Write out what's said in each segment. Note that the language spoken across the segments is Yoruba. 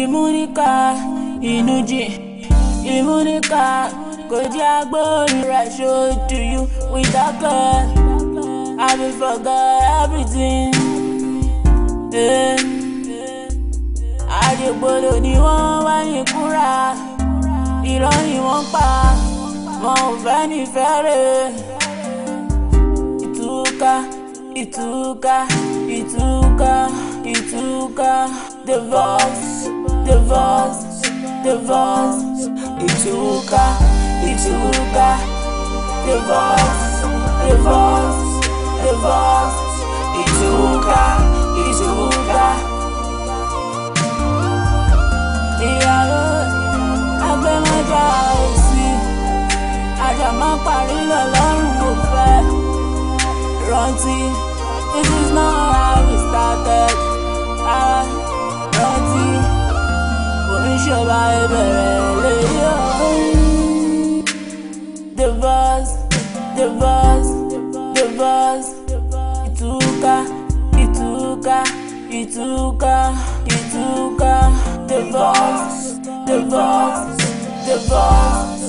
ìmúríkà ìnújì ìmúríkà kò jẹ́ agbóhùn rẹ̀ ṣó do you without God I be forget everything. Eh. àdìgbòlò ni wọ́n wá ní kúra irọ́ ni wọ́n pa wọn ò fẹ́ ní fẹ́rẹ̀ ìtúká ìtúká ìtúká ìtúká the voice. divorce, divorce, ituka, ituka, divorce, divorce, divorce, ituka, ituka. Ìyàwó agbẹ́mọ́jà òsì, àjàmọ́ parí lọ́lọ́run ò fẹ́. Rántí, this is not how we started. I ah, rántí. ìṣọra ìbẹ̀rẹ̀ lórí ọ̀hún. the boss the boss the boss ìtúká ìtúká ìtúká ìtúká the boss the boss the boss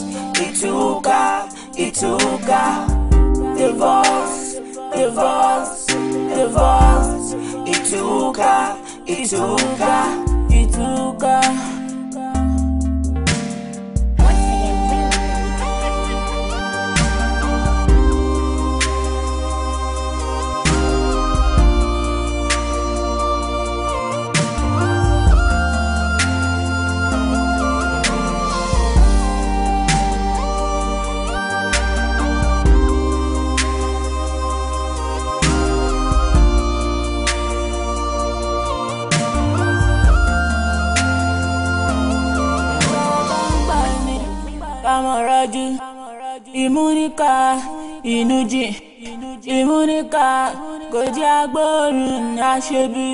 ìtúká ìtúká the boss the boss the boss ìtúká ìtúká ìtúká. múníkà ìnújì ìmúníkà kò jẹ́ agbóòrùn aṣebi.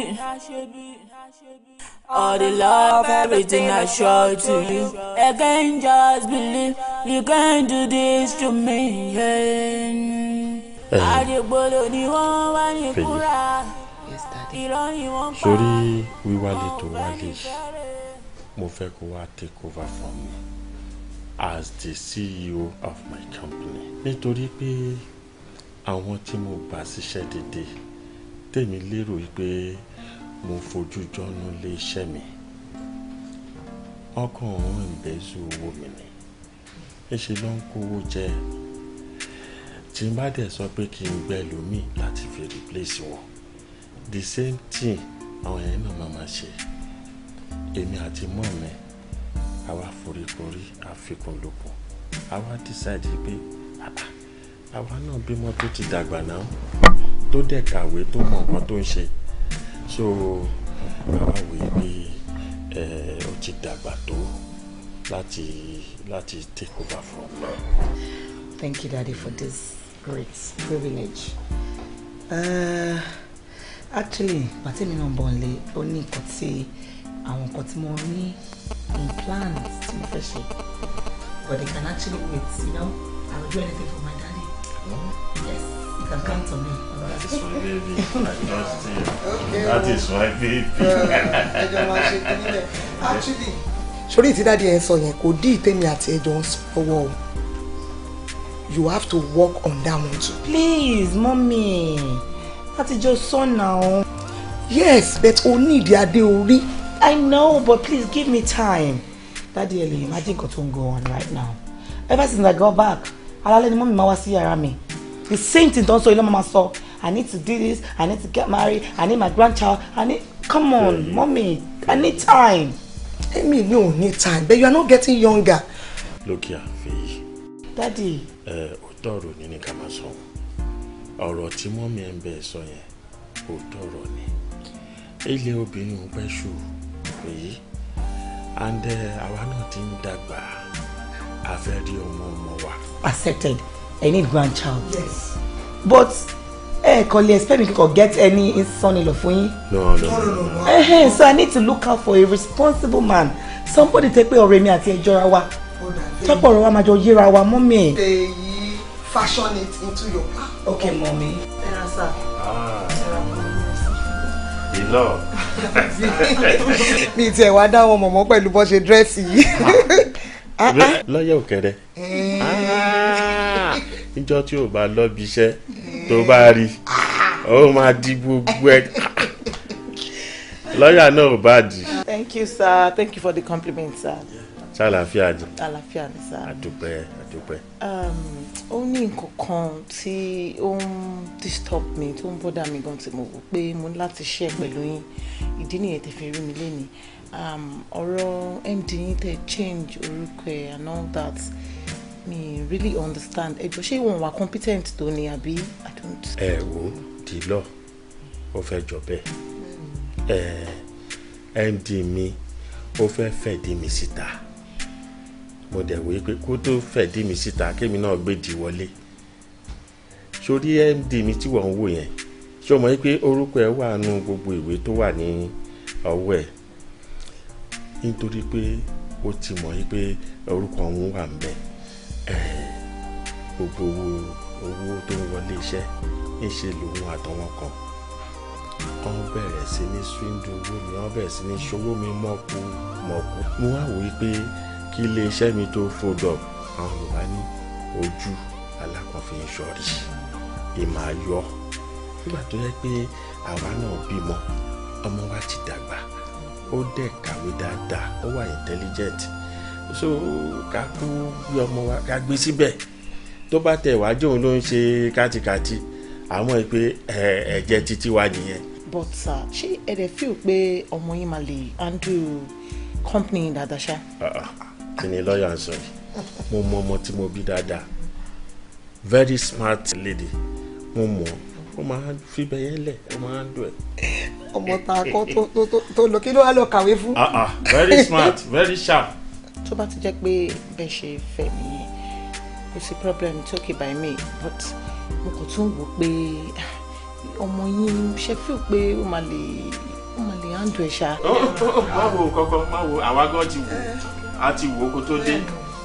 All the love, everything I show to you. I can't just believe you can do this to me. Àdìgbòlò ni wọ́n wá ní kúra. Irọ́ ni wọ́n pa. Sórí wíwálé tó wálé mo fẹ́ kó wá take over from me as the CEO of my company nítorí pé àwọn tí mo gbà síṣẹ́ dédé tèmi lérò wípé mo fojú jọ́nú lé iṣẹ́ mi ọkàn òun ìbẹ́sù owó mi ni ńṣe ló ń kówó jẹ tí n bá dẹ̀ sọ pé kí n gbẹ lómi láti fi replace wọn the same thing àwọn yẹn náà máa ma ṣe èmi àti mọ́ mi àwa foríkorí àfikùnlùkùn àwa dísáìdì pé àwa náà bímọ tó ti dàgbà náà tó dẹ̀ kàwé tó mọ nǹkan tó ń ṣe so àwa wòye pé ẹ ó ti dàgbà tó láti láti take over from now. Thank you daddy for this great privilege. Uh, actually pàtẹ́mi náà bọ̀ ń lé ó ní nǹkan àwọn nǹkan tí mo ní in plans tí mo fẹ́ ṣe but they can actually wait you know I will do anything for my daddy yes you can count on me. that is my baby I trust you that is my baby. ẹjọ máa ṣe kí nílẹ̀ actually. sórí ìtí dáadé ẹ sọ yẹn kò dí ìtẹ́mi àti ẹjọ́ ń o you have to work on that one too. please mummy láti jọ sọ náà. yes but o ní ìdí adé orí. I know, but please give me time. Daddy Eli, imagine nǹkan tó on right now. Ever since I got back, alálẹ́ let Mommy máa wá sí yàrá The same thing tó so sọ ilé mama sọ. I need to do this, I need to get married, I need my grandchild, I need... Come on, mommy, I need time. Emi, no need time, but you are not getting younger. Look here, Faye. Daddy. Uh, òótọ́ ọ̀rọ̀ ni ní ká máa sọ. Ọ̀rọ̀ tí mọ́mí ni. Ilé obìnrin ò pẹ́ ṣù pé and uh, àwa náà ti ń dàgbà a fẹ́ rí ọmọ ọmọ wa. accepted i need grandchild. yes. but ẹ kò lè expect me to get any son in law fún yín. no no no no. Uh -huh, so i need to look out for a responsible man somebody take pé ọ̀rẹ́ mi àti ẹjọra wa tọpọ ọ̀rọ̀ wa máa jọ yíra wa mọ mi. fashion it into your. okay mọ mi. ẹ ra sáà love. mi tiẹ̀ wá dá wọn mọ̀mọ́ pẹ̀lú bó ṣe dírẹ́sì yìí. Ah, ah, ah. lọ́yẹ̀ òkèrè eh. níjọ́ tí o bá lọ́bi iṣẹ́ tó bá rí eh. ó máa di gbogbo ẹ̀ lọ́yà náà ò bá di. thank you sir thank you for the compliment sir. ṣàlàáfíà ni. àlàáfíà ni sir. àdúpẹ́ àdúpẹ́ ó ní nǹkan kan tí ó ń disturb mi tó ń bọ́dà mi gan tí mo wò pé mo ní láti ṣe pẹ̀lú yín ìdí nìyẹn tẹ́ fi rí mi lénìí ọ̀rọ̀ md yín tẹ́ change orúkọ ẹ̀ and all that me really understand ẹjọ́ ṣé ìwọ̀n wà competent tó ni àbí i don't. ẹ wo di lọ ó fẹ́ jọ bẹ́ẹ̀ md hmm. mi ó fẹ́ fẹ̀dí mi síta. Si mo dẹ̀ wòye pé kó tó fẹ̀dí mi síta kémi náà gbèdì wọlé sórí md mi tí wọ́n ń wò yẹn ṣé o mọ̀ pé orúkọ ẹ̀ wà nù gbogbo ìwé tó wà ní ọwọ́ ẹ̀ nítorí pé ó ti mọ̀ pé orúkọ òun wà ń bẹ gbogbo owó tó ń wọlé iṣẹ́ ń ṣe lòun àtọwọn kan wọ́n bẹ̀rẹ̀ sí ní swindle owó mi wọ́n bẹ̀rẹ̀ sí ní ṣòwò mi mọ̀kú mọ̀kú mo wá wòye pé kí iléeṣẹ́ mi tó fòdọ̀ àwọn Yorùbá ní ojú alákànfin ìṣọ̀rí ìmọ̀ ayọ̀ nígbà tó yẹ pé àwa náà bímọ ọmọ wa ti dàgbà ó dẹ̀ kàwé dáadáa ó wà intelligent so ká kú bí ọmọ wa ká gbé síbẹ̀ tó bá tẹ̀ wá jóun ló ń ṣe kátikati àmọ́ ẹ pé ẹ̀jẹ̀ títí wa nìyẹn. but ṣé ẹ dẹ̀ feel pé ọmọ yín máa lè handle company dáadáa ṣá. Ah, ah kí ni ń sọ yìí mo mọ ọmọ tí mo bí dáadáa very smart lady mo mọ̀ ó máa ń fibẹ̀ yẹn lẹ̀ ó máa ń dùn ẹ̀. ọmọ tá a kọ́ tó lọ kí ló wá lọ kàwé fún. Ah, ah. very smart very sharp. tó bá ti jẹ́ pé bẹ́ẹ̀ ṣe fẹ́ mi kò sí problem it's okay by me but mo kò tún wò pé ah, ọmọ yín ṣe fi pé ó máa lè ó máa lè handle ẹ̀ ṣá. Oh, oh, oh. má kankan má àwa gan ti wò a ti wò ó kó tó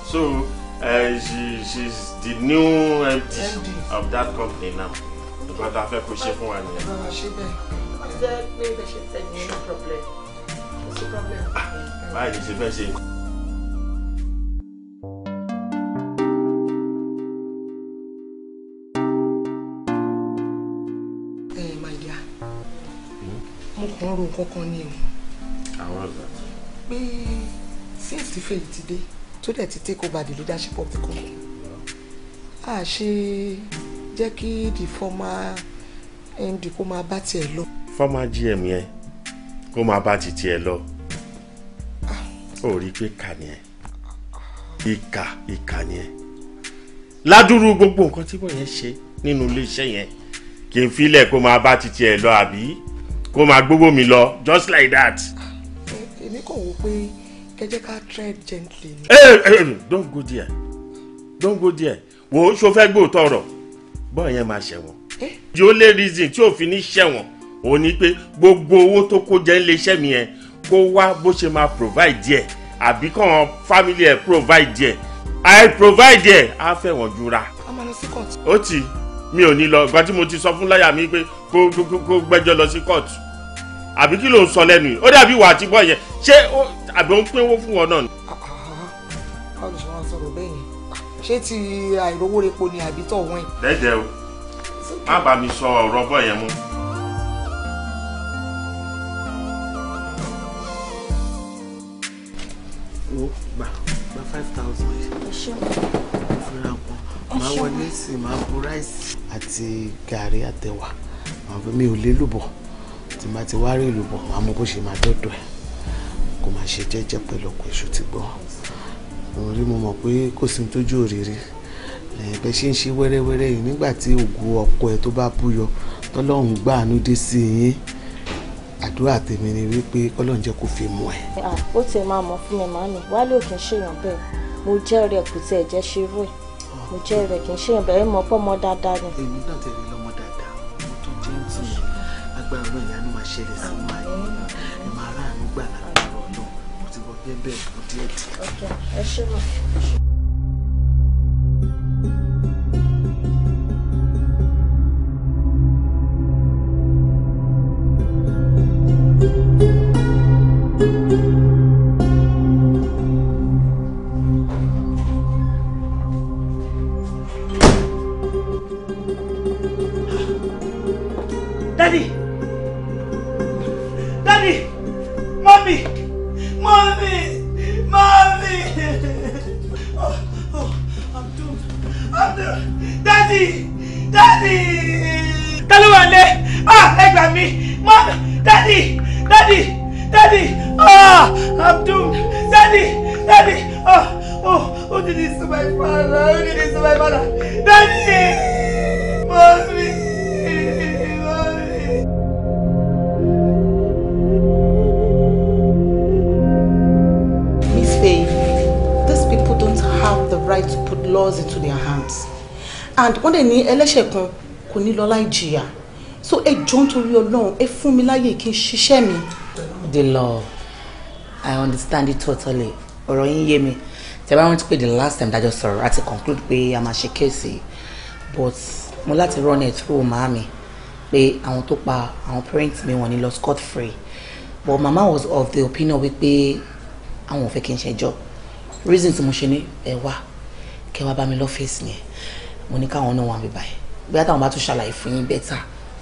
so uh, she she is the new MD, of that company now nǹkan tá a fẹ́ kó ṣe fún wa nìyẹn. Ah, báyìí ṣe fẹ́ ṣe. Eh, hmm? mo kàn ń ro nǹkan kan ní o. àwọn ọ̀gá. pé since tí fèyí today, dé tó dẹ̀ take over the leadership of the company a ṣe jẹ́ kí the former md kó máa bá tiẹ̀ lọ. former gm yẹn kó máa bá ti tiẹ̀ lọ ah. ó rí i pé kà ni ẹ ìkà ìkà ni ẹ ládùúrú gbogbo nǹkan tí wọ́n yẹn ṣe nínú iléeṣẹ́ yẹn kì í filẹ̀ kó máa bá ti tiẹ̀ lọ àbí kó máa gbogbo mi lọ just like that. Ah. èmi kò wò pé ẹ ká tread gently. don't go there don't go there wo ṣo fẹ́ gbóòótọ́ ọ̀rọ̀ bọ́ọ̀ yẹn máa ṣẹ̀wọ̀n di ó lé reason tí òfin ní ṣẹ̀wọ̀n ò ní pé gbogbo owó tó kó jẹ́ ilé iṣẹ́ mi yẹn kó wá bó ṣe máa provide díẹ̀ àbí káwọn family ẹ̀ provide díẹ̀ i provide díẹ̀ á fẹ̀wọ̀n jura. a máa lọ sí court. ó ti mi ò ní lọ ìgbà tí mo ti sọ fún láyà mi pé kó kó kó gbẹ́jọ́ lọ sí court àbí kí ló ń sọ lẹ́nu yìí ó dàbí ìwà àtibọ̀ yẹn ṣé àbí ó ń pínwó fún wọn náà. báwo ṣe wọn sọ̀rọ̀ bẹ́ẹ̀ yẹn ṣé ti àìrówó epo ni àbí tọ̀ wọ́n ẹ̀. dẹ́dẹ̀ o má bàa mi sọ ọ̀rọ̀ bọ́ yẹn mú. wo gba gba five thousand yìí fúnra wọn máa wọlé sí máa bu ráìsì àti gàrí àtẹwà àwọn mi ò lè lùbọ̀ tí n bá ti wá rí ìlùbọ̀ máa mọ bó ṣe máa dọ́dọ̀ ẹ̀ kó máa ṣe jẹ́jẹ́ pẹ̀lú ọkọ̀ èṣù ti gbọ́ orí mo mọ̀ pé kò sí tójú òrèrè bẹ́ẹ̀ ṣe ń ṣe wẹ́rẹ́wẹ́rẹ́ yìí nígbà tí ògo ọkọ ẹ̀ tó bá búyọ tọ́lọ́run gbàánú dé sí yín àdúrà tèmi ni wípé kọ́lọ́run jẹ́ kó fi mú ẹ. ó tiẹ̀ máa mọ̀ fún mi màámi wálé ò kì í ṣèyàn bẹ́ẹ̀ mo jẹ́ rẹ̀ kò tiẹ̀ jẹ́ ṣe rú ẹ̀ mo jẹ́ rẹ̀ kì í ṣèyàn bẹ́ẹ̀ mọ̀ pọ́ mọ́ dáadáa ni. èmi náà tẹ̀lé lọ́mọ dáadáa mo tún jẹ́ ń tì agbára náà ìyanu máa ṣẹlẹ̀ sí máa yí débẹ̀ bó díẹ̀ dì. ẹ dádì dádì ta ló wà lé ẹ gbà mí mọ dádì dádì dádì Abdul dádì dádì oh who did this to my father who did this to my father dádì mọ́mí. right to put laws into their hands and wọ́n dẹ̀ ní ẹlẹ́ṣẹ̀ kan kò ní lọ láì jìyà so ẹ jọ nítorí ọlọ́run ẹ fún mi láyè kí n ṣiṣẹ́ mi. the law i understand it totally ọ̀rọ̀ yín yé mi tẹ bá rántí pé the last time dájọ́ sọ̀rọ̀ àti conclude pé a máa ṣe kéèsì but mo láti run it through màámi pé àwọn tó pa àwọn parents mi wọ́n ní lọ scot free but mama was of the opinion wípé àwọn ò fẹ́ kí n ṣẹjọ́ reason tí mo ṣe ní ẹ wá kẹ́ wá bá mi lọ́fíìsì yẹn mo ní káwọn náà wà mí báyìí bóyá táwọn bá tún ṣàlàyé fún yín bẹ́tà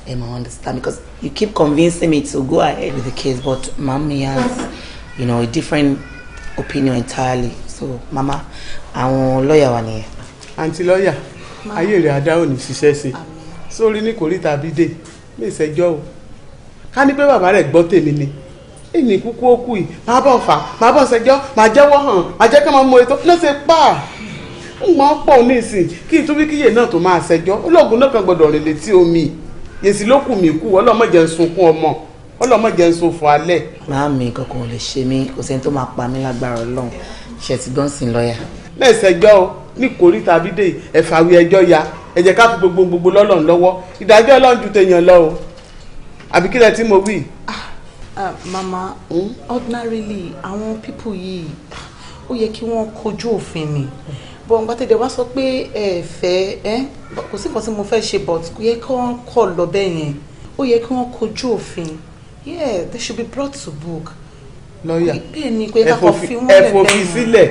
ẹ máa understand because you keep convincing me to go ahead with the case but mami has you know a different opinion entirely so mama àwọn lọ́ọ̀yà wà nìyẹn. àǹtí lọ́ọ̀yà ayé rẹ̀ adá ò ní ṣiṣẹ́ ṣe sórí ní kòríta bídè mí ìṣẹ́jọ́ o ká ní pé bàbá rẹ̀ gbọ́ tèmi ni ìní kúkú ó kù yìí máa bọ̀ fà máa bọ̀ ṣẹjọ́ máa jẹ́wọ́ hàn máa jẹ́ ká máa mú ètò ní ó ṣe pàà ń máa pọ̀ nísìn kí n tún bí kíyè náà tó máa ṣẹjọ́ olóògùn náà kan gbọ́dọ̀ rìn létí omi yèsì ló kù mí kú ọlọ́mọdé ń sunkún ọmọ ọlọ́mọdé ń sun fún alẹ́. màá mi kankan ò lè ṣe mí kò sẹ́ni tó máa pa mí lágbára ọlọ́run ṣe ti gbọ́n sí lọ́ọ̀yà. lẹ́sẹ̀jọ́ o ní kórí tàbí dé ẹ̀fàwé ẹjọ́ ya ẹ jẹ́ ká fi gbogbo gbogbo lọ́lọ́run lọ́wọ́ ìdájọ́ ọlọ́run ju tèèyàn lọ o àbí kílẹ̀ tí mo wí. Ah, ah, mama hmm? ordinarily àwọn pípù yìí ó yẹ kí wọ́n kojú òfin ni bọ̀ ǹgbà tẹ̀dẹ̀ wá sọ pé ẹ fẹ́ ẹ kò sí nǹkan tí mo fẹ́ ṣe but kò yẹ kí wọ́n kọ̀ lọ bẹ́ẹ̀ yẹn ó yẹ kí wọ́n kojú òfin yeah they should be brought to book. lọ́ọ̀yà ẹ fòfin sílẹ̀.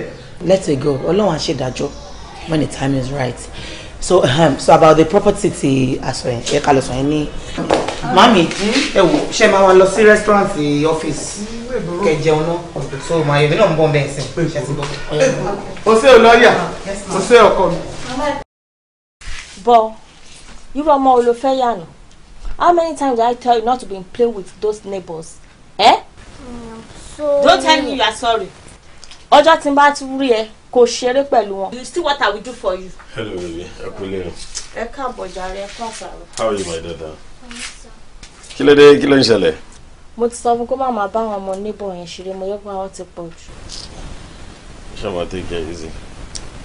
let it go ọlọ́run á ṣèdájọ́ when the time is right so um, so about the property ti aṣọ yẹn ẹ ká lọ sọ yẹn ní. mami hmm? ẹ wò ṣe máa wá lọ sí restaurant ọ́fíìsì kẹ jẹun náà so màá yẹ̀mí náà ń bọ̀ bẹ́ẹ̀ sẹ́ o ṣe o lọ́ọ̀yà ah, o ṣe ọkọ mi. bọ irú ọmọ wo ló fẹ́ yànnà how many times did I tell you not to be play with those neighbors? Eh? Mm, don't tell me you are sorry. ọjọ́ tí n bá tún rí ẹ kò ṣeré pẹ̀lú wọn. you see what I will do for you. hello baby ẹ kú lérò. ẹ káàbọ̀ jàre ẹ kú àṣàrò. how are you my daughter. kí ló dé kí ló ń ṣẹlẹ̀ mo ti sọ fún kó má máa bá àwọn ọmọ níbọ̀ yẹn ṣeré mo yọ pé àwọn ti pọ̀ jù. Shama, take it easy.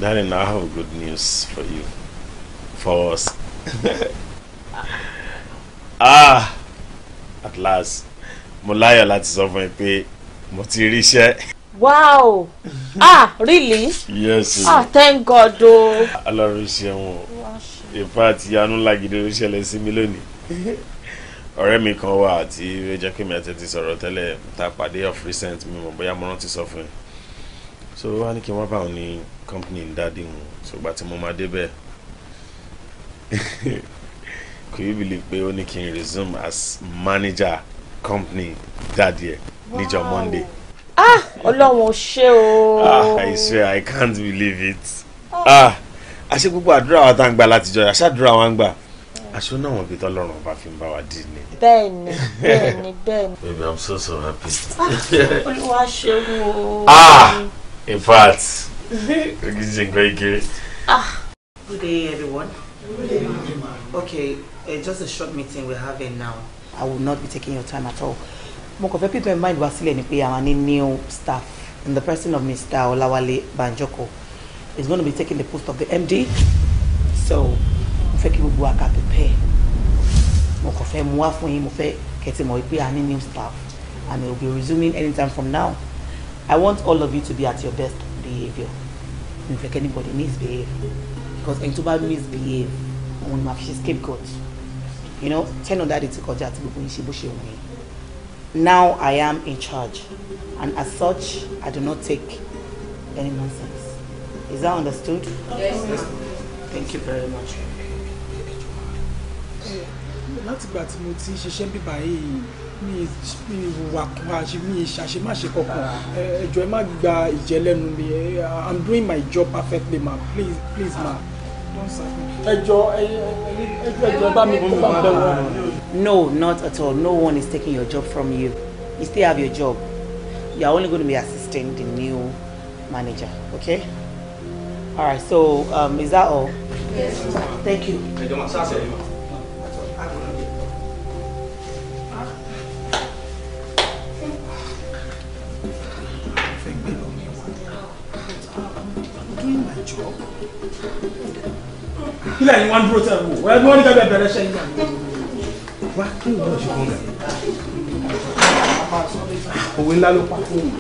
Darling, I have good news for you. For us. ah, at last. Mo láyọ̀ láti sọ fún ẹ pé mo ti rí iṣẹ́. Wow! Ah, really? Yes. Ah, thank God o. Ọlọ́run ṣeun o. In fact, ìyanu ńlá gidi ló ṣẹlẹ̀ sí mi lónìí ọ̀rẹ́ mi kan wà tí ó jẹ́ pé mi àti ti sọ̀rọ̀ tẹ́lẹ̀ ta pàdé of recent mi mọ̀ bóyá mo rántí sọ fún un so wá ní kí wọ́n bá òun ní company ń dáàdì wọn ṣùgbà tí mo máa débẹ̀ kò yí believe pé ó ní kí n resume as manager company dáàdì ẹ̀ níjọ Monday. ah ọlọ́run ò ṣe o. ah I swear I can't believe it. ah àṣẹ gbogbo àdúrà wa tá à ń gbà látijọ́ àṣà àdúrà wa ń gbà aṣọ náà wọn bí tọ́lọ́run bá fi ń bá wa dì ní. bẹ́ẹ̀ni bẹ́ẹ̀ni bẹ́ẹ̀ni. baby i'm so so happy. Ah, olúwa ṣeun o. ah in fact ogi ṣe gbẹ ike. ah good day everyone. good day ma. okay uh, just a short meeting we're having now. i will not be taking your time at all. mo kàn fẹ́ pick my mind wá sílẹ̀ ni pé àwọn ní new staff in the person of mr Olawale Banjoko is gonna be taking the post of the MD so fẹ́ kí gbogbo wa ká mo kàn fẹ́ mú wá fún yín mo fẹ́ kẹ́tì mọ̀ pé a ní new staff and it will be resuming anytime from now I want all of you to be at your best behaviour mi fẹ́ kí anybody misbehave because ẹni tó bá misbehave òun ni màá fi ṣe scapegoat you know ten on that day ti kọjá àti gbogbo yín ṣe bó ṣe wù yín now I am in charge and as such I do not take any nonsense is that understood? yes ma'am. Thank you very much látìgbà tí mo ti ṣiṣẹ́ bíbá yìí mi mi wà kúrajì mi ṣàṣemáṣe kankan ẹ jọ̀ọ́ ẹ má gba ìjẹ́ lẹ́nu mi i'm doing my job perfectly ma please please ma don't sack me. bá mi kó bá mi bẹ̀ no not at all no one is taking your job from you you still have your job you are only going to be assisting the new manager okay. All right, so um, is that all? Yes. Thank you. jọ kílẹ̀ yín wọ́n dúró tẹ̀ wò wọ́n ẹgbẹ́ wọn ní kẹ́kẹ́ bẹ̀rẹ̀ ṣẹ́yìn náà. wá kí ni ọ̀rọ̀ ṣe kún mi. Ah, òwe ńlá ló pa fún mi.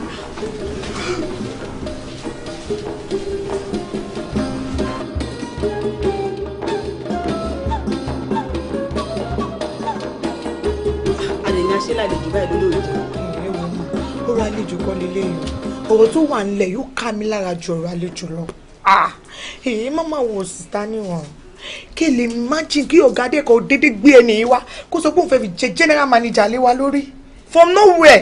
àlèyàn ṣe lálejò báyìí ló lóòjọ́. ọ̀rọ̀ àlejò kọ́ lélẹ́yìn ọ̀rọ̀ tó wà nílẹ̀ yóò ká mi lára ju ọ̀rọ̀ àlejò lọ èyí má máa wò síta níwọ̀n kí lè imagine kí ọ̀gá dé kò dédé gbé ẹni yìí wá kó sọ pé òun fẹ́ fi jẹ general manager lé wa lórí from nowhere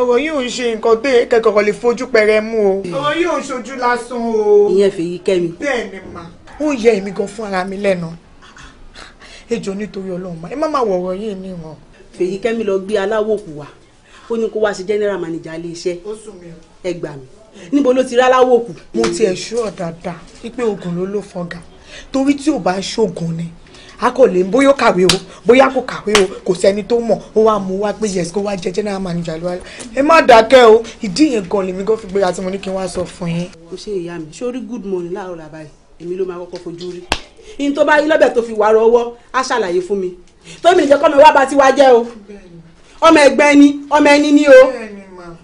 ọ̀rọ̀ yìí ò ń ṣe nǹkan tó kẹ́kọ̀ọ́ lè fojú pẹrẹ mú o. ọ̀rọ̀ yìí ò ń ṣojú lásán o. ìyẹn fèyí kẹ́mi. bẹ́ẹ̀ ni mà ó yẹ èmi gan fún ara mi lẹ́nu ejò nítorí ọlọ́run ma ẹ má má wọ ọ̀rọ̀ yìí ní ìwọ̀n. fèyí kẹ́mi lọ gbé aláwọ̀ òkú wa ó ní kó wá sí general manager ilé iṣẹ́ ẹ gbà mí níbo ló ti ráláwò kù. mo tiẹ̀ ṣúọ̀ dáadáa wípé oògùn ló ló fọgà torí tí ò bá ṣoògùn ni a kò lè bóyá kàwé o bóyá kò kàwé o kò sẹ́ni tó mọ̀ ó wá mú wá pé yes kó wá jẹ general manager ló wá ẹ má dákẹ́ o ìdí yẹn gan lèmi gan fi gbéra tí mo ní kí n wá sọ fún yín. o ṣe ìyá mi sórí good morning láàárọ̀ làbá yìí èmi ló máa kọ́kọ́ fojú rí ihun tó bá yí lọ́bẹ̀ tó fi wà rọwọ́ á ṣàlàyé fún mi tómi ìjẹ́kọ́ mi wá bá ti wá jẹ́ o ọmọ ẹgbẹ́ ni ọmọ ẹni ni o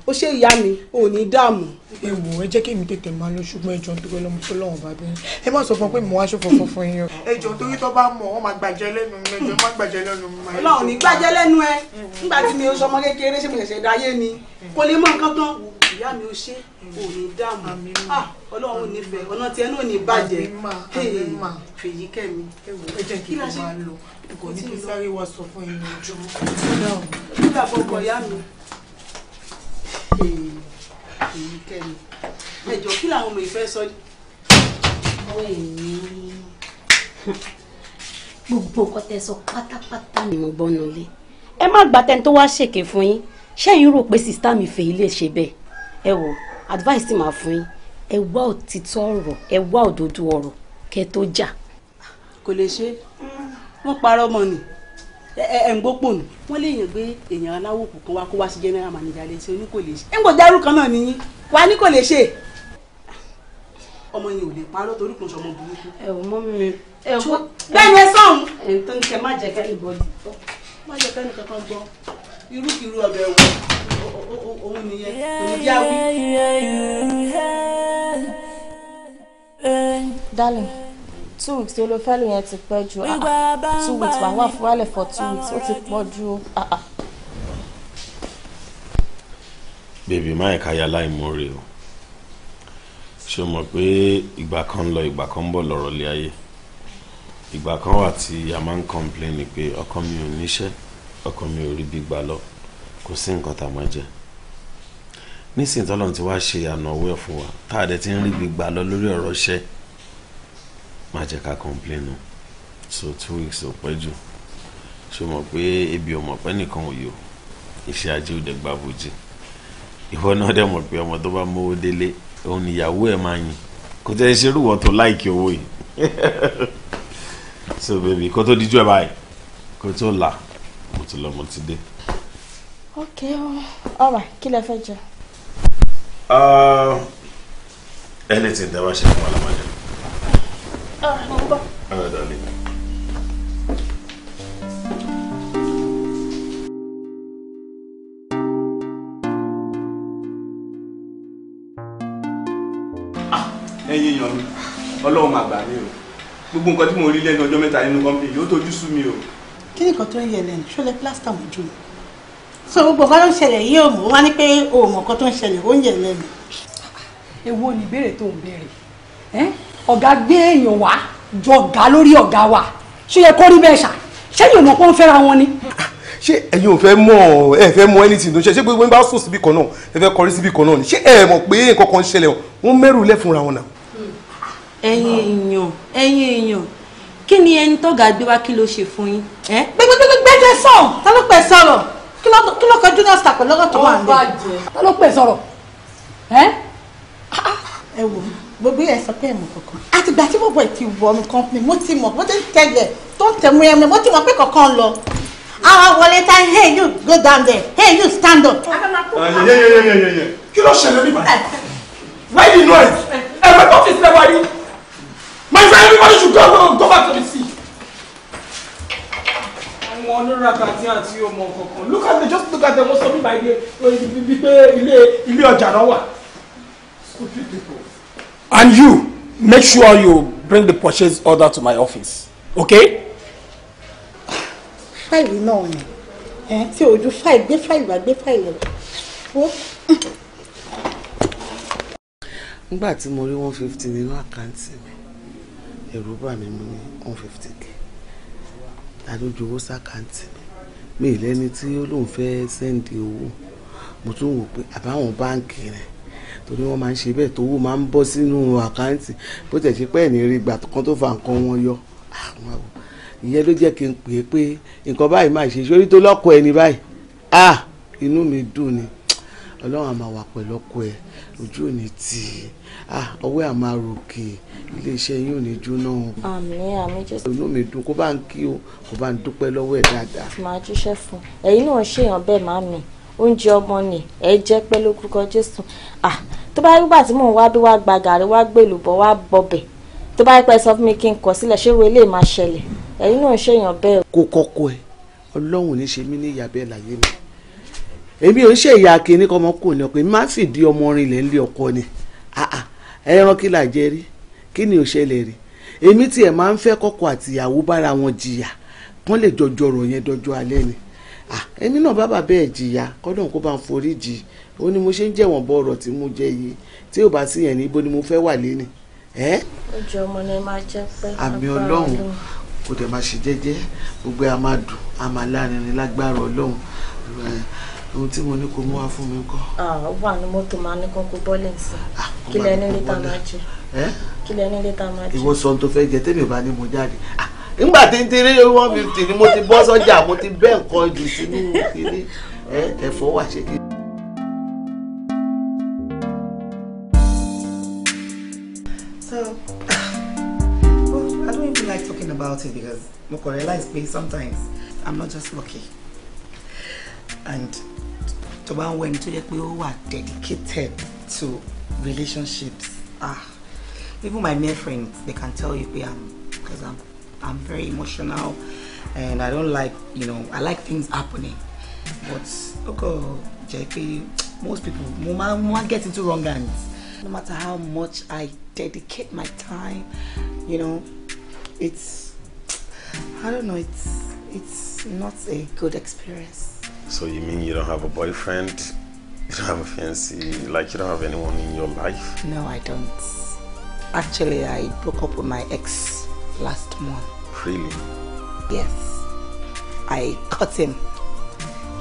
ó ṣe ìyá mi ò ní dààmú. ẹ wò ẹ jẹ́ kí mi tètè máa lọ ṣùgbọ́n ẹjọ́ nítorí ọlọ́mọ tó lọ́wọ́ bá bẹ́ẹ̀ ẹ má sọ fún pé mo wá ṣòfò fọfún yín o. ẹjọ́ torí tó bá mọ̀ wọ́n máa gbàjẹ́ lẹ́nu mi ẹjọ́ máa gbàjẹ́ lẹ́nu mi. ọlọ́run ní gbàjẹ́ lẹ́nu ẹ nígbà tí mi ò sọmọ kékeré ṣe mo ṣẹ̀ṣẹ̀ dáyé ni kò lè mọ nǹkan tán ìyá mi ò ṣe ah, ò ní dààmú ọlọ́run nífẹ̀ẹ́ ọ̀nà tiẹ̀ náà ní bàjẹ́ fèyí kẹ́mi ẹ jẹ́ kí n máa lọ kò ní kí sáré wa sọ fún ẹ̀yin ojú. kí làbọ̀ bọ̀ èyí kẹ́mi ẹ̀jọ̀ kí làwọn ọmọ ìfẹ́ sọ ní. gbogbo nǹkan tẹ́ sọ pátápátá ni mo gbọ́ nulẹ̀ ẹ má gba tẹni tó wá ṣèké fún yín ṣẹ́yìn rò pé sista mi fẹ́ ilé ṣe bẹ́ẹ̀ ẹ wò advice ti máa fún yín ẹ wá òtítọ́ ọ̀rọ̀ ẹ wá òdodo ọ̀rọ̀ kẹ́ tó jà. kò lè ṣe wọ́n parọ́ mọ́ ni. ẹ ń gbópò nù wọn léèyàn gbé èèyàn aláwọ̀ kù kan wá kó wá sí general manager lè ṣe oní kò lè ṣe ẹ ń gbọ́ dárú kan náà nìyí wà ní kò lè ṣe. ọmọ yẹn ò lè parọ́ torí kan sọmọ burúkú. ẹ ò mọ mi ẹ ò. bẹ́ẹ̀ni ẹ ẹ tó má má kankan gbọ́ irúkirú ọbẹ̀ wo òun nìyẹn òun bí awí. Eh, darling. two weeks tó ló fẹ́ lò yẹn ti pẹ́ ju ah, ah, two weeks wà wà fún wálẹ̀ for two weeks ó ti pọ̀ ju. Ah, bèbí máyì káyà láìmoore o ṣe mọ̀ pé ìgbà kan lọ ìgbà kan bọ̀ lọ́rọ̀ lé ayé ìgbà kan wà tí a máa ń complain pé ọkọ mi ò níṣẹ́ ọkọ mi ò rí bí gbà lọ kò sí nǹkan tá a máa jẹ nísìnyí tọ́lọ́run ti wá ṣe ànáwó ẹ̀ fún wa tá a dẹ̀ ti ń rí bí gbà lọ lórí ọ̀rọ̀ iṣẹ́ má jẹ́ ká complain o so two weeks ò pẹ́ jù so mọ̀ pé ebi ọmọ pẹ́ nìkan ò yọ iṣẹ́ ajé ò dẹ̀ gbà bójì ìwọ náà dẹ̀ mọ̀ pé ọmọ tó bá mówó délé òun níyàwó ẹ̀ máa yìn kò tẹ́ ṣe rúwọ́ tó láìkí owó yìí so baby kó tó díjú ẹ báyìí kó tó là mo ti lọ mo ti dé. ok ọ̀rà kí lẹ fẹ́ jẹ. Ah, anything tẹ́ bá ṣe fún wa la máa All right, darling. Ah, ẹ̀yin èèyàn mi ọlọ́run máa gbà mí o gbogbo nǹkan tí mo rí lẹ́nu ọjọ́ mẹ́ta nínú kọ́mpìnì yóò tójú sú mi o. kí nìkan tó ń yẹ lẹ́nu ṣọlẹ̀ plásítà mojú mi so gbogbo nǹkan tó ń ṣẹlẹ̀ o ò mọ̀ wá ní pé o mọ̀ nǹkan tó ń ṣẹlẹ̀ ó ń yẹ lẹ́nu. èwo ah, ni ìbéèrè tó ń béèrè ọ̀gá gbé èèyàn wá jọ ọ̀gá lórí ọ̀gá wa ṣé yẹ kó rí bẹ́ẹ̀ ṣá ṣé yóò mọ̀ pé ń fẹ́ra wọn ni. ṣé ẹ̀yin ò fẹ́ mọ̀ ẹ fẹ́ mọ̀ anything tó ṣe ṣé gbogbo ń bá sùn síbi kan náà ẹ fẹ́ kọrí síbi kan náà ni ṣé ẹ mọ̀ pé nǹkan kan ń ṣẹlẹ̀ wọ́n mẹ́rù lẹ̀ fúnra wọn náà. ẹ̀yin èèyàn ẹ̀yin èèyàn kí ni ẹni tọ́gà gbé wá kí ló ṣe fún yín. gbẹgbẹgbẹgbẹjẹ sọ ta ló pẹ sọ̀rọ̀ kí ló kọjú náà sàpẹ lọ́rọ̀ tó wà ń bẹ ta ló pẹ sọ̀rọ̀ ah, ah, ẹ wò gbogbo yẹn sọ pé ẹ̀mọ̀ kankan àtìgbà tí bọ̀bọ̀ ti wọ mi company mo ti mọ̀ mo ti ń tó ń tẹ̀mú ẹ̀mọ̀ mo ti mọ̀ pé kankan lọ. àwa wọlé ta hey you go down there hey you stand up. kí ló ṣẹlẹ̀ nígbà why the noise ẹ̀rọ tó fi sílẹ̀ wá my friend everybody should go go go back to the sea. àwọn onírànká tí àǹtí yóò kankan look at them just look at them wọ́n sọ bí báyìí ilé ilé ọjà náà wà stupid people. And you, make sure you bring the purchase order to my office. Okay? Fáìlì náà ni. Ẹ tí ojú fáìlì gbé fáìlì wá gbé fáìlì wá. Nígbà tí mo rí one fifty nínú àkáǹtì mi, ẹ̀rù bà mí mú ní one fifty k. Ta ló ju owó sàkáǹtì mi? Mi ì lẹ́ni tí ó lóun fẹ́ sẹ́ǹdì owó. Mo tún wò pé àbáwọn báǹkì rẹ̀ torí wọ́n máa ń ṣe bẹ́ẹ̀ tówó máa ń bọ́ sínú àkáǹtì bó tẹ̀ ṣe pẹ́ẹ́ ní rí ìgbà kan tó fa nǹkan wọn yọ ah, ìyẹn ló jẹ́ kí n pè é pé nǹkan báyìí máa ṣe sórí tó lọ́kọ ẹni báyìí ah inú mi dùn ni ọlọ́run àmà wà pẹ̀lú ọkọ ẹ ojú ò tì í ah ọwọ́ àmà ròkè iléeṣẹ́ yín ò ní o. àmín àmín jésù. inú mi dùn kó bá ń kí o kó bá ń dúpẹ́ lọ́wọ́ ẹ̀ dáadáa. màá jíṣẹ́ fún ẹ̀yin náà ṣèyàn bẹ́ẹ̀ má mi oúnjẹ ọmọ ni ẹ jẹ́ pẹ́ lórúkọ jésù ah tó bá rí gbà tí mò ń wá bí wá gba gàrí wá gbèlú bọ́ wá bọbẹ̀ tó bá rí pẹ́ sọ fún mi kí n kọ̀ sílẹ̀ ṣé wo eléyìí máa ṣẹlẹ̀ ẹ̀yin náà ń ṣèyàn bẹ́ẹ̀. kó kọ́kọ́ ẹ ọlọ́run ní ṣe mí ní ìyá láyé mi èmi ò ń ṣe ìyá kínní kọ́ ọmọkùnrin ọkùnrin má fìdí ọmọ rin ilẹ̀ ńlẹ̀ ọkọ ni ẹran kí là jẹ rí kí ni ò ṣẹlẹ̀ rí èmi tiẹ̀ máa ń fẹ́ kọ́kọ́ àtìyàwó bára wọn jìyà kán lè jọjọ ọ̀rọ̀ yẹn dọjọ́ alẹ́ ni èmi náà bá bàbá ẹ̀ jìyà kọ́dọ̀ kó bá ń forí jì í ó ní mo ṣe ń jẹ̀wọ̀n bọ ọ̀rọ̀ tí mo jẹ yìí tí ò bá sí yẹn níbo ni mo fẹ́ wà léni. ó jẹ ọmọ náà máa jẹ pé àmì ọlọ́run kò dẹ̀ máa ṣe jẹ́jẹ́ gbogbo a máa dùn a máa láàrin lágbára ọlọ́run ohun tí mo ní kó mú wá fún mi kọ́. ó wà ní mọ́tò máa ní kókó bọ́ọ̀lì sí kí lẹ ní lítà máa jẹ kí lẹ ní lítà máa jẹ. ìwọ sọ ohun tó fẹ́ jẹ tẹ́mi ò bá ní mo jáde nígbà tí n ti rí one fifty ni mo ti bọ́ sọ́jà mo ti bẹ́ẹ̀ kọ́ jù sínú kiri ẹ̀fọ́ wà ṣe kiri. about it because Moko is me sometimes I'm not just lucky. And tó one when wẹni tó we pé dedicated to relationships ah even my mere friends they can tell you i I'm because I'm I'm very emotional and I don't like you know I like things happening but okay JP, most people get into wrong hands no matter how much I dedicate my time you know it's I don't know, it's, it's not a good experience. So you mean you don't have a boyfriend? You don't have a fancy, like you don't have anyone in your life? No, I don't. Actually, I broke up with my ex last month. Really? Yes. I caught him,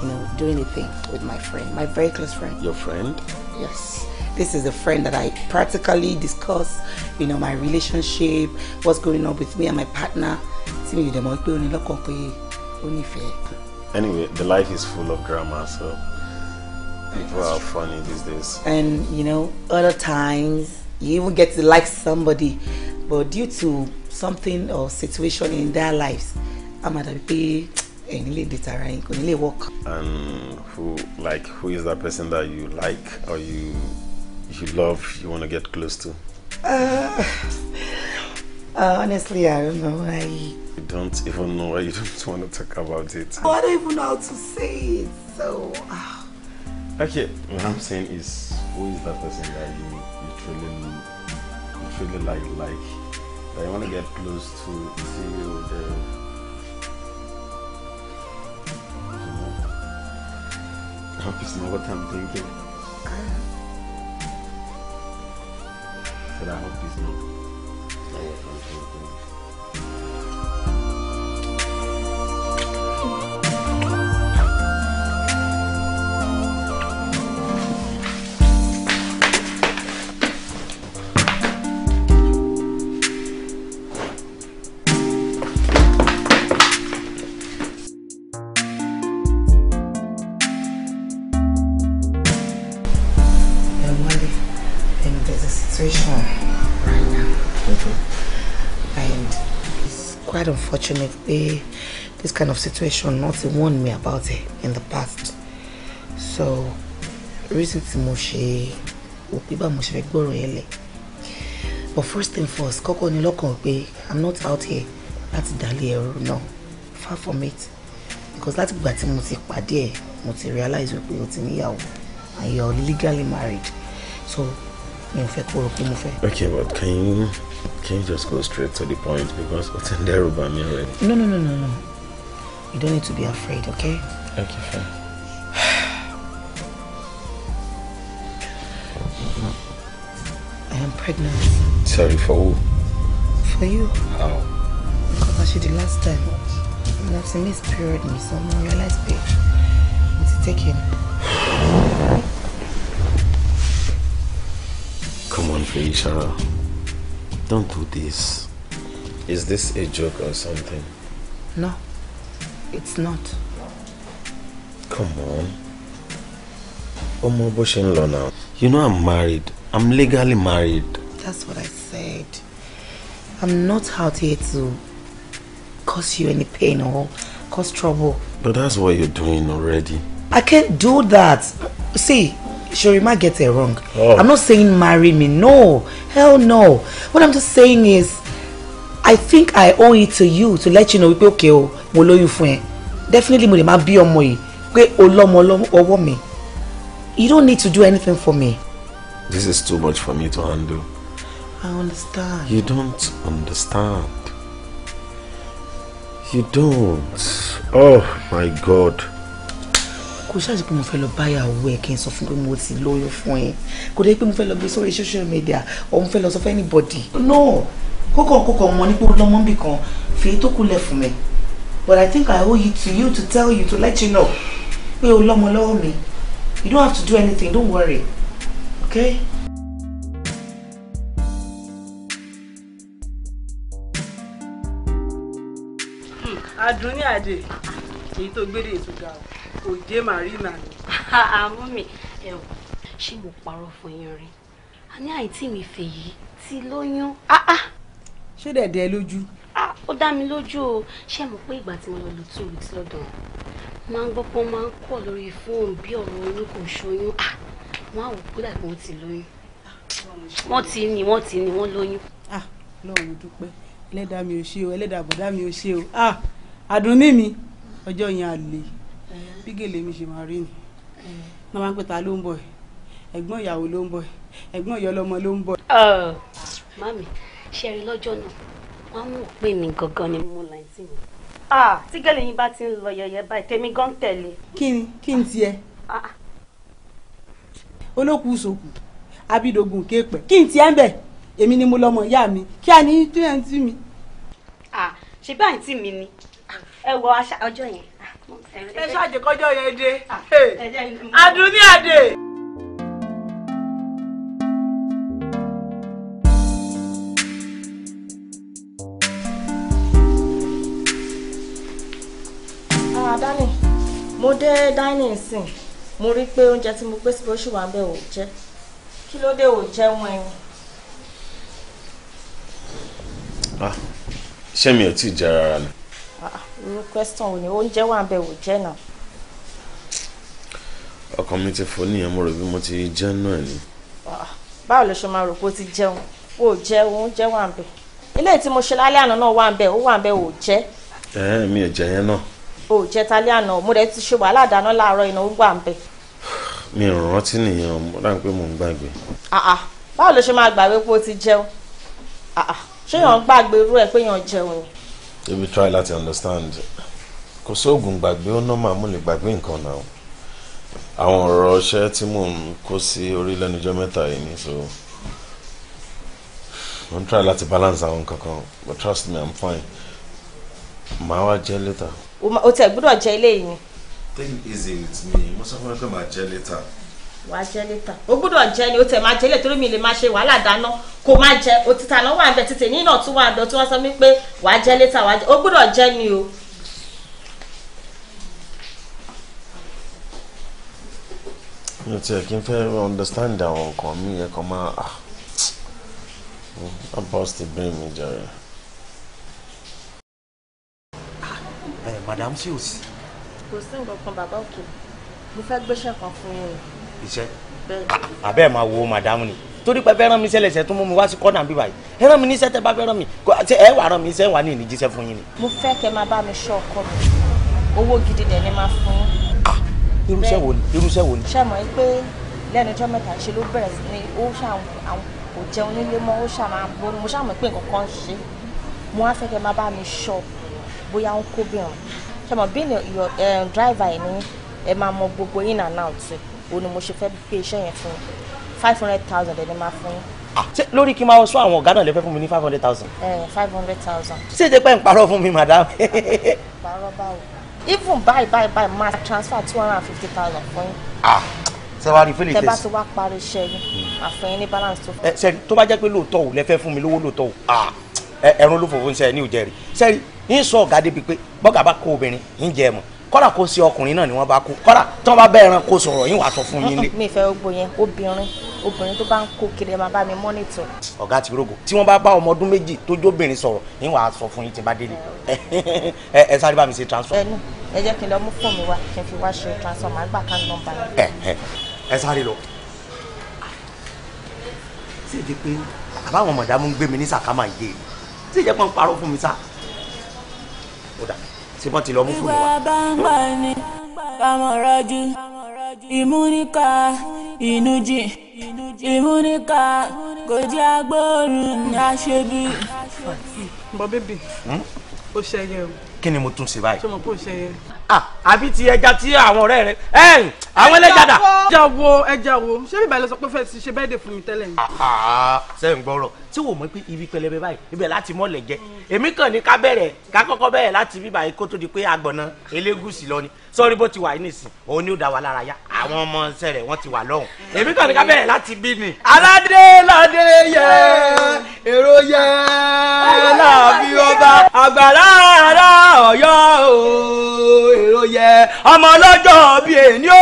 you know, doing a thing with my friend, my very close friend. Your friend? Yes. This is a friend that I practically discuss, you know, my relationship, what's going on with me and my partner tí mi ò dẹ̀ mọ̀ pé ó ní lọ́kàn pé ó nífẹ̀ẹ́. anyway the life is full of drama so people are funny these days. and you know other times you even get to like somebody but due to something or situation in their lives a máa dàbí pé ẹ̀yin lè date ara yín kò ní work. and who like who is that person that you like or you you love you wanna get close to. Uh, Uh, honestly, I don't know. I don't even know why you don't want to talk about it. Oh, I don't even know how to say it, so... Ah. Okay, what I'm saying is, who is that person that you, you truly, you truly like, like, that you want to get close to, is he the... I hope it's not what I'm thinking. Uh-huh. But I hope it's not. 本当に。Unfortunately, eh, this kind of situation not warned me about it in the past so reason tí mo ṣe wò pé bá mo ṣe fẹ́ gbọ́rọ̀ yẹn lẹ̀ but first thing first kọ́kọ́ ni lọ́kàn pé i'm not out here láti dálé ẹrú náà far from it because láti ìgbà tí mo ti pàdé ẹ mo ti realize wípé o ti níyàwó and you're legally married so mi ò kó o mo fẹ́. okay but can you can you just go straight to the point because o ti ń dẹ́rù bà mí already. no no no no no you don't need to be afraid okay. okay fine. I am pregnant. Sorry for who? For you. How? Because actually the last time, when I was in period, me, so I realized, babe, it's taking? Shara. Don't do this. Is this a joke or something? No, it's not. Come on. Omo Boshin now. You know I'm married. I'm legally married. That's what I said. I'm not out here to cause you any pain or cause trouble. But that's what you're doing already. I can't do that. See, Shuri, might get it wrong. Oh. I'm not saying marry me. No, hell no. What I'm just saying is, I think I owe it to you to let you know okay oh, mo lóyún fún ẹ. Definitely mo lè máa bí ọmọ yìí pé o lọ́mọ ọwọ́ mi. You don't need to do anything for me. This is too much for me to handle. I understand. You don't understand. You don't. Oh my God kò ṣáàṣì pé mo fẹ́ lọ báyàwó ẹ̀ kí n sọ fún pé mo ti lóyún fún ẹ kò dé pé mo fẹ́ lọ gbé sórí social media or mo fẹ́ lọ sọ fún anybody no kókò kókò mọ nípò lọ́mọ bì kan fi tó kulẹ̀ fún mi but I think I owe it to you to tell you to let you know pé o lọ́mọ lọ́wọ́ mi you don't have to do anything don't worry okay. Hmm, adùn ní àdè èyí tó gbére ètò ga o òjé marina ni. àmú ah, ah, mi ẹ wò ṣé mo parọ́ fún yín rí a ní àìtí mi fè yìí ti lóyún. Ah, ṣé dẹ̀dẹ̀ lójú. ó dá mi lójú o ṣé mo pé ìgbà tí mo lọ lò two weeks lọ́dọ̀ máa ń gbọ́ pé wọ́n máa ń kọ̀ lórí fóònù bí ọ̀rọ̀ oyún kò ṣoyún wọ́n á wò kó dàbí wọ́n ti lóyún wọ́n ti ní wọ́n ti ní wọ́n lóyún. lọ́run dúpẹ́ ẹlẹ́dàá mi ò ṣe o ẹlẹ́dàá bọ̀dá mi ò ṣe o àdùnní mi ọjọ́ yẹn á le. Mm-hmm. bí gèlè mi ṣe máa rí ni mm-hmm. náà máa ń pè ta ló ń bọ̀ ẹ̀ ẹ̀gbọ́n ìyàwó ló ń bọ̀ ẹ̀ ẹ̀gbọ́n ìyá ọlọ́mọ ló ń bọ̀. Oh, mami ṣe rí lọ́jọ́ náà wọ́n mú pé mi gangan ni mo là ń tì mí. Ah, tí gèlè yín bá ti ń lọ yẹ̀yẹ́ báyìí tèmi gan tẹ̀lé. kí ni kí ni tiẹ̀ ah, ah. olókùú sòkù abidogun kéèpẹ kí n tiẹ̀ ń bẹ̀ èmi ni mo lọ́mọ ìyá mi kí a ní tó yẹn ń tì mí. ṣe bí àǹtí mi ni ẹ wọ ọjọ́ yẹn ẹ ṣáàjì kọjọ yẹn dé àdùnní àdè. dání mo dé dining sin mo rí pé oúnjẹ tí mo gbé síbi oṣù wa ń bẹ ò jẹ kí ló dé ò jẹ wọn ẹyin. ṣé mi ò tí ì jẹ rárá ni irú question ò ní oúnjẹ wà bẹ́ẹ̀ ò jẹ́ náà. ọkàn mi ti fọ nìyẹn mo rò bí mo ti jẹ́ náà ni. Ah, báwo ló ṣe máa rò pé ó ti jẹun ó jẹun oúnjẹ wà bẹ́ẹ̀ ilé tí mo ṣe lálẹ́ àná náà wà bẹ́ẹ̀ o wà bẹ́ẹ̀ ò jẹ́. ẹ ẹ mi ò jẹ yẹn náà. o ò jẹ talẹ́ àná mo rẹ ti ṣe wàhálà dáná láàárọ̀ iná ó wà bẹ́ẹ̀. mi ò rántí nìyẹn mo dá pé mo ń gbàgbé. Ah, ah, báwo ló ṣe máa gbàgbé pé ó ti jẹun ṣé yàn gbàgbé irú ẹ pé yàn jẹun ni ebi try láti understand kò sóògùn gbàgbé ó normal mo lè gbàgbé nǹkan náà àwọn ọ̀rọ̀ ọṣẹ́ tí mò ń kó sí orí lẹ́nujọ́ mẹ́ta yìí ni so mo ń try láti balance àwọn kankan but trust me i'm fine màá wá jẹ́ later. o tẹ gbọ́dọ̀ jẹ ilé yìí take it easy with me mo sọ fún ẹ pé màá jẹ later wà á jẹ létà ó gbọ́dọ̀ jẹ ni ó tẹ̀ máa jẹ torí mi lè máa ṣe wàhálà dáná kó máa jẹ òtítà náà wà bẹ̀ títì nínà tún wà dọ̀ tí wọ́n sọ mí pé wà á jẹ létà wà á jẹ ó gbọ́dọ̀ jẹ ni o. mi ò tiẹ̀ kí n fẹ́ understand àwọn nǹkan mi yẹ kó máa ah wọ́n bọ́ sí brain mi jẹrẹ. Ah, eh, madam ṣé o sí. kò sí nǹkan kan bàbá òkè mo fẹ́ gbéṣẹ́ kan fún yín iṣẹ́ àbẹ́ẹ̀ máa wo màdámù ni torí pé fẹ́ràn mi sẹ́lẹ̀ sẹ́ tó mú mi wá sí kọ́nà bíbá yìí ẹ̀ràn mi níṣẹ́ tẹ́ bá fẹ́ràn mi ṣé ẹ wà ràn mí iṣẹ́ wà ní ìníjíṣẹ́ fún yín ni. mo fẹ́ kẹ́ máa bá mi ṣọ́ ọkọ mi owó gidi dẹ̀ ni máa fún yín. Ah, irúṣẹ́ wo ni irúṣẹ́ wo ni. ṣé mọ̀ pé lẹ́nu ọjọ́ mẹ́ta ṣe ló bẹ̀rẹ̀ sí ni ó ṣàwọn kò jẹun nílé mọ́ ó ṣàmà bóni mo ṣàmọ̀ pé nǹkan kan ṣe mo wá fẹ́ kẹ́ máa bá mi ṣọ́ bóyá ń kó bìrùn ṣé mọ̀ bí eh, driver ẹ̀ ní ẹ máa mọ gbogbo in and out òun ni mo ṣe fẹ́ gbé iṣẹ́ yẹn fún five hundred thousand ẹni máa fún yín. Ah, ṣé lórí kí n máa sọ àwọn ọ̀gá náà lè fẹ́ fún mi ní five hundred thousand. ẹ five hundred thousand. ṣé ìjẹ́ pẹ́ ń parọ́ fún mi madam. parọ́ báwo even buy buy buy máa transfer two hundred and fifty thousand fún yín. ah sẹ́wárí fẹ́lẹ̀ tẹ̀sí. tẹ́ bá ti wá parí iṣẹ́ yín àfẹ́yìn ní balance tó. Eh, ẹ sẹ́ni tó bá jẹ́ pé lóòótọ́ ò lẹ́fẹ́ fún mi lówó lóòótọ́ ò ah ẹ̀rún ló fòfò ń sẹ́ ní òjẹ́rì sẹ́ni ń sọ ọ̀gá débi pé bọ́gà bá kó obìnrin ń jẹ́ ẹ̀ mọ̀ kọ́dà kó sí ọkùnrin náà ni wọ́n bá kú kọ́dà tí wọ́n bá bẹ́ẹ̀ ran kó sọ̀rọ̀ yín wàá sọ fún yín lé. mi fẹ́ gbogbo yẹn obìnrin obìnrin tó bá ń kó kiri máa bá mi mọ́nítọ̀. ọ̀gá ti rogo tí wọ́n bá bá ọmọ ọdún méjì tó jóbìnrin sọ̀rọ̀ yín wàá sọ fún yín tí bá délé ẹ ẹ sáré bá mi ṣe transfer. ẹnu ẹ jẹ́ kí n lọ mú fóònù mi wá kí n fi wá ṣe transfer màá gbà ká nọ́mbà yẹn. ẹ ẹ ẹ sáré lọ. ṣé èdè pé àbáwọn mọ̀dàmú ń ṣé wọ́n ti lọ mú fóònù wa. ìwà bá ìnújì ìmúníkà kò jẹ́ agbóòrùn ní aṣebi. bọ bébì hmm? ó ṣẹyẹ o. kí ni mo tún ṣe báyìí. sọmọ kò ṣẹyẹ. àbí ti ẹja tí àwọn ọ̀rẹ́ rẹ ẹ̀yìn àwọn ẹlẹ́jà ẹja wo ẹja wo ṣé bíbá sọ pé fẹ́ẹ́ ti ṣe bẹ́ẹ̀ dè fún mi tẹ́lẹ̀ ni. sẹ́yìn ah, ah, gbọ́rọ̀ tí wò mọ̀ pé ibi pẹlẹbẹ báyìí ibẹ̀ láti mọ̀lẹ̀ jẹ èmi kàn ní ká bẹ̀rẹ̀ ká kọ́kọ́ bẹ̀rẹ̀ láti bí báyìí kó tó di pé àgbọ̀nà elégùsì lọ ni sọ́ọ́rí bó ti wà yín nìsín òun ni ó da wa lára yá àwọn ọmọ ṣẹ́ rẹ̀ wọ́n ti wà lọ́hùn èmi kàn ní ká bẹ̀rẹ̀ láti bí ni. aládé ládé yẹ èrò yẹ láàbí ọba àgbàlá ara Ọ̀yọ́ èrò yẹ ọmọ ọlọ́jọ́ bíi èní o.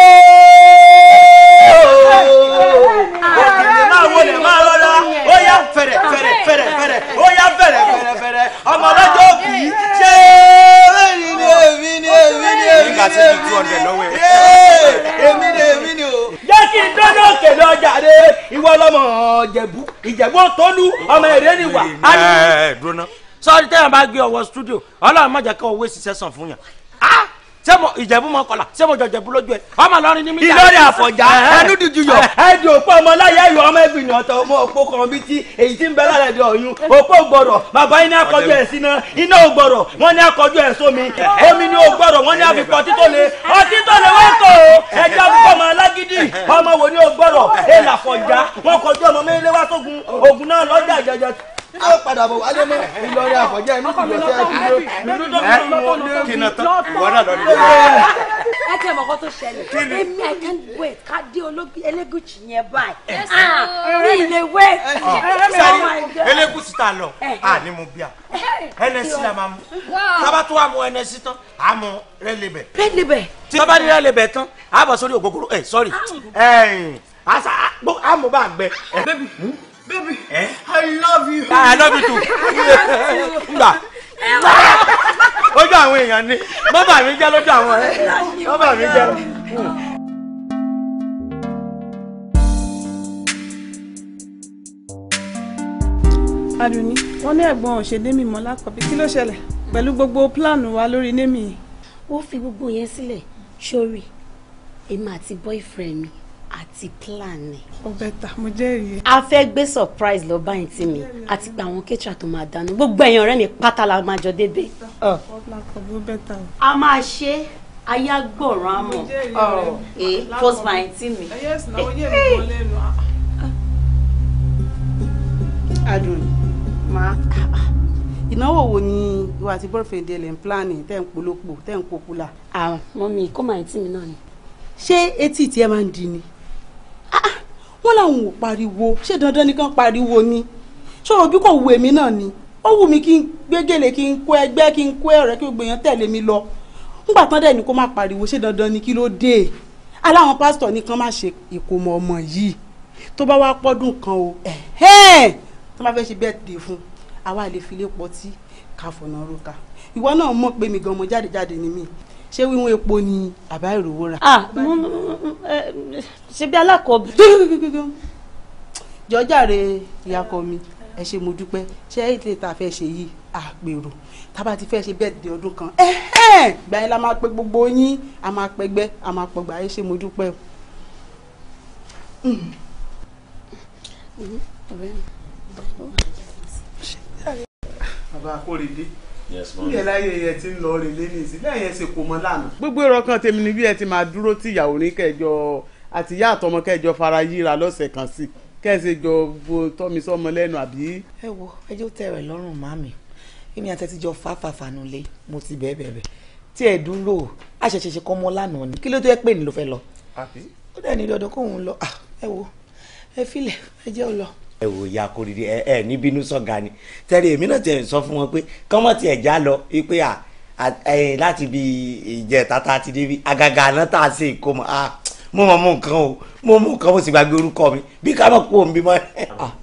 obìnrin máa wọlé máa lọ yá fẹ̀rẹ̀ fẹ̀rẹ̀ fẹ̀rẹ̀ fẹ̀rẹ̀ Oya, yá fẹ̀rẹ̀ fẹ̀rẹ̀ fẹ̀rẹ̀ ọmọ ọlọ́jọ́ òbí ṣé èmi ni èmi ni èmi ni èmi ni èmi ni èmi ni o. jẹ́ kí n dọ́nà òkè lọ jàre ìwọ lọ́mọ ìjẹ̀bú ìjẹ̀bú tólú ọmọ èrè ni wà á ní. sọ́ọ́ni tẹ́yàn bá gbé ọwọ́ studio ọlọ́run má jẹ́ kí ọwọ́ fún yàn. Ah! sẹ́mu ìjẹ̀bú mọ kọlà sẹ́mu jọ̀jẹ̀bú lójú ẹ̀ ọmọ lọrin ní mílíọ̀nù. ìlọrin àfọ̀njá ẹnu dùjú yọ. ẹ di òpó ọmọ láyé ẹyọ ọmọ ẹgbìnrin ọ̀tọ̀ ọmọ òpó kan bíi ti èyí tí ń bẹ lára ẹ̀dọ̀ ọ̀yún òpó gbọ̀rọ̀ bàbá iná akọjú ẹ̀ síná iná ògbọ̀rọ̀ wọ́n ní akọjú ẹ̀ sómi omi ní ògbọ̀rọ̀ wọ́n ní àfikọ́ títọ́lé ọtítọ́lé wọ́n kọ́ ọ ẹja ọmọ alágídí ọmọ wò ní ògbọ̀rọ̀ ẹ̀ làfọ̀njá a padà bọ̀ wálé mọ́ Ìlọrin àfọ̀jẹ́ inú kùn lọ́sẹ̀ ẹ̀dúró kìnà tán wọ́dà lọ́dún tó lọ́wọ́. ẹ tẹ mọ̀kọ́ tó ṣẹlẹ̀ èmi I can't wait ká dé Elégùṣì yẹn báyìí ah, mi ìlè wait. Oh Elégùṣì ta lọ eh, a eh. ní mu bíà ẹnẹsì eh, la máa mu tábà tó àmú ẹnẹsì tán àmú rẹlẹbẹ. rẹlẹbẹ. tábà ní rẹlẹbẹ tán àbọ̀ sórí ògógóró ẹ sọ́rí ẹ àmú bá gbẹ. Baby, eh? I love you. Ah, I love you too. Ngba. Ojú àwọn èèyàn ni. Bọ́bà mi jẹ́ lójú àwọn ẹ̀. Bọ́bà mi jẹ́. Adùnní, wọ́n ní ẹ̀gbọ́n ò ṣe Némi mọ́ lákọ̀bí. Kí ló ṣẹlẹ̀? Pẹ̀lú gbogbo pílánù wa lórí Némi. Ó fi gbogbo yẹn sílẹ̀ sórí èmi àti bọ́ìfrẹ̀ mi àti plan ẹ̀. ọbẹ̀ ta mo jẹ́rìí. a fẹ́ gbé surprise lọ bá yín tí mi àti pé àwọn kẹ́tìrà tó máa dáná gbogbo ẹ̀yàn ọ̀rẹ́ mi pátá la máa jọ débẹ̀. Oh, a máa ṣe aya gbọ̀ràn amọ̀ ẹ̀ oh, eh, first man mi. Ah. adùn máa ìnáwó wo ni ìwà àti bọ́ọ̀fẹ̀dẹ̀ lẹ̀ ń pláàni tẹ̀ ń polópo tẹ̀ ń popula. àwọn mọ́mí kó máa ń tì mí náà ni. ṣé etí tí ẹ máa ń di ni wọ́n làwọn ò pariwo ṣé dandan ni kán pariwo ni ṣòro bí kò wù èmi náà ni ó wù mí kí n gbégélé kí n kó ẹgbẹ́ kí n kó ẹ̀rẹ́ kí gbogbo èèyàn tẹ̀lé mi lọ ńgbà tán dẹ̀ ni kó má pariwo ṣé dandan ni kí ló dé aláwọn pásítọ̀ ní kán má ṣe ìkómọ ọmọ yìí tó bá wá pọ́dún kan o ẹ̀hẹ́n tó bá fẹ́ ṣe birthday fún àwa lè fi lé pọtí ká fọ̀nà rúkà ìwọ náà mọ̀ pé mi gan mo jáde jáde ni mí ṣé wíwọ́n epo ni àbá ìrówó rà. Ah, eh, ṣe bí alákọ̀ọ́bù. jọjàre ìyàkọ mi ẹ ṣe mo dúpẹ́ ṣé èyí tí ta fẹ́ ṣe yìí àpérò tábà ti fẹ́ ṣe bẹ́ẹ̀ di ọdún kan eh, eh, gbà la máa pe gbogbo yín a máa pẹgbẹ́ a máa pọgbà ẹ ṣe mo dúpẹ́ o. Mm-hmm. bàbá akóredé níyẹn láyé yẹn ti ń lọ rè lẹ́yìn sí bẹ́ẹ̀ yẹn ṣe kò mọ́ lánàá. gbogbo èrò kan tèmi ni bí ẹ ti máa dúró tí ìyàwó ní kẹjọ àti ìyá àtọmọ kẹjọ fara yíra lọ́sẹ̀ kan sí kẹsẹ̀ jọ bo tọ́mi sọ́mọ lẹ́nu àbí. ẹ wo ẹjọ́ tẹ̀rẹ̀ lọ́rùn màmí èmi àti ẹ ti jọ fàfàfà nulẹ̀ mo ti bẹ́ẹ̀ bẹ́ẹ̀ bẹ́ẹ̀ tí ẹ dúró àṣẹṣẹṣẹ kọ́ mọ́ lánàá ni kí ló tó yẹ pé ní ló fẹ́ lọ. ó dẹ̀ ní dandan kóun lọ ah, ẹ wo ẹ filẹ̀ ẹ jẹ́ ọ lọ ẹ wò ya kórìírí ẹ ẹ níbínú sọ̀gá ni tẹ́lẹ̀ èmi náà tiẹ̀ sọ fún wọn pé kọ́mọ̀ tiẹ̀ já lọ pé à láti bi ìjẹta ta ti débi àgàgà àná tá a ṣe ìkómọ a mo mọ mú nǹkan o mo mú nǹkan mo sì gbàgbé orúkọ mi bí ká mọ̀ pé òun bímọ.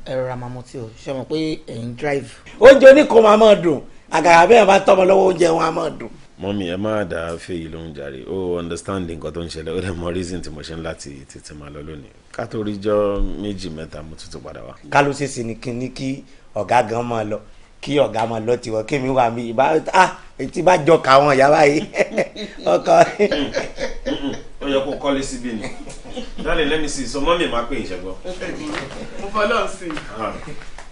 ẹ rọra máa mọ tí o ṣe mọ̀ pé ẹ̀yin drive. oúnjẹ oníkó máa máa dùn àgàgà bẹ́ẹ̀ máa tọ́mọ lọ́wọ́ oúnjẹ wọn máa dùn mọ́mí ẹ má dá fèyí lóhùn jàre ó understand nǹkan tó ń ṣẹlẹ̀ ó dẹ̀ mọ reason tí mo ṣe ń láti tètè máa lọ lónìí ká tó rí jọ méjì mẹ́ta mo tún ti padà wá. ká ló ṣe sí kí ni kí ọ̀gá gan máa lọ kí ọ̀gá máa lọ tiwọn kémi wà mí ìbá ah etí bá jọ ká wọn ìyá báyìí ọkọ. ó yẹ kó kọ́lé síbí ni darling let me see so mọ́mí máa pè ìṣẹ́gbọ́. mo fọlọ́ sí i ah.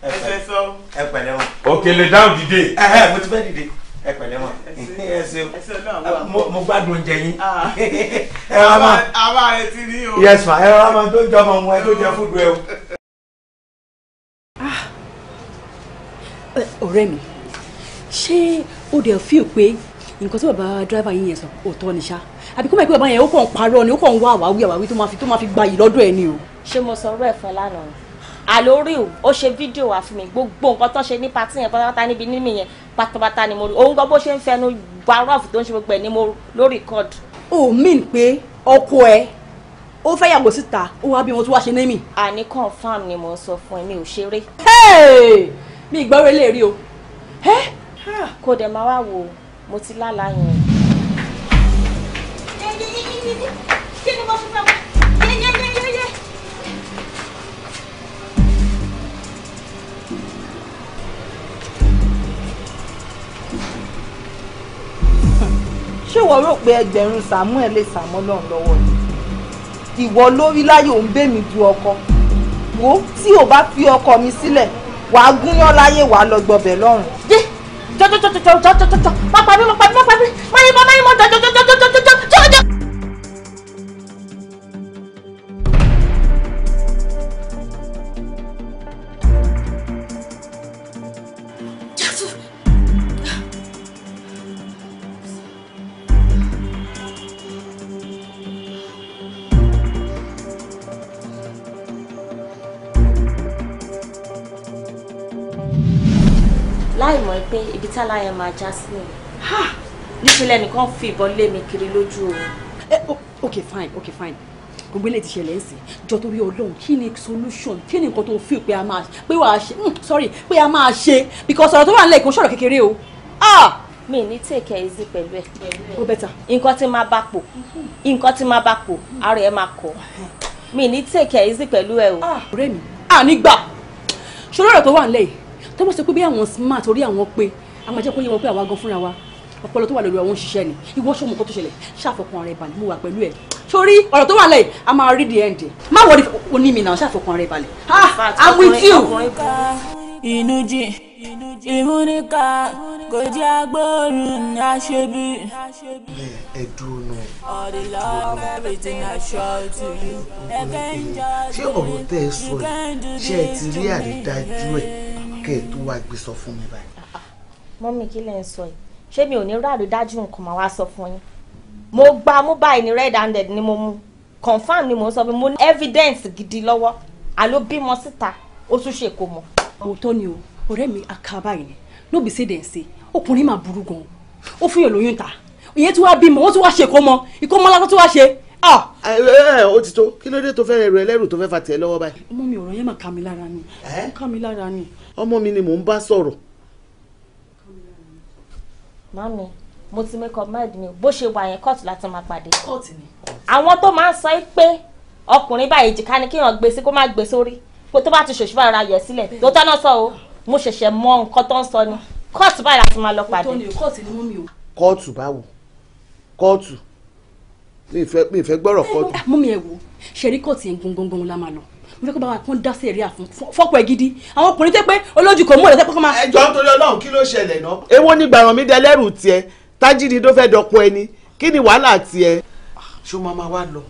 ẹsẹ̀ sọ. ẹ pẹ̀lẹ́ wọn. òkèlè dáhùn dìde. ẹ ẹ mo ti fẹ́ dìde ẹ pẹ̀lẹ́ mọ ẹ ṣeun mo gbádùn oúnjẹ yín ah. ẹ wá máa àbá rẹ ti rí o yes ma ẹ wá máa tó jọ ọmọ wọn ẹ tó jẹ fúdù ẹ o. Ah. ọ̀rẹ́ mi ṣé o dẹ̀ fi pé nǹkan tí bàbá dráìvà yín yẹn sọ òótọ́ ni ṣá àbí kó mọ̀ pé bàbá yẹn ó kàn ń parọ́ ni ó kàn ń wá àwáwí àwáwí tó máa fi gbayì lọ́dọ̀ ẹ ni o. ṣé mo sọ ọ̀rọ̀ ẹ fún ẹ lánàá àlórí o ó ṣe fídíò wá fún mi gbogbo nǹkan tó ṣe ní patí yẹn pátápátá níbi nímì yẹn pátápátá ni mo rí òun gan bó ṣe ń fẹnu gba rọ́ọ̀fù tó ń ṣe gbogbo ẹ̀ ni mo ló record. o mean pé ọkọ ẹ ó fẹ́ yàgò síta ó wá bí wọn tún wá ṣe nímì. àní confam ni mo sọ fún ẹ mi ò ṣeré. mi ìgbọ́rọ̀ ilé rí o. Ah! kò dẹ̀ máa wá wò ó mo ti lálàá yẹn. kí ni mo fi fẹ́ mọ́. ṣé ìwọ rò pé ẹgbẹ̀rún Samuel lè sàmọ́ lọ́run lọ́wọ́ ni ìwọ lórí láyé òun bẹ́ mi du ọkọ wo tí o bá fi ọkọ mi sílẹ̀ wàá gúnyán láyé wàá lọ gbọbẹ̀ lọ́run. dé jọjọjọjọjọjọjọjọ má pa mí má pa mí má pa mí má yín mọ má yín mọ jọjọjọjọjọjọjọ. tálá yẹn máa já sí mi níṣẹ́ lẹ́nìkan fi ìbọn lé mi kiri lójú o. ok fine ok fine gbogbo ilé ti ṣẹlẹ̀ ń sìn jọ torí ọlọ́run kí ni solution kí ni nǹkan tó fi pé a máa pé wàá ṣe hmm, sorry pé a máa ṣe because ọ̀rọ̀ tó wà nílẹ̀ kò sọ̀rọ̀ kékeré o. Ah! mi ní take easy pẹ̀lú ẹ̀. ó bẹ́tà. nǹkan tí máa bá pò nǹkan tí máa bá pò ara ẹ̀ máa kọ̀ mi ní take easy pẹ̀lú ẹ̀ o. Ah, ọ̀rẹ́ mi ànígbà ṣọlọ́rọ̀ tó wà nílẹ̀ yìí tó bá ṣe pé bí àwọn smart orí àwọn pé a máa jẹ́ kó yẹ wọn pé àwa gan fúnra wa ọpọlọ tó wà lórí àwọn òṣìṣẹ́ ni ìwọ ṣọmọ kan tó ṣẹlẹ̀ ṣàfọkàn rẹ balẹ̀ mo wà pẹ̀lú ẹ̀ torí ọ̀rọ̀ tó wà lẹ́yìn a máa rí the end má wọlé oní mi náà ṣàfọkàn rẹ balẹ̀ ha i'm with you. inú jí ìmúníkà kò jẹ́ agbóòrùn ní aṣebi. ẹ dúró náà. all the love everything i show to you. ṣé ọ̀rọ̀ tẹ́ ẹ sọ yìí ṣé ẹ ti rí àrídájú ẹ̀ kẹ́ ẹ tó wá gbé sọ fún mi báyìí mọ́mí kí lẹ̀ ń sọ yìí ṣé mi ò ní ráàrí dájú nǹkan máa wá sọ fún yín mo gba mú báyìí ní red handed ni mo mú confam ni mo sọ pé mo ní evidence gidi lọ́wọ́ àló bímọ síta ó tún ṣe kò mọ̀. òótọ́ ni o ọ̀rẹ́ mi akaba yìí ni ló bí ṣe dẹ̀ ń ṣe ọkùnrin máa burú gan-an ó fún yàn lóyún ta ìyẹn tí wàá bímọ ó tún wá ṣe kó mọ ìkómọ lákó tún wá ṣe ah! ẹ ẹ ó ti tó kí ló dé tó fẹ́ rẹ ẹlẹ́rù tó fẹ́ fa tiẹ̀ lọ́wọ́ báyìí. ọmọ mi ọ̀rọ̀ yẹn máa ká mi ni. ká mi lára ni. ọmọ mi ni mò ń bá sọ̀rọ̀ mami mo ti make up mind mi bó ṣe wà yẹn kóòtù láti máa pàdé. kóòtù ni. àwọn tó máa ń sọ pé ọkùnrin báyìí jìká ni kéèyàn gbèsè kó má gbèsè orí pé tó bá ti ṣòṣùbà ara yẹ sílẹ̀ tó tọ́ náà sọ o mo ṣẹ̀ṣẹ̀ mọ nǹkan tó ń sọ ni kóòtù báyìí láti máa lọ pàdé. kóòtù báwo kóòtù mi ìfẹ́ gbọ́rọ̀ kóòtù. mú mi ẹ̀ wò ṣe rí kóòtù yẹn gbọ̀ngbọ̀ngbọ̀n la máa lọ mo fẹ́ kó bá wa kún dá sí ẹ̀rí àfún fọ́pọ̀ ẹ̀ gidi àwọn ọkùnrin tẹ́ pé olójú kò mú ọ̀rẹ́ tẹ́ pé kó máa. ẹjọ́ nítorí Ọlọ́run kí ló ṣẹlẹ̀ náà. èwo ni gbàràn mi dẹ lẹ́rù tiẹ̀ tájídì tó fẹ́ dọkọ ẹni kí ni wàhálà tiẹ̀. Ah, ṣó máa máa wá lọ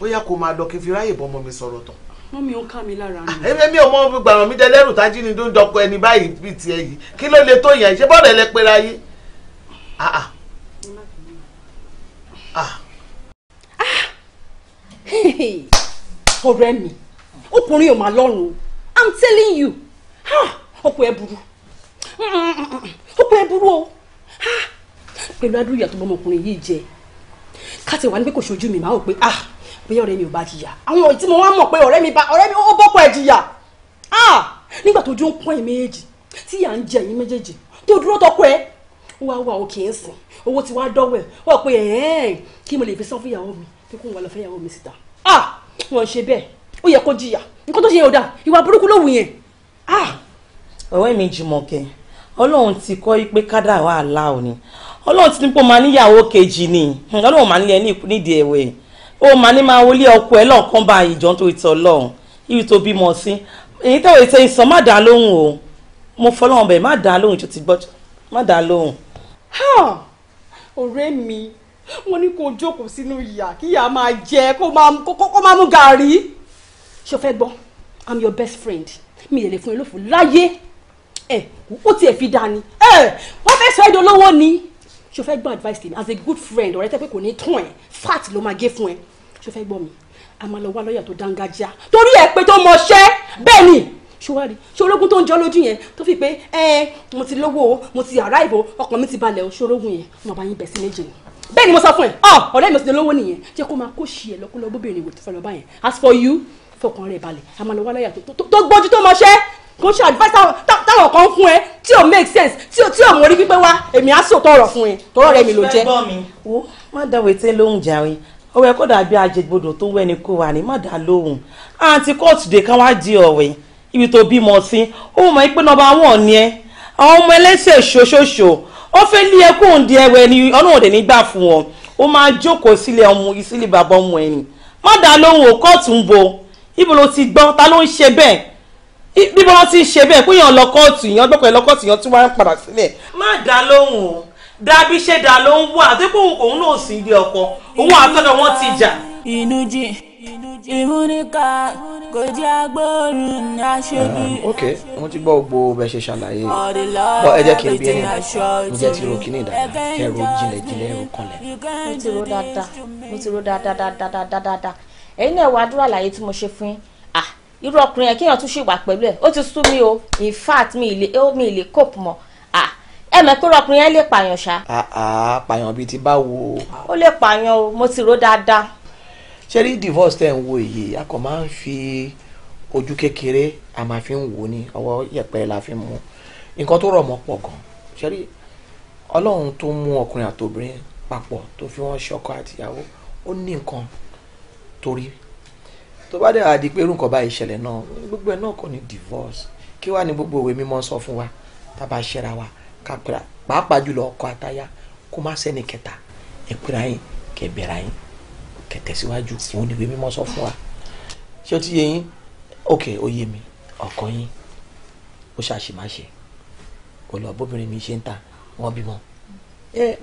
bóyá kó máa lọ kí n fi ráyè bọ́mọ mi sọ̀rọ̀ tán. wọ́n mi ò ká mi lára nù. ebe mi ò mọ gbàràn mi dẹ lẹ́rù tájídì tó ń dọkọ ẹni báyìí bíi tiẹ̀ yìí ah ah ah, ah. ọ̀rẹ́ mi ọkùnrin ò máa lọ́rùn i'm telling you ọkọ ẹ burú ọkọ ẹ burú o pẹ̀lú adúlùyà tó bọ́mọkùnrin yìí jẹ káti wà ní pé kò ṣojú mi máa wò pé ah bóyá ọ̀rẹ́ mi ò bá jìyà àwọn tí mo wá mọ̀ pé ọ̀rẹ́ mi bá ọ̀rẹ́ mi ó bọ́pọ̀ ẹ̀ jìyà ah nígbà tó jó ń pọ́n ẹ̀mí méjèèjì tí yà ń jẹ ẹ̀yìn méjèèjì tó dúró tọkọ ẹ̀ ó wá wà òkè ẹ̀ sìn owó ti wá dọ́wọ́ ẹ̀ ó wà pé ẹ̀ẹ́n kí mo lè fi san fún ìyàwó mi pé kó wọn lọ fẹ́ ìyàwó mi síta ah wọ́n ṣe bẹ́ẹ̀ ó yẹ kó jìyà nǹkan tó ṣe yẹn ò dáa ìwà burúkú ló wù yẹn. Ah! ọ̀rẹ́ mi Jùmọ̀kẹ́ ọlọ́run ti kọ́ pé kádà wà láò ni ọlọ́run ti ní pé ó máa níyàwó kejì ni ọlọ́run máa níyẹn nídìí ẹ̀wẹ̀ ó máa ní máa wọlé ọkọ ẹ lọ́ọ̀kan bá ìjọ tó ìtọ́ ọlọ́run ibi tó bímọ sí èyí tó ìtẹ́ ìsàn má dàá lóhùn o mo fọlọ́run bẹ̀ má dàá lóhùn tó ti gbọ́ má dàá lóhùn. ọ̀rẹ́ mi wọ́n ní kó jókòó sínú ìyà kíyà máa jẹ kó máa mú gàrí ṣo fẹ́ gbọ́ i'm your best friend mi lè lè fún ẹ lófo láyé ẹ ó tiẹ̀ fi dá ni ẹ wọ́n fẹ́ sọ ẹ́ dolówó ni ṣo fẹ́ gbọ́ advice tèmi as a good friend ọ̀rẹ́ tẹ́ pé kò ní tún ẹ̀ fat ló máa gé fún ẹ ṣo fẹ́ gbọ́ mi a máa lọ wá lọ́ọ̀yà tó dángájá torí ẹ pé tó mọṣẹ́ bẹ́ẹ̀ ni ṣòwárí ṣòrógùn tó ń jọ lójú yẹn tó fi pé ẹ mo ti lówó mo ti arrive ọkàn mi ti balẹ̀ o ṣòrógùn yẹn mo bá yín bẹ̀ sí méje ni bẹ́ẹ̀ ni mo sọ fún ẹ ọ ọ̀rẹ́ mi ò sì lówó nìyẹn jẹ́ kó máa kó ṣì ẹ̀ lọ́kọ́ bóbìnrin ìwé tó fẹ́ as for you fọkàn rẹ̀ balẹ̀ a máa lọ wá lọ́yà tó gbójú tó mọṣẹ́ kò ṣe advice táwọn kan fún ẹ tí ò make sense tí ò tí ò mórí pípé wá èmi á sòtọ́ ọ̀rọ̀ fún ẹ tọ́rọ̀ rẹ mi ló jẹ́. wo má dá wetí lóhùn jàre ọwọ́ ẹ kó dàbí ajẹgbodò tó wẹ́ni kó wà ní má dá lóhùn àǹtí kóòtù dé ká wá di ọ̀wẹ́ ibi tó bímọ sí ó mọ̀ pé nọmba wọn ni ẹ àwọn ọmọ ẹlẹ́sẹ̀ ṣoṣoṣo ó fẹ́ lé ẹ kóhùn di ẹwẹ́ ni ọlọ́run òde nígbà fún wọn ó máa jókòó sílẹ̀ ọmọ ìsílẹ̀ bàbá ọmọ ẹni má dá lóhùn ò kóòtù ń bo ibo ló ti gbọ́ ta ló ń ṣe bẹ́ẹ̀ bíbọ́ ló ti ṣe bẹ́ẹ̀ péyàn lọ́kọ́ọ̀tù yẹn gbọ́kọ̀ lọ́kọ́ọ̀tù yẹn tún wá padà sílẹ̀. má dá lóhùn o dábí ṣe dá ló ń wọ àdépò òun náà sì ilé ọkọ òun àtọ́dọ̀ wọn ti jà. inú jì ìmúníkà kò jẹ́ agbóòrùn aṣojú. Ah, ok wọ́n ti gbọ́ gbogbo bẹ́ẹ̀ ṣe ṣàlàyé bọ́ ẹ jẹ́ kí n bí ẹni ǹjẹ́ ti ro kíní ìdàgbà ẹ̀rọ jinlẹ̀ jinlẹ̀ ẹ̀rọ kanlẹ̀. mo ti ro dáadáa mo ti ro dáadáa dáadáa dáadáa ẹ̀yin náà wá dúró àlàyé tí mo ṣe fún yín ah irú ọkùnrin yẹn kéèyàn tún ṣì wà pẹ̀lú ẹ̀ ó ti sú mi o in fact mi ìlè ó mi ìlè cope mọ́ ah ẹ mọ̀ pé ọkùnrin yẹn lè pààyàn ṣá. àà pààyàn bíi ti báwo. ó lè pààyàn o mo ti rò dáadáa. ṣé rí divorce tẹ̀ ń wo èyí a kò máa ń fi ojú kékeré a máa fi ń wò ni ọwọ́ yẹpẹrẹ la fi mú nǹkan tó rọ̀ mọ́ pọ̀ gan ṣé rí ọlọ́run tó mú ọkùnrin àtòbìnrin papọ̀ tó fi wọ́n ṣọkọ àtìyàwó ó ní nǹkan torí tó bá dẹ̀ àdí pé irú nǹkan báyìí ṣẹlẹ̀ náà gbogbo ẹ̀ náà kò ní divorce kí wàá ní gbogbo òwe mímọ́ sọ fún wa tá a bá ṣẹra wa ká pera pàápàá jùlọ ọkọ àtaya kó má sẹ́ni kẹta ẹ pera yín kẹ bẹ̀rẹ̀ yín kẹ tẹ̀síwájú òun níwe mímọ́ sọ fún wa ṣé o ti yé yín ok ó yé mi ọkọ yín ó ṣàṣìmáṣe kò lọ bóbìnrin mi ṣe ń ta wọ́n bímọ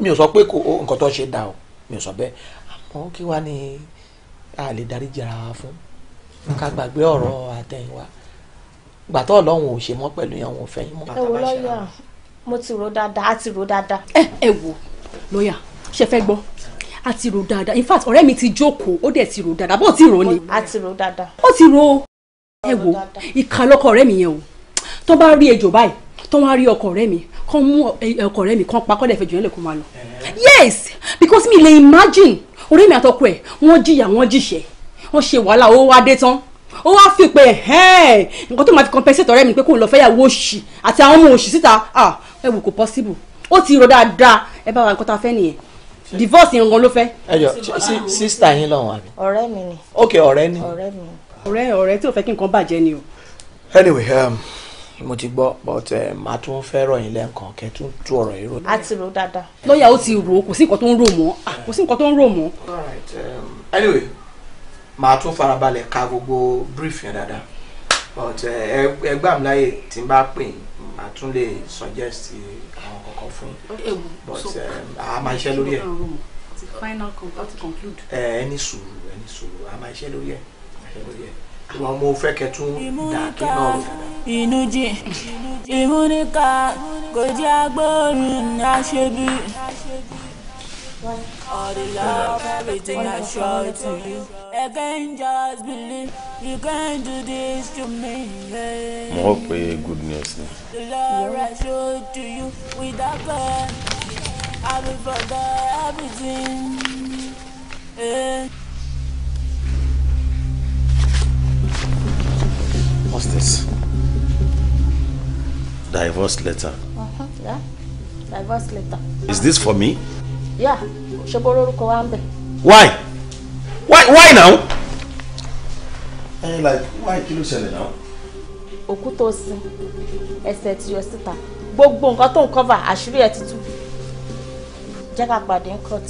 mi ò sọ pé nǹkan tó ṣe dà o mi ò sọ bẹ́ẹ̀ àmọ́ kí wàá ní a lè dáríjì ara wa fún ká gbàgbé ọ̀rọ̀ àtẹ̀yìnwá gbàtọ́ ọlọ́run ò ṣe mọ́ pẹ̀lú yẹn òun ò fẹ́yìn mọ́. ẹ wo lọ́ọ̀yà mo ti rò dáadáa a ti rò dáadáa. ẹ ẹ wo lọ́ọ̀yà ṣe fẹ́ gbọ́ a ti rò dáadáa in fact ọ̀rẹ́ mi ti jókòó ó dẹ̀ ti rò dáadáa bó ti rò ni. a ti rò dáadáa. ó ti rò ẹ wo ìkà lọkọ ọ̀rẹ́ mi yẹn o tó bá rí ejò báyìí tó wá rí ọkọ ọ̀rẹ́ mi kó mú ọkọ ọ̀rẹ́ mi kán pa kó dẹ̀ fẹjọ́ yẹn lè kó máa lọ. yes because me lè imagine orí mi àtọkọ ẹ̀ wọ́n jìyà wọ́n jìṣẹ́ wọ́n ṣe wàhálà ó wá dé tán ó wá fi pé ẹ̀hẹ́n nǹkan tó máa fi compensate ọ̀rẹ́ mi pé kò lọ fẹ́yàwó òṣì àti àwọn ọmọ òṣì síta ah ẹ wò kò possible ó ti rọ dáadáa ẹ bá wa nǹkan tá fẹ́ nìyẹn divorce yẹn gan ló fẹ́. ẹ jọ sísítà yín lọ́wọ́ àbí. ọ̀rẹ́ mi ni. ok ọ̀rẹ́ ni. ọ̀rẹ́ mi ọ̀rẹ́ ọ̀rẹ́ tí ò fẹ́ kí nǹkan bàjẹ́ ni o. anyway um, mo ti gbọ́ but eh, màá tún fẹ́ rọ̀ yín lẹ́ǹkan kẹ́ tún tú ọ̀rọ̀ yìí rò. a ti rò dáadáa. lọ́ọ̀yà ó ti rò kò sí nǹkan tó ń rò mọ́ ah, kò sí nǹkan tó ń rò mọ́. Um, anyway màá tún farabalẹ̀ ka gbogbo brief yẹn dáadáa but eh, ẹgbẹ́ àmì láyè tí n bá pè yín màá tún lè suggest àwọn kankan fún yín but eh, a máa ṣiṣẹ́ lórí ẹ̀. final conclude. ẹ ẹni sùúrù ẹni sùúrù a máa ṣiṣẹ́ lórí ẹ̀ àwọn ọmọ òfẹ́ kẹtù dàtú náà rò dáadáa. ìnújì kò jẹ́ agbóòrùn aṣebi. All the love, I show to you. I good news ni. Yeah. What's this? Divorce letter. Uh-huh, yeah. Divorce letter. Is this for me? Yeah. Why? Why why now? And eh, like why kí ló ṣẹlẹ̀ now? Òkú tó sin ẹsẹ̀ tí yọ síta. Gbogbo cover àṣírí ẹ̀ ti tú. Jẹ́ ká pàdé in court.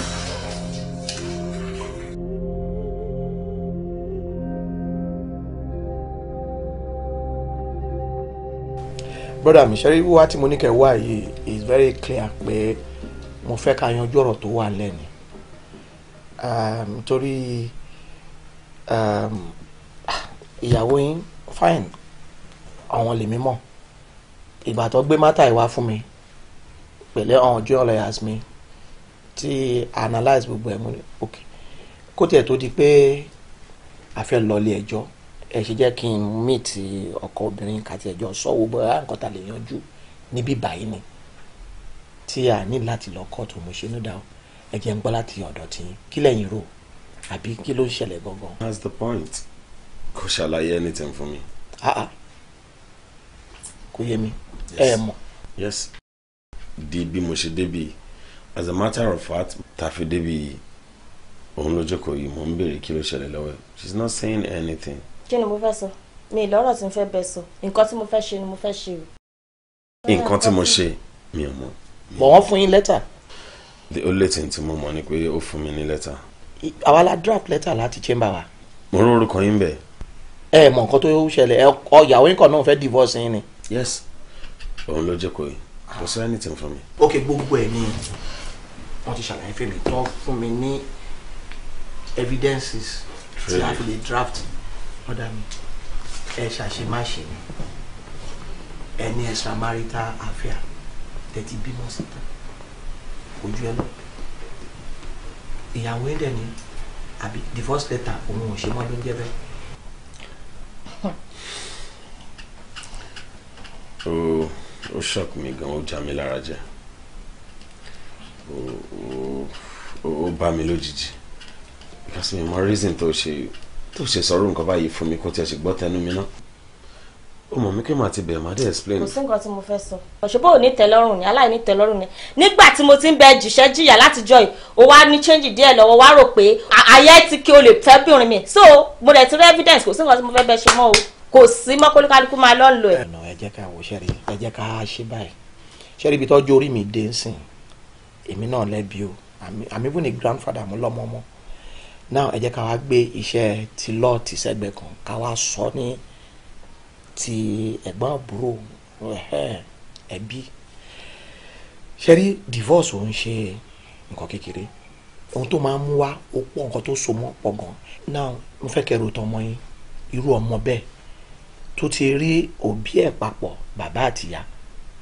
brother mi ṣẹ́rí wíwá tí mo ní kẹ́ wá yìí is very clear pé mo fẹ́ ká yanjú ọ̀rọ̀ tó wà lẹ́nu nítorí um, um, ìyàwó yín fine àwọn lèmi mọ̀ ìgbà tó gbé mátà ìwá fún mi pẹ̀lẹ́ ọ̀hún joy lawyers mi tí analyse gbogbo ẹ̀ mú ok kó tiẹ̀ tó di pé a fẹ́ lọ ilé ẹjọ́. E ẹ ṣe jẹ́ kí n meet ọkọ obìnrin kàti ẹ̀jọ́ sọ́wọ́ bóyá nǹkan ta lè yanjú níbí báyìí ni tí a ní láti lọ kóòtù mo ṣe ní dá ẹ jẹ́ ń gbọ́ láti ọ̀dọ̀ tí kí lẹ́yìn rò àbí kí ló ń ṣẹlẹ̀ gangan. that's the point kò ṣàlàyé anything for me? Ah, ah. kò yé mi ẹ ẹ mọ̀. yes di bí mo ṣe débi as a matter of fact tàfi débi òun ló jókòó yìí mo ń béèrè kí ló ṣẹlẹ̀ lọ́wọ́ she is not saying anything kí ni mo fẹ́ sọ mi lọ́rọ̀ tí n fẹ́ bẹ sọ nǹkan tí mo fẹ́ ṣe ni mo fẹ́ ṣe o. nǹkan tí mo ṣe mi ò mọ. bọ̀ wọ́n fún yín lẹ́tà. the only thing tí mo mọ̀ ni pé ó fún mi ní lẹ́tà. àwa la draft lẹ́tà láti chamber wa. mo rú orúkọ yín bẹ́ẹ̀. ẹ mọ nǹkan tó ṣẹlẹ̀ ọyàwó yín kan náà fẹ́ divorce yín ni. yes òun ló jẹ́ kó yìí kò sí anything fún mi. ok gbogbo ẹ ni wọn ti ṣàlàyé fún mi tán fún mi ní evidences tí a fi lè draft ọ̀dà mi ẹ ṣàṣemáṣe ni ẹ ní extramarital affair tẹ̀tí bímọ síta ojú ẹ lọ ìyàwó ẹ dẹ̀ ni abi divorce letter òun ò ṣe mọ́ ló ń jẹ́ bẹ́ẹ̀. ó ó shock mi gan o já mi lára jẹ ó ó ó bá mi lójijì because mi mọ reason tó ṣe tó ṣe sọ̀rọ̀ nǹkan báyìí fún mi kó tiẹ̀ ṣe gbọ́ tẹnu mi náà ó mọ̀ mí kí màá ti bẹ̀rẹ̀ màá dé explain. kò sí nǹkan tí mo fẹ́ sọ òṣèbó ò ní tẹ́lọ́rùn ni aláìní tẹ́lọ́rùn ni nígbà tí mo ti ń bẹ jìṣẹ́ jìyà látijọ́ yìí ó wá ní change díẹ̀ lọ́wọ́ wá rò pé ayé ti kí o lè fẹ́ bìnrin mi so mo dẹ̀ ti rí evidence kò sí nǹkan tí mo fẹ́ bẹ ṣe mọ́ o kò sí mọ́ kólúkálukú máa lọ́ lò ẹ̀. ẹ jẹ́ ká wo ṣẹ́rí ẹ jẹ́ ká ṣe báyìí ṣẹ́rí ibi tọ́jú orí mi dé ń grandfather mo lọ́mọ ọmọ now ẹ jẹ́ ká wá gbé iṣẹ́ ti lọ́ọ̀ ti sẹ́gbẹ̀ kan ká wá sọ ní ti ẹ̀gbọ́n àbúrò ẹbí ṣe rí divorce ò ń ṣe nǹkan kékeré ohun tó máa ń mú wá ó pọ̀ nǹkan tó so mọ́ pọ̀ gan now mo fẹ́ kẹ́ ro tọ́ ọmọ yín irú ọmọ bẹ́ẹ̀ tó ti rí òbí ẹ̀ papọ̀ bàbá àtìyá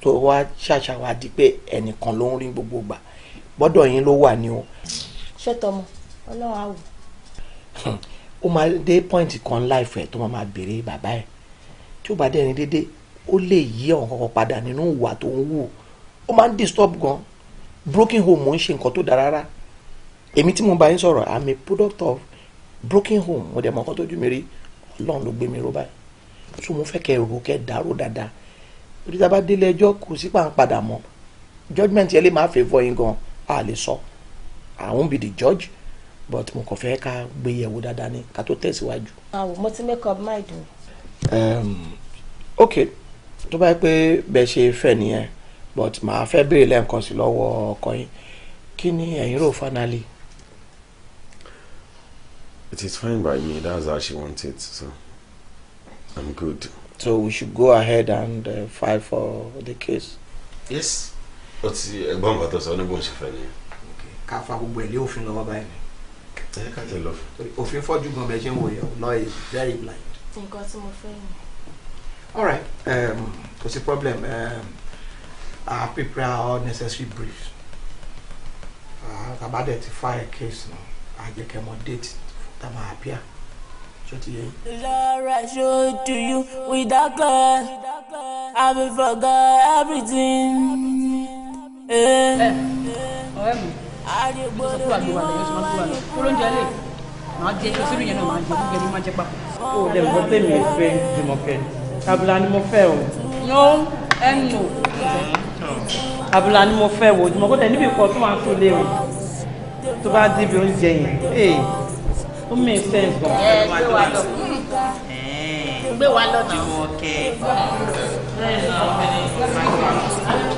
tó wá ṣàṣà wá di pé ẹnìkan ló ń rí gbogbo gbà gbọ́dọ̀ yín ló wà ní o. ṣé tọmọ Ọlọ́run á Hmm. ó máa dé point kan life ẹ̀ tó máa máa béèrè bàbá ẹ̀ tí ó bá dẹ̀ ní dédé ó lè yí ọ̀hún kankan padà nínú ìwà tó ń wù ó máa ń disturb gan broken home mo ń ṣe nǹkan tó dára rárá èmi tí mo bá yín sọ̀rọ̀ i'm a product of broken home mo dẹ̀ mọ̀ nǹkan tójú mi rí ọlọ́run ló gbé mi ró báyìí tó mo fẹ́ kẹ́ ro kẹ́ dàrú dáadáa torí tá bá délé ẹjọ́ kò sí pa ń padà mọ́ judgement yẹn lè máa favour yín gan a lè sọ i won't be the judge but mo kàn fẹ́ ká gbé yẹ̀wò dáadáa ni ká tó tẹ̀síwájú. àwọn mo ti make up my mi. ok tó bá yẹ pé bẹ́ẹ̀ ṣe fẹ́ nìyẹn but màá fẹ́ béèrè lẹ́ẹ̀kan sí lọ́wọ́ ọkọ yín kí ni ẹ̀yin rò finally. It is fine by me. That's how she wants it. So I'm good. So we should go ahead and uh, file for the case. Yes. Ó ti ẹ̀gbọ́n bàtọ sọ ọ ní bóun ṣe fẹ́ nìyẹn. Ká fa gbogbo ẹ̀ lé òfin lọ́wọ́ báyìí ẹ ká jẹ lọ. òfin fọ́jú gan bẹ́ẹ̀ ṣe ń wò yẹ is very blind. nǹkan tí mo fẹ́ yẹn. all right um, kò um, sí problem um, I prepare all necessary briefs ah, tàbá dẹ̀ ti file case náà àjẹkẹ́mọ date tá a máa appear. Laura showed to you with that girl. I will forget everything. Eh. Eh. Eh àdìgbò lórí wọn wá ní kúrò màá jẹ ìṣòro yẹn náà màá jẹ gbogbo ẹni máa jẹ papọ̀. o dẹ̀ gbọ́ ni mo fẹ́ o. no ẹnu. abúlá ni mo fẹ́ o Jùmọ̀kẹ́ tẹ̀ níbi ìkọ́ tó máa tó lé o tó bá dé oúnjẹ yẹn ee ó make sense gan. ẹ gbé wa lọ gbé wa lọ náà. Jùmọ̀kẹ́.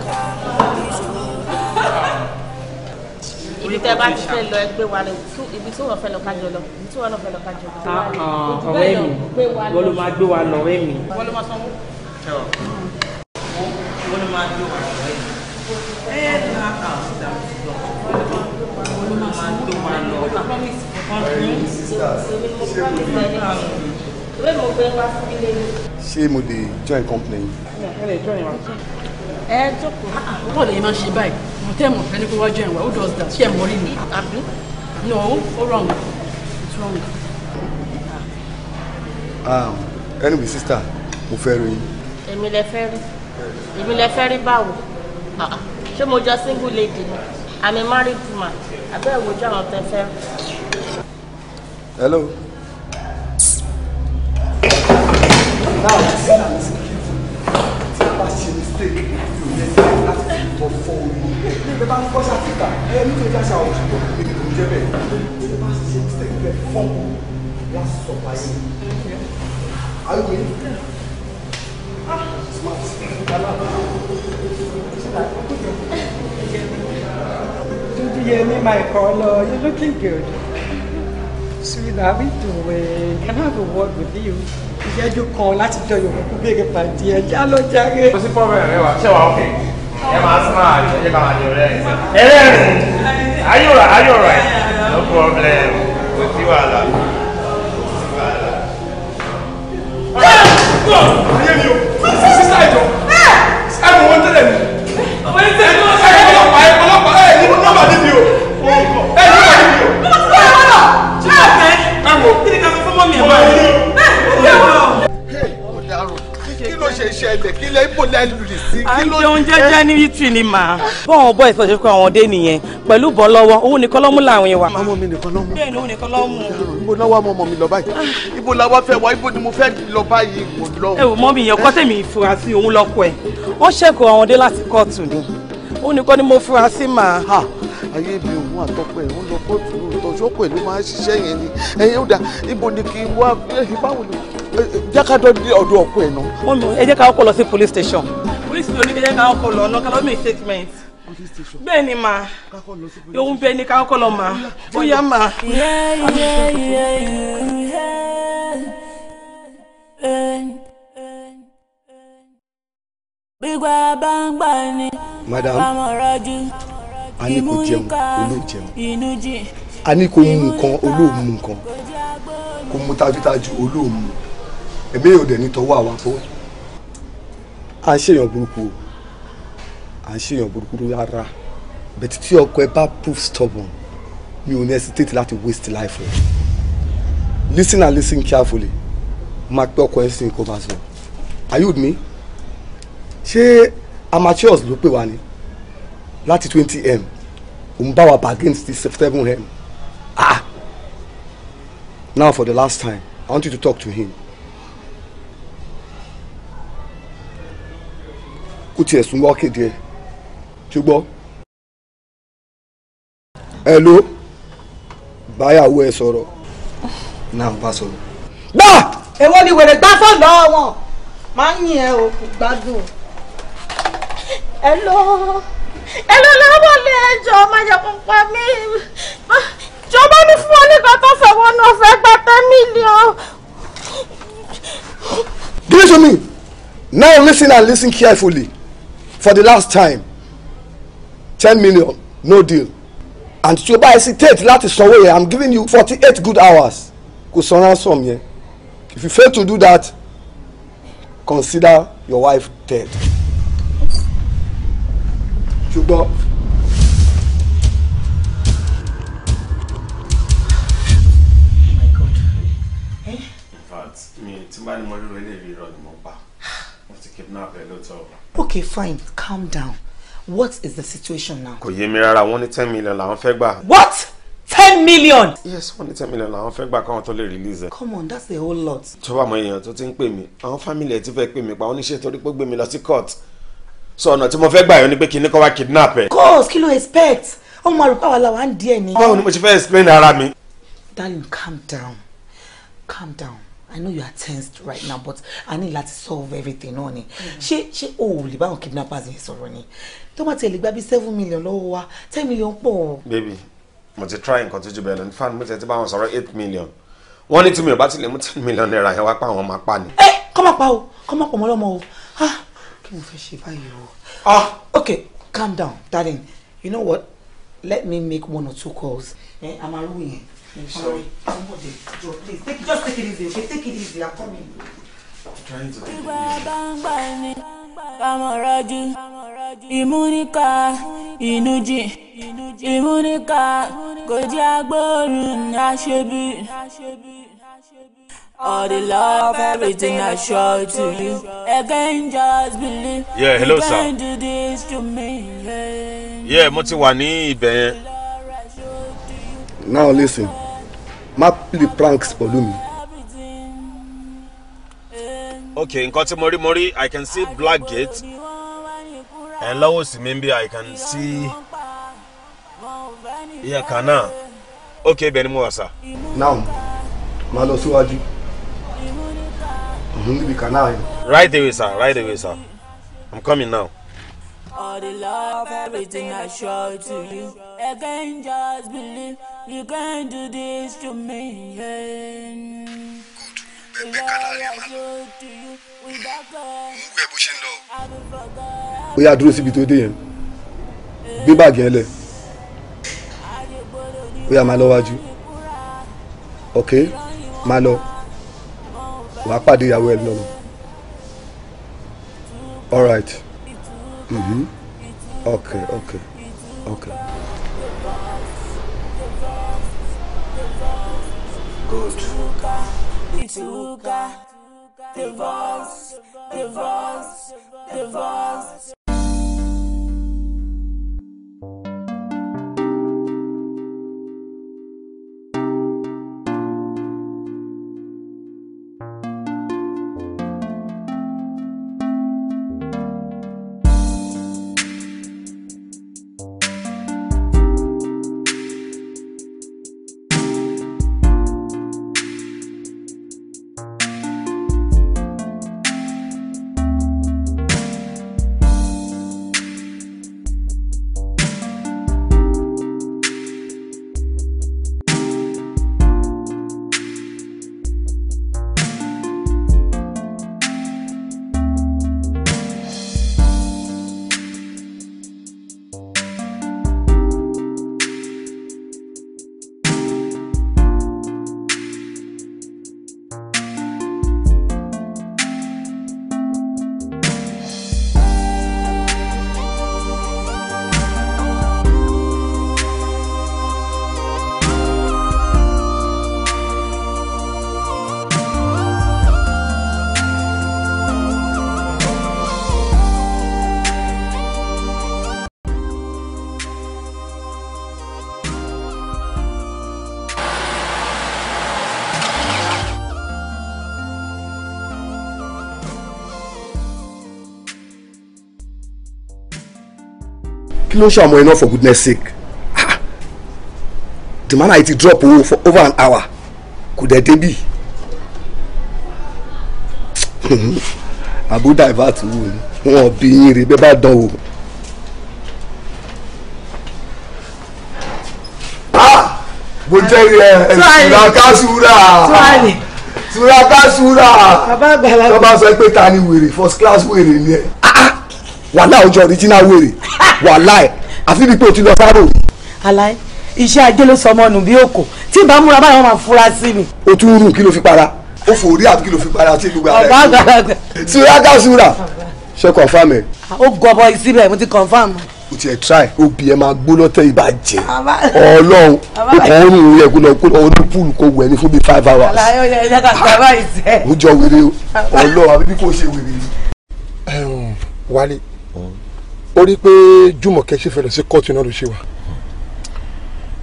ibi tẹ bá ti fẹ́ lọ ẹ wa lọ ibi tí wọn fẹ́ lọ kájọ lọ ibi tí wọn fẹ́ lọ kájọ lọ. Ah, ah, ọ̀rẹ́ mi wọ́n ló máa gbé wa lọ ọ̀rẹ́ mi. wọ́n ló máa sanwó. wọ́n ló máa gbé wa lọ ọ̀rẹ́ mi. ẹ ẹ́ dá àwọn ìdá wọ́n ló máa gbé wa lọ ọ̀rẹ́ mi. ṣé mo dey join company. ẹ lè join wa ẹ jókòó. ọwọ́ lẹ́yìn máa ṣe báyìí mo tẹ́ mọ̀ fẹ́ni kó wá jẹun wa who does that ṣé ẹ mi àbí no ó wrong it's wrong. Um, anyway mo fẹ́ rí èmi lẹ fẹ́ rí èmi lẹ fẹ́ rí báwo ah, ṣé mo jọ single lady ni i'm a married woman abẹ́ ìwòjú àwọn tẹ fẹ́. hello bá ṣe mistake mi ò yẹ kí ẹ láti fi tọ́ fọ́ omi ẹ bá ń kọ́ sáfíkà ẹ ní tó jáṣà òṣùpọ̀ èdè tó ń jẹ́ bẹ́ẹ̀ ẹ bá ṣe mistake bẹ́ẹ̀ fọ́n mu wọ́n sọ báyìí ayọ̀ yìí smart galaba Yemi, my caller, you're looking good. Sweet, are we doing? Can I have a word with you? ìṣẹ́jú kan láti jọ yòókù béèrè pàdé ẹ̀ já lọ járe. ó sì fọ́ bẹ́ẹ̀ rẹ wá ṣé wàá òkè ẹ máa súnmọ́ àjọ ẹ máa jọ rẹ ẹ rẹ́rìn ayọ̀rọ̀ ayọ̀rọ̀ ẹ̀ no problem kò sí wàhálà kò sí wàhálà. ayé mi o sísá ìjọ ẹ mọ wọn tẹ́lẹ̀ mi. ọ̀pọ̀ ẹ̀ tẹ́lẹ̀ mi. ẹ ọlọ́pàá ẹ ọlọ́pàá ẹ ní nọ́mbà níbi o ẹ ní nọ́mbà níbi o. nọ́mbà tí wọ́n yà wọ́n lọ ṣé àfẹ́ kí ni ká fi fún mọ́mí ẹ̀ mọ́. ṣẹlẹ̀ kí lẹ́ bò lẹ́lùrì sí kí ló ń jẹ́. àjọ oúnjẹ jẹ́ ní yìtì ni mà. bọ́ọ̀n bọ́ ìsọ̀jẹ́ kó àwọn ọdẹ nìyẹn pẹ̀lú bọ́ lọ́wọ́ òun nìkan lọ́mú làwọn yẹn wà. ọmọ mi nìkan lọ́mú. bẹ́ẹ̀ ni òun nìkan lọ́mú. ibo lọ́wọ́ ọmọ ọmọ mi lọ báyìí. ibo la wá wá ibo ni mo fẹ́ lọ báyìí kò lọ. ẹ wò mọ mi yẹn kọ́tẹ́ mi fura sí òun lọ́kọ ẹ̀ ó ṣẹ̀kọ̀ àwọn ọdẹ láti kóòtù ni òun nìkan ni mo fura sí mà. ayé mi òun àtọ́pẹ́ òun lọ kóòtù lóòótọ́ ṣókòó ìlú máa ń ṣiṣẹ́ yẹn ni ẹ̀yin ó dà ibo ni kí n wá báwo ni jẹ́ ká dọ́dí ọ̀dọ̀ ọkọ ẹ̀ náà. mo lò ẹ jẹ́ ká ọkọ lọ sí police station. police ló ní ká ọkọ lọ ọ̀nà ká statement. bẹ́ẹ̀ ni mà ohun bẹ́ẹ̀ ni ká ọkọ lọ mà ó yá mà. gbígbà bá ni. madam a ní kò jẹun a ní kò mú nǹkan olóò nǹkan kò mú tajútajú olóò nǹkan èmi ò dẹ̀ ní tọwọ́ àwa fún ẹ. à ń ṣèyàn burúkú o à ń ṣèyàn burúkú rárá bẹ̀tí tí ọkọ ẹ bá prove stubborn mi ò ní hesitate láti waste life o listen and listen carefully máa pẹ́ ọkọ ẹ sí nǹkan bá sọ are you with me ṣé amateurs ló pè wá ni láti twenty m òun bá wa bargain sí seven m ah now for the last time i want you to talk to him kó tiẹ̀ sún wá kéde tí gbọ́. ẹ ló báyàwó ẹ sọ̀rọ̀ náà bá sọ̀rọ̀. gbà èwo ni wèrè gbá fóònù wọn máa ń yìn ẹ o kò gbádùn. ẹ lọ ẹ lọ lọ́wọ́ lé ẹjọ́ máa yẹ pa mí jọba ní fún ọ nígbà tó fẹ́ náà fẹ́ gba ten million. Give it to me. Now listen and listen carefully for the last time ten million no deal and tí o bá hesitate láti sanwó yẹn i'm giving you forty eight good hours kò san ransom yẹn if you fail to do that consider your wife dead. ṣùgbọ́n. Oh my God. Eh? in fact mi tí n okay fine calm down what is the situation now. kò yé mi rárá wọ́n ní ten million làwọn fẹ́ gbà. what ten million. yes wọ́n ní ten million làwọn fẹ́ gbà káwọn tó lè release ẹ. come on that's a whole lot. tó bá mọ èèyàn tó ti ń pè mí àwọn family ẹ̀ ti fẹ́ pè mí pa oníṣẹ́ torí pé gbé mi lọ sí court so ọ̀nà tí mo fẹ́ gbà yọ ni pé kí ní kọ́ wá kidnap ẹ. course kí ló expect ọmọ àrùkọ àwọn làwọn á ń di ẹ ní. báwo ni mo ṣe fẹ́ explain ara mi. darling calm down calm down I know you are tensed right now but I need láti solve everything náà ni ṣé ṣé o ò lè báwọn kidnappers yẹn sọ̀rọ̀ ni tó bá tiẹ̀ lè gba seven million lọ́wọ́ wa ten million pọ̀. baby mo ti try nǹkan tó ju bẹ́ẹ̀ lọ in fact mo ti ti bá wọn sọ̀rọ̀ eight million wọ́n ní tí mi ò bá ti lè mú ten million naira yẹn wá pa àwọn máa pa ni. ẹ kọ́ máa pa o kọ́ máa pọ̀ mọ́ lọ́mọ o ah kí mo fẹ́ ṣe báyìí o. ah okay calm down darling you know what let me make one or two calls. ẹ a máa I'm sorry. Somebody, please, just take it easy, okay? Take it easy, I'm coming. trying to take ìmúníkà, ìnújì, ìmúníkà, kò jẹ́ agbóòrùn aṣebí. All the love, everything I show to you. I just believe. Yeah, hello, You can do this to me. Yeah, mo ti wà ní ibẹ̀ yẹn now listen má play pranks pẹ̀lú mi. Okay, nǹkan tí Mori Mori, i can see black gate ẹ̀ lọ́wọ́ sí mi bí i can see iye kan náà ok bẹ́ẹ̀ ni mo wà sá. now máa lọ síwájú níbi kan náà right away sir right away sir i'm coming now all the love, everything I show to you. I can't just believe you can do this to me. Yeah. The love dúró síbi tó dé yẹn. Gbé báàgì yẹn lẹ̀. Ó máa lọ wájú. Ok, máa lọ. Wàá pàdé ìyàwó ẹ lọ́nà. All right. Mm-hmm. Okay, okay, okay. Good. Divorce, divorce, divorce. ló ń ṣe ọmọ for goodness sake ah, the man i ti drop for over an hour Could dẹ̀ be? àbúdá ìbátu wò ni be bí yín rí bẹ́ẹ̀ bá dán wò. Ah, mo jẹ́rìí ẹ̀ ṣùràkàṣùrà ṣùràkàṣùrà tó bá sọ pé ta ni wèrè first class wèrè ni ẹ. Ah, wàhálà ọjọ́ original wèrè wàhálà ẹ̀ àfi bíi pé o ti lọ sáró. aláì iṣẹ́ ajé ló sọmọ nù bí òkò tí n bá múra báyọ̀ máa fura sí mi. o tún rùn kí ló fi para o fò rí àbí kí ló fi para tí gbogbo ara ẹ̀ ló rùn. suraka sura ṣe confam ẹ. Ah, ó gọbọ síbẹ̀ mo ti confam. o tiẹ̀ try obì ẹ máa gbóná tẹ ìbàjẹ́ ọlọ́run o kàn ń rùn yẹ kó lọ kó lọ ní púùlù kó wẹ̀ ní fún bíi five hours. aláyọ̀ yẹ ẹ̀ka sábà ìṣẹ́. mo o ọlọ́run àbí bí kò ó rí i pé jùmọ̀kẹ́ ṣe fẹ̀rẹ̀ sí kóòtù náà ló ṣe wà.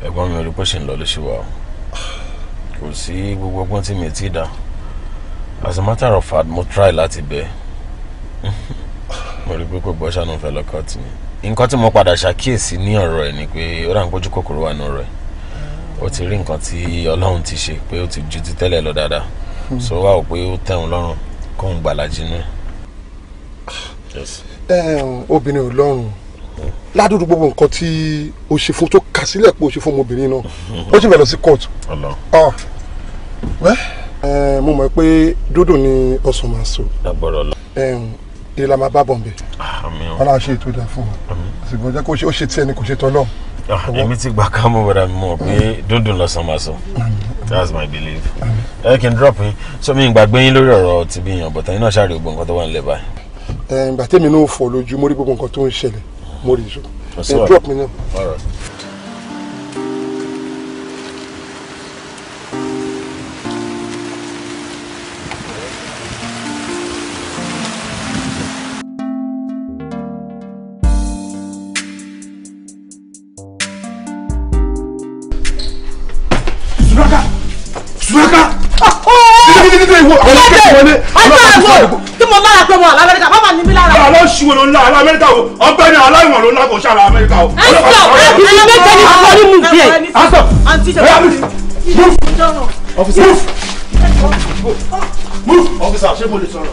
ẹ̀gbọ́n mi ò rí bó ṣe ń lọ ló ṣe wà kò sí gbogbo ọgbọ́n tí mi ti dá as a matter of fact mo try láti bẹ́ẹ̀ mo rí i pé kò gbọ́ ṣàánú fẹ́ lọ kóòtù ni nǹkan tí mo padà ṣàkíyèsí ní ọ̀rọ̀ ẹ̀ ni pé ó rà ń pójú kòkòrò wà ní ọ̀rọ̀ ẹ̀ ó ti rí nǹkan tí ọlọ́run ti ṣe pé ó ti ju ti tẹ́lẹ̀ lọ dáadáa hmm. so wá ò pé ó tẹ̀wọ̀n lọ́rùn kóun gbàlàjì náà obìnrin ò lọ́rùn ládùúgbò gbogbo nǹkan tí o ṣe fún tó kà sílẹ̀ pé o ṣe fún ọmọbìnrin náà ó sì bẹ̀rẹ̀ sí court ah. mo mọ̀ pé dódò ni ọ̀sán máa so ilé la máa bá bọ̀m̀bẹ̀ ọlá ṣe ètò ìdá fún wa ṣùgbọ́n jẹ́ kó ṣe ó ṣe tiẹ̀ ni kò ṣe tọ́ náà. Ah, èmi ti gbà ká mọ̀ bọ̀dà mọ̀ pé dódò lọ́sàn máa sọ that's my belief ẹ kí n drop yín so mi gbàgbé yín lórí ọ̀rọ̀ tìbí yàn bọ̀tán yín náà ṣàrè ògbó nǹkan tó wà nílẹ̀ báyìí ìgbà tèmi náà fọ lójú mo rí gbogbo nǹkan tó ń ṣẹlẹ̀ mo rí ìṣó ẹ drop mi náà. aláṣiwò ló ń la ará amẹ́ríkà o ọgbẹ́ni aláìwọ̀n ló ń la kò ṣe ará amẹ́ríkà o. Move! Officer, ṣé mo lè sọ̀rọ̀?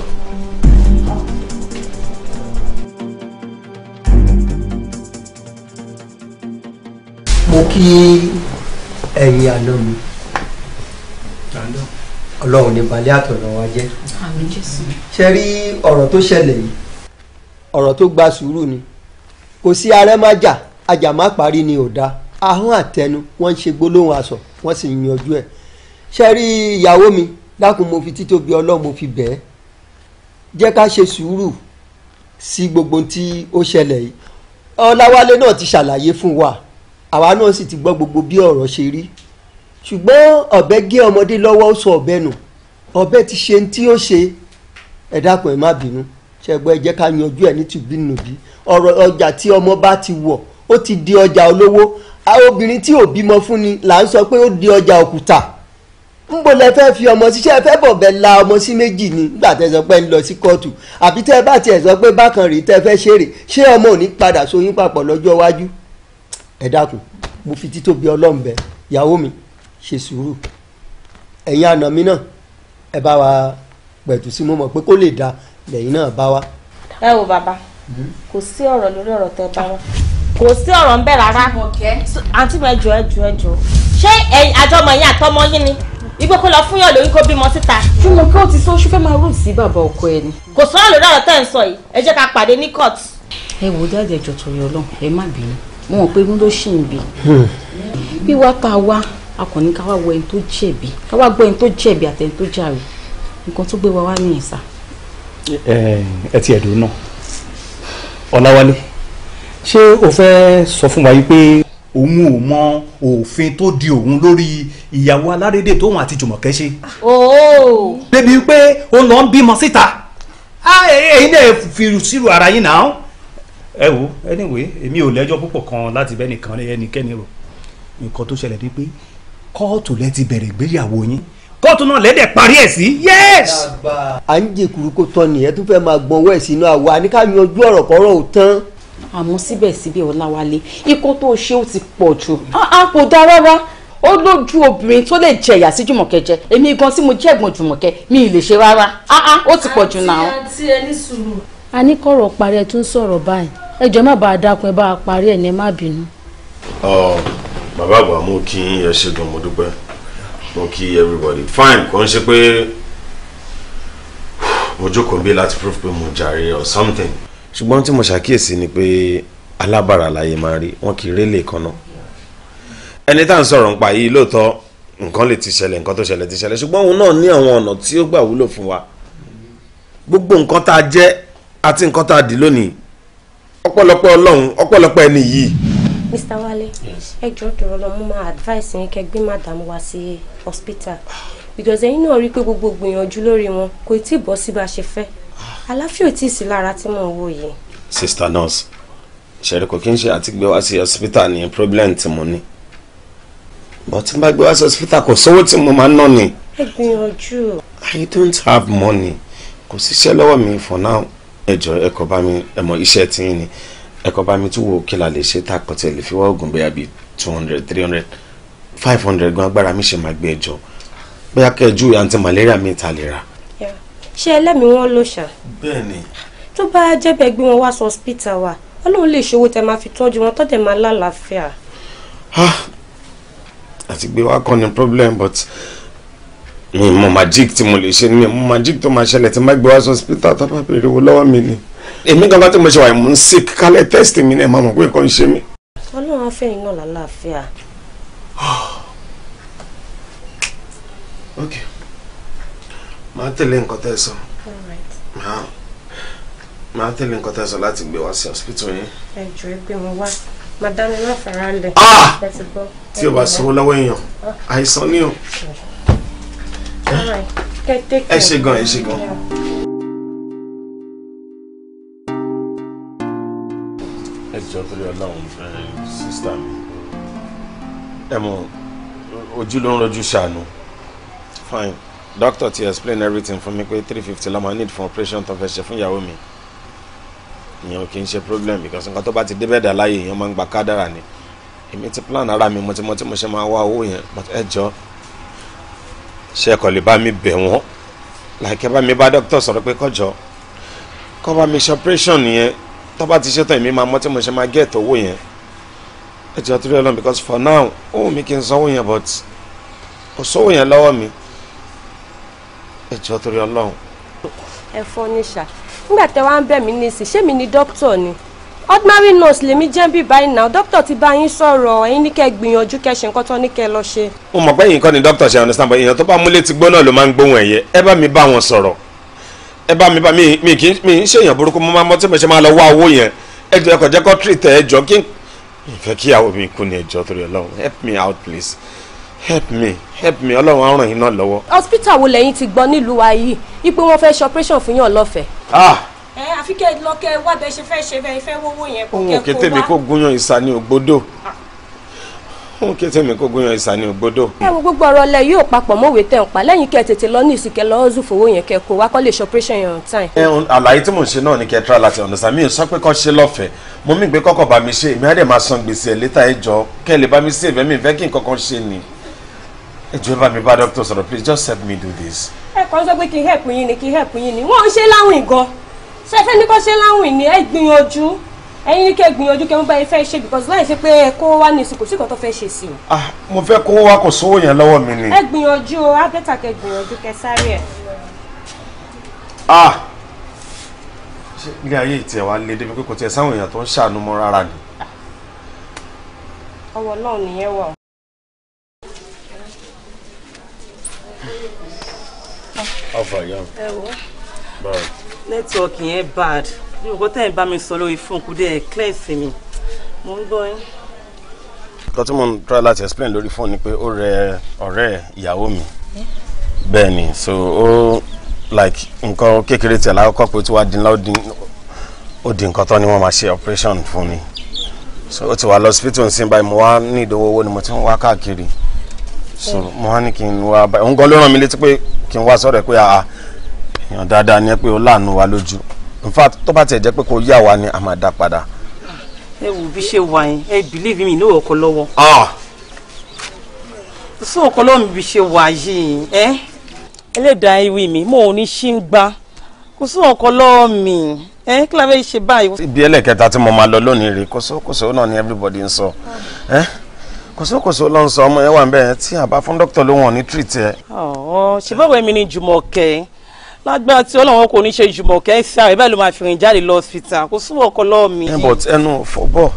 mo kí ẹ̀yin àná mi ọlọ́run ní balẹ̀ àtọ̀nà wa jẹ́ ṣe rí ọ̀rọ̀ tó ṣẹlẹ̀ yìí ọ̀rọ̀ tó gba sùúrù ni kò sí arẹ́májà ajàmáparí ni ò dáa ahọ́n àtẹnu wọ́n ń ṣe gbólóhùn aṣọ wọ́n sì ń yanjú ẹ̀ ṣe rí ìyàwó mi dákun mo fi títóbi ọlọ́run mo fi bẹ̀ẹ́ jẹ́ ká ṣe sùúrù sí gbogbo tí ó ṣẹlẹ̀ yìí ọláwálé náà ti ṣàlàyé fún wa àwa náà sì ti gbọ́ gbogbo bí ọ̀rọ̀ ṣe rí ṣùgbọ́n ọ̀bẹ gé ọmọdé lọ́wọ́ ó sọ ọ̀bẹ nù ọ̀bẹ ti ṣe ní tí ó ṣe ẹ dákun ẹ má bínú ṣẹgbọn ẹ jẹ́ ká yanjú ẹ ní tìbí nùbí ọ̀rọ̀ ọjà tí ọmọ bá ti wọ̀ ó ti di ọjà olówó obìnrin tí ò bímọ fún ni là ń sọ pé ó di ọjà òkúta nbo lẹ fẹ́ fi ọmọ síṣẹ́ fẹ́ bọ̀bẹ̀ la ọmọ sí méjì ni nígbà tẹ́ sọ pé ń lọ sí kóòtù àbí tẹ́ bá tiẹ̀ sọ pé bákan rèé tẹ́ fẹ́ ṣeré ṣé ọmọ ò ní padà sóyún papọ̀ lọ́jọ́ iwájú ẹ dákun mo fi títóbi ọlọ́run bẹ̀ ìyàwó mi ṣe sùúrù ẹ̀yin àna mi náà ẹ bá wa pẹ̀tù sí mo mọ̀ pé kó lè dáa lẹ́yìn náà bá wa. ẹ wo bàbá kò sí ọ̀rọ̀ lórí ọ̀rọ̀ tẹ bá wa kò sí ọ̀rọ̀ ń bẹ̀ rárá àǹtí mi ẹjọ́ ẹjọ́ ẹjọ́ ṣé àjọmọ̀ yín àtọmọ yín ni igbó kó lọ fún yàn lórí kó bímọ síta. kí mo kí o ti sọ ṣé fẹ́ máa rò sí bàbá ọkọ ẹ ni. kò sọ̀rọ̀ lórí ọ̀rọ̀ tẹ́ ń sọ yìí ẹ jẹ́ ká pàdé ní court. ẹ wò dáadáa ẹjọ́ tó yọ lọhùn ẹ má bínú mo mọ̀ pé inú ló ṣì ń bí. bí wàá ta wá a kàn ní ká wá wọ ẹni tó jẹ̀bi ká wá gbọ́ ẹni tó jẹ̀bi àtẹni tó jàre nǹkan tó gbé wa wá nìyẹn sáà. Eh, ẹ ti ẹ̀dùn náà Ọláwálé ṣé o fẹ́ sọ fún wa yìí pé òun ò mọ òfin tó di òun lórí ìyàwó alárédè tóun àti Jùmọ̀kẹ́ ṣe. débi pé ó lọ ń bímọ síta èyí náà fi sírò ara yín náà ẹ wo anyway èmi ò lẹ́jọ́ púpọ̀ kan láti bẹ́ẹ̀ nìkan ẹnikẹ́ni rò nǹkan tó ṣẹlẹ̀ ni pé kóòtù lẹ ti bẹ̀rẹ̀ ìgbéyàwó yín kóòtù náà lẹ́dẹ̀ parí ẹ̀ sí. yes. à ń jèkúrú kó tán nìyẹn tó fẹ́ máa gbọ́n owó ẹ̀ sínú àwa ní ká ọ̀rọ̀ kọ́rọ̀ ò tán. àmọ́ síbẹ̀síbẹ̀ ọ̀làwálé ikú tó ṣe ó ti pọ̀ jù kò dá rárá ó lójú obìnrin tó lè jẹyà sí jùmọ̀kẹ́ jẹ èmi gan tí mo jẹ́ ẹ̀gbọ́n jùmọ̀kẹ́ mi lè ṣe rárá ó ti pọ̀ jù náà. a ní parí ẹ tún sọ̀rọ̀ báyìí Okay, everybody fine kò ń ṣe pé mo jókòó bí láti prove pé mo jàre or something. ṣùgbọ́n tí mo ṣàkíyèsí ni pé alábàárà láyé máa rí wọn kì í rélé kan náà ẹni tá à ń sọ̀rọ̀ nípa yìí lóòótọ́ nǹkan lè ti ṣẹlẹ̀ nǹkan tó ṣẹlẹ̀ ti ṣẹlẹ̀ ṣùgbọ́n òun náà ní àwọn ọ̀nà tí ó gbà wúlò fún wa gbogbo nǹkan tá a jẹ́ àti nǹkan tá a dì lónìí ọpẹ́lọpẹ́ ọlọ́run ọpẹ́lọpẹ́ ẹni yìí Mr. Wale ẹ jọ̀ọ́ dọ̀rọ̀ lọ mo máa advice yín kẹ́ madam wá sí hospital because ẹ̀yin náà rí i pé gbogbo gbìyànjú lórí wọn kò tí ì bọ́ sí bá a ṣe fẹ́ àlàáfíà ò tí ì sí lára tí mò ń wò yìí. sista nurse ṣẹ̀rí kò kí n ṣe àti gbé wá sí hospital ní problem tí mo ní but tí n bá gbé wá sí hospital kò sówó tí mo máa ń ná ni. ẹ gbìyànjú. I don't have money kò síṣẹ́ lọ́wọ́ mi for now ẹ jọ̀ọ́ ẹ kọ́ bá mi ẹ mọ iṣẹ́ tí ń ni ẹ̀kọ́ bá mi tún wò kí la lè ṣe tá a kàn tẹ̀lé fi wá oògùn bóyá two hundred three hundred five hundred gan agbára mi ṣe máa gbé ẹjọ́ bóyá kẹjú àǹtí malaria mi ta lè ra. ṣé ẹlẹ́mìí wọn ló ṣá. bẹ́ẹ̀ni. tó bá jẹ́ gbé wọn wá sọ hospital wa ọlọ́run lè ṣòwò tẹ máa fi tọ́jú wọn tọ́jú máa lálàáfíà. Ah, àti gbé wá kàn ní problem but mi mọ magic tí mo lè ṣe ni mi mọ magic tó máa ṣẹlẹ̀ tí má gbé wá sọ hospital tó bá béèrè owó lọ́wọ́ mi ni èmi gangan tí mo ṣe wà mò ń sick kálẹ̀ test mi náà máa mọ̀ pé nǹkan ń ṣe mí. ọlọ́run afẹ́yìn náà lálàáfíà. ok máa tẹ̀lé nǹkan tẹ́ ẹ sọ máa tẹ̀lé nǹkan tẹ́ ẹ sọ láti gbé wá sí hospital yẹn. ẹ jọ ẹ gbé wọn wá madame má fara lẹ. tí o bá sanwó lọ́wọ́ èèyàn ah. àìsàn ni o. ẹ ṣe gan ẹ ṣe gan. Yeah. jọ torí Ọlọ́run sísítà mi ẹ mọ ojú ló ń rọjú ṣàánú fine doctor ti explain everything fún mi pé three fifty la máa need for operation tó fẹ́ ṣe fún ìyàwó mi ìyẹn kì í ṣe problem because nǹkan tó bá ti débẹ̀ dà láàyè èèyàn máa ń gba kádàrà ni èmi ti plan ara mi mo ti mọ tí mo ṣe máa wá owó yẹn but ẹ jọ ṣe ẹkọ lè bá mi bẹ̀ wọ́n láìkẹ́ bá mi bá doctor sọ̀rọ̀ pé kọjọ kọ́ bá mi ṣe operation yẹn tó ti ṣe tán èmi máa mọ tí mo ṣe máa gé ẹ̀tọ́ owó yẹn ẹ jẹ́ àtúrò ọlọ́run because for now ó wù mí kí sanwó yẹn but kò sówó yẹn lọ́wọ́ mi ẹ jẹ́ àtúrò ọlọ́run. ẹ fọ́ ní ṣá nígbà tẹ wá ń bẹ̀ mí ní ìsìn ṣé mi ni dókítà ni ordinary nurse lèmi jẹ́ bí báyìí náà dókítà ti bá yín sọ̀rọ̀ ẹ̀yin ní kẹ́ gbìyànjú kẹ́ ṣe nǹkan tó ní kẹ́ lọ ṣe. mo mọ̀ pé yìí kọ́ ni dókítà ṣe understand but èèyàn tó bá múlé ti gbóná ló máa ń gbóhùn ẹ̀yẹ ẹ bá mi bá wọn sọ̀rọ̀ ẹ bá mi bá mi mi kì í mi ń burúkú mo máa mọ mo ṣe máa lọ wá owó yẹn ẹ jẹ kọjá kọ tírì tẹ ẹ jọ kí n kí àwọn mi kú ní ẹjọ́ torí Ọlọ́run help me out please help me help me Ọlọ́run á ràn náà lọ́wọ́. hospital wo lẹ́yìn ti gbọ́ nílùú wa yìí ipò wọn fẹ́ ṣe operation fún yàn lọ́fẹ̀ẹ́. ah ẹ àfi kẹ́ lọ́kẹ́ wá bẹ́ẹ̀ ṣe fẹ́ ṣe bẹ́ẹ̀ fẹ́ wọ́wọ́ yẹn kó kẹ́ kó wá. ohun òkété mi kò gúnyán ìsà ní ògbódò. Ah! ó ké tèmi kó gúnyàn ìsàní ògbódò. ẹ wo gbogbo ọ̀rọ̀ lẹ yóò papọ̀ mọ́wé tẹ̀ ń pa lẹ́yìn kẹ́ ẹ tètè lọ ní ìsìnkẹ́ lọ́wọ́ zù fowó yẹn kẹ́ kó wá kọ́ lè ṣe operation yẹn on time. ẹ àlàyé tí mò ń ṣe náà ni kẹtìrà láti ọ̀nà sàmì ò sọ pé kọ́ ṣe lọ́fẹ̀ẹ́ mo mí gbé kọ́kọ́ bá mi ṣe èmi á dẹ̀ máa san gbèsè ẹ̀ létà ẹjọ́ kẹ́ ẹ lè bá mi ṣe ìfẹ́ mi ìfẹ́ kí nǹkan kan ṣe ni ẹjọ́ bá mi bá dókítà sọ̀rọ̀ please just help me do this. ẹ kàn sọ pé kí help yín ni kí help yín ni wọn ò ṣe láwìn gan ṣe fẹ́ ní kó ṣe láwìn ni ẹ gbìyànjú ẹ̀yin ní kẹ́ gbìyànjú kẹ́ mú báyìí fẹ́ ṣe because láì ṣe pé ẹ kó wá ní ìsìnkú sí kan tó fẹ́ ṣe sí Ah, mo fẹ́ kó wá kò sówó yẹn lọ́wọ́ mi ni. ẹ gbìyànjú o ábẹ́tà kẹ́ gbìyànjú kẹ́ sáré ẹ̀. Ah! ṣé ilé ayé ìtẹ̀ wa lé débi pé tiẹ̀ sáwọn èèyàn tó ń ṣàánú mọ́ rárá ni. ọwọ́ náà nìyẹn wà. ọ̀fà yẹn. ẹ wọ nẹ́tíwọ̀kì yẹn bad bí nǹkan tẹ́ ẹ̀ bá mi sọ lórí fún kúdẹ́ ẹ̀ clear sí mo ń gbọ́ yín. nǹkan tí mo ń try láti explain lórí fóònù ni pé ó rẹ ọ̀rẹ́ ìyàwó mi bẹ́ẹ̀ ni so ó like nǹkan kékeré tẹ̀ lákọ́kọ́ pé ó ti wá dín ó di nǹkan tán ni wọ́n máa ṣe operation fún mi so ó ti wà lọ hospital ń sin báyìí mo wá ní ìdówó owó ni mo ti ń wá káàkiri so mo wá ní kí n wá báyìí òun gan ló ràn mí létí pé kí n wá sọ̀rọ̀ pé àà èèyàn dáadáa ni ẹ pé ó láàánú wa lójú in fact tó bá tiẹ̀ jẹ́ pé kò yá wa ni a máa dá padà. ẹ wù bí ṣe wà yín ẹ believe me ní ọkọ lọ́wọ́. sí ah! ọkọ lọ́wọ́ mi bí ṣe wà yìí ẹ. ẹlẹ́dàá ìwé mi mo ò ní ṣí ń gba kò sí ọkọ lọ́wọ́ mi ẹ kí la fẹ́ ṣe báyìí. ibi ẹlẹ́kẹta tí mo máa lọ lónìí rí kòsókòsó náà ni everybody ń sọ ẹ kòsókòsó ló ń sọ ọmọ yẹn wà ń bẹ̀ tí àbá fún dókítà ló wọ̀n ní treat ẹ. ọ̀ ṣùgbọ́n wẹ́mi ni Jùmọ̀kẹ́ lágbára tí ọlọ́run kò ní ṣe jùmọ̀ kẹ́sì àrẹ bẹ́ẹ̀ ló máa fi rìn jáde lọ hospital kò súnmọ́ ọkọ lọ́ọ̀ mi. ẹ bọ̀ ẹnu fọ́bọ̀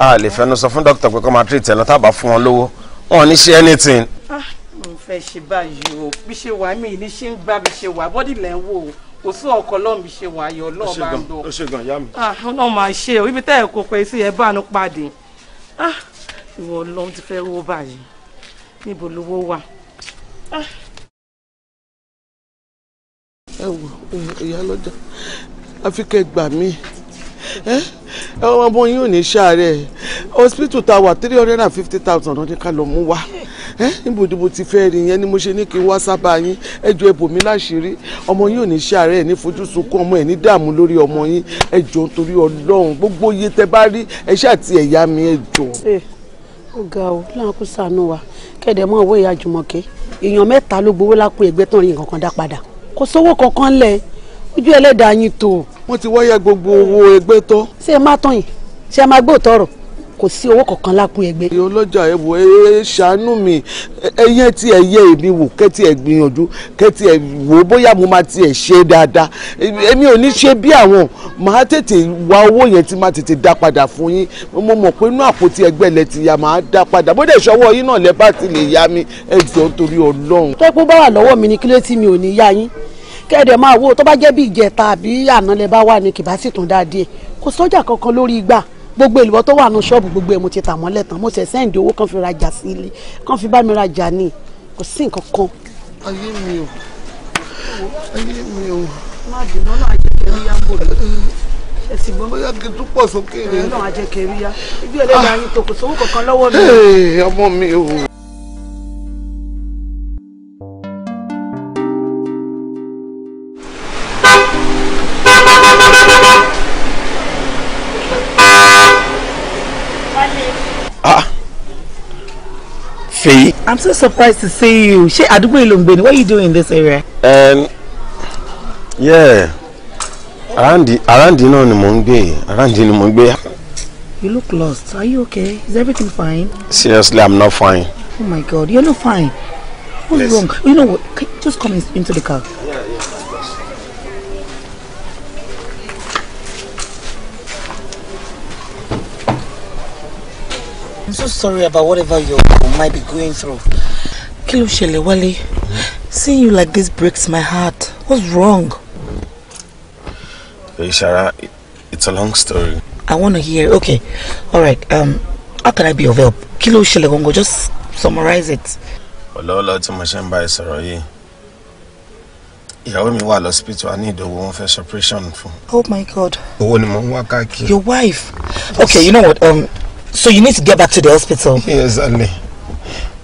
a lè fẹnu sọ fún dókítà pé kó máa treat ẹ tábà fún wọn lówó wọn ní ṣe anything. Ah, mo fẹ́ ṣe báyìí o bí ṣe wà mí ní ṣe ń gbá bí ṣe wà bọ́dì lẹ́ ń wò ó kò sí ọkọ lọ́ọ̀ mi ṣe wà ayọ̀ ọlọ́ọ̀ bá ń lọ. ó ṣe gan ìyá mi. Ah, o ibi tẹ́ ẹ̀ kó pẹ́ sí ẹ bánu padì ẹ wò ìyá lọ́jà àfi kẹ́ gbà mí ẹwọn ọmọ yín ò ní ṣàárẹ̀ hospital tá wà three hundred and fifty thousand ọdún ká lọ mú wa níbòdìbò ti fẹ́ rí yẹn ni mo ṣe ní kí n wá sábà yín ẹjọ́ ẹbòmí láṣìírí ọmọ yín ò ní ṣàárẹ̀ ní fojú sunkún ọmọ ẹ̀ ní dààmú lórí ọmọ yín ẹjọ́ nítorí ọlọ́run gbogbo iye tẹ bá rí ẹṣẹ́ àti ẹ̀yà mi ẹjọ́. ó ga ọ láwọn kò sànú wa kẹ̀dẹ̀ mọ́ owó ìyá jùmọ̀kẹ́ èèyàn mẹ́ta ló gbowó lápò ẹgbẹ́ tán rí nǹkan kan dá padà kò sówó kankan lẹ̀ ojú ẹlẹ́dàá yín tó. wọ́n ti wáyà gbogbo owó ẹgbẹ́ tán. ṣé ẹ má tán yìí ṣé ẹ má gbé òtọ́rọ̀ kò sí owó kankan lápò ẹgbẹ́. ìyá ọlọ́jà ẹ wò ẹ ṣàánú mi ẹyẹ tí ẹ yẹ èmi wò kẹ́tì ẹ gbìyànjú kẹ́tì ẹ wò bóyá mo máa tiẹ̀ ṣe dáadáa èmi ò ní ṣe bí àwọn màá tètè wá owó yẹn tí màá tètè dá padà fún yín mo mọ̀ pé inú àpótí ẹgbẹ́ lẹ ti yá màá dá padà bó dẹ̀ ṣọwọ́ yín náà lẹ bá ti lè yá mi ẹ jọ̀ọ́ nítorí Ọlọ́run. tẹ́kùn bá wà lọ́wọ́ mi ni kí ló tí mi ò ní yá yín kẹ́ẹ̀dẹ̀ máa wo tó bá jẹ́ bí ìjẹta àbí àná lẹ bá wà ní kìbá sì tún dá díẹ̀ kò sọ́jà kankan lórí igbá gbogbo èlùbọ́ tó wà ní ṣọ́ọ̀bù gbogbo ẹ̀ mo ti tà mọ́lẹ̀ tán mo sì sẹ́ǹdì owó kan fi rajà sí ilé kan fi bá mi rajà ní kò sí nǹkan kan. ayé mi o ayé mi o. má dùnú náà jẹ́ kẹrí yá bò lọ ẹ sì gbọ́. bóyá kí n tún pọ̀ sókè. ẹ náà jẹ́ yá ibi ẹlẹ́dàá yín tó kò sówó kankan lọ́wọ́ mi. ọmọ mi o. Faye. I'm so surprised to see you. Ṣé àdúgbò Ilombeni, what are you doing in this area? Um, yeah. Arandi, Arandi náà ni mò ń gbé. Arandi ni mò ń gbé. You look lost. Are you okay? Is everything fine? Seriously, I'm not fine. Oh my God, you're not fine. What's Listen. wrong? You know what? Just come in, into the car. I'm so sorry about whatever you might be going through. Kilo ló seeing you like this breaks my heart. What's wrong? Hey, Shara, it's a long story. I want to hear. Okay, all right. Um, how can I be of help? Kilo ló just summarize it. Ọlọ́ọ̀lọ́ tí mo ṣe ń bá ẹ sọ̀rọ̀ yìí. Ìyàwó mi wà lọ́sípítù, a ní ìdòwò operation fẹ́ Oh my God. Your wife. Okay, you know what? Um, So you need to get back to the hospital. Yes, Ali.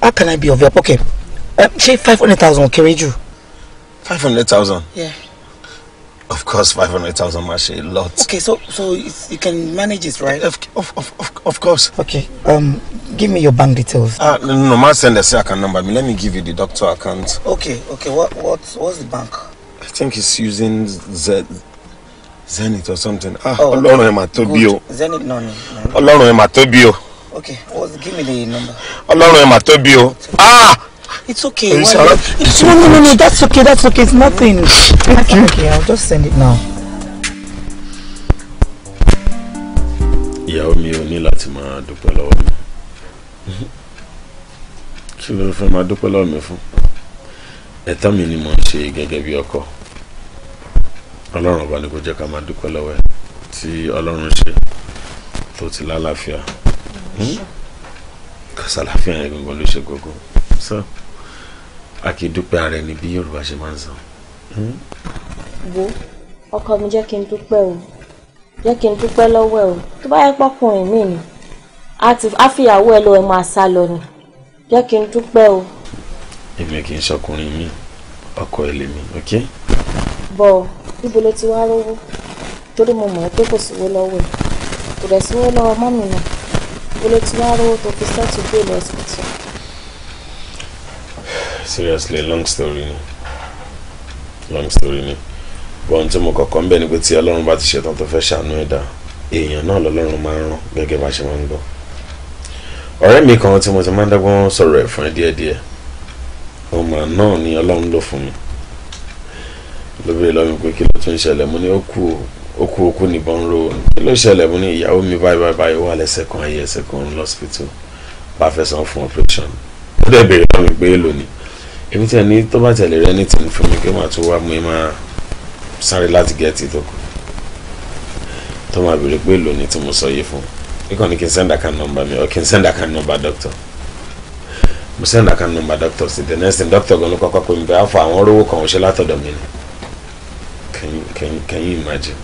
How can I be of help? Okay. Um, say five hundred thousand kéré jù? Five hundred thousand? Yeah. Of course, five hundred thousand ma ṣe a lot. Okay, so so you can manage it, right? Of, of of of course. Okay. Um, give me your bank details. Ah, uh, no, no, no, ma send the account number. Me, let me give you the doctor account. Okay, okay. What what what's the bank? I think it's using Z zenith or something ah oh, ọlọ́run ẹ̀ mà tóbi o zenith náà ni ọlọ́run o okay well, give me the number ọlọ́run ẹ̀ mà o ah. It's okay. Are you sorry? It's, no, no, no, no. That's okay. That's okay. It's nothing. That's okay. I'll just send it now. Ìyàwó mi ò ní láti máa dúpẹ́ lọ́wọ́ mi. Kí ló fẹ́ máa dúpẹ́ mi fún? Ẹ̀tọ́ mi ni mo ń ṣe gẹ́gẹ́ bí ọlọ́run ọba ni kò jẹ́ ká máa dúpẹ́ lọ́wọ́ ẹ̀ tí ọlọ́run ṣe tó ti lálàáfíà hmm? kàṣàlàfíà yẹn gbogbo ló ṣe gbogbo so a kì í dúpẹ́ ara ẹni bí yorùbá ṣe máa ń sọ. Hmm? wo ọkọ mi jẹ́ kí n dúpẹ́ o jẹ́ kí n dúpẹ́ lọ́wọ́ ẹ o tó bá yẹ pọ́kùnrin mi ni á fìyàwó ẹ lọ ẹ máa sá lọ ni jẹ́ kí n dúpẹ́ o. èmi kì í ṣọkùnrin mi ọkọ ẹ lèmi ok. bọ́ọ̀ níbo ló ti wá rówó torí mo mọ̀ pé kò síwó lọ́wọ́ ẹ̀ kò dẹ̀ síwó lọ́wọ́ mọ́mì náà níbo ló ti wá rówó tó fi sẹ́ẹ̀tù gbé lọ hospital. seriously long story ni long story ni bọ́n tí mo kọ̀kọ́ ń bẹ̀ ni pé tí ọlọ́run bá ti ṣetán tó fẹ́ ṣàánú ẹ̀dá èèyàn náà lọ́lọ́run máa ń rán gẹ́gẹ́ bá ṣe máa ń gbọ́ ọ̀rẹ́ mi kan tí mo ti máa ń dọ́gbọ́n sọ̀rọ̀ ẹ̀fọn díẹ̀díẹ̀ ọmọ náà ni ọlọ́run lò fún mi ló bèrè lọ́wọ́ pé kí ló tún ṣẹlẹ̀ mo ní ó kú ó kú okú nìbọn ro kí ló ṣẹlẹ̀ mo ní ìyàwó mi báyìí báyìí báyìí wà lẹ́sẹ̀ kan ayé ẹsẹ̀ kan lọ́sípítù bá fẹ́ san fún operation ó dẹ̀ bèrè lọ́wọ́ pé èlò ni èmi tẹ̀ ní tó bá tẹ̀lé rẹ ní tìǹbù fún mi kí màá tó wá mo máa sáré láti gẹ̀ẹ́tì tó kù tó máa bèrè pé èlò ni tí mo sọ yìí fún kíkọ́ ni kí n send account number mi or kí n send account number doctor mo send account number doctor sí the next thing doctor gan ló kọ́kọ́ pé mi pé àfọ àwọn rówó kan ò mi ni can you can you can you imagine.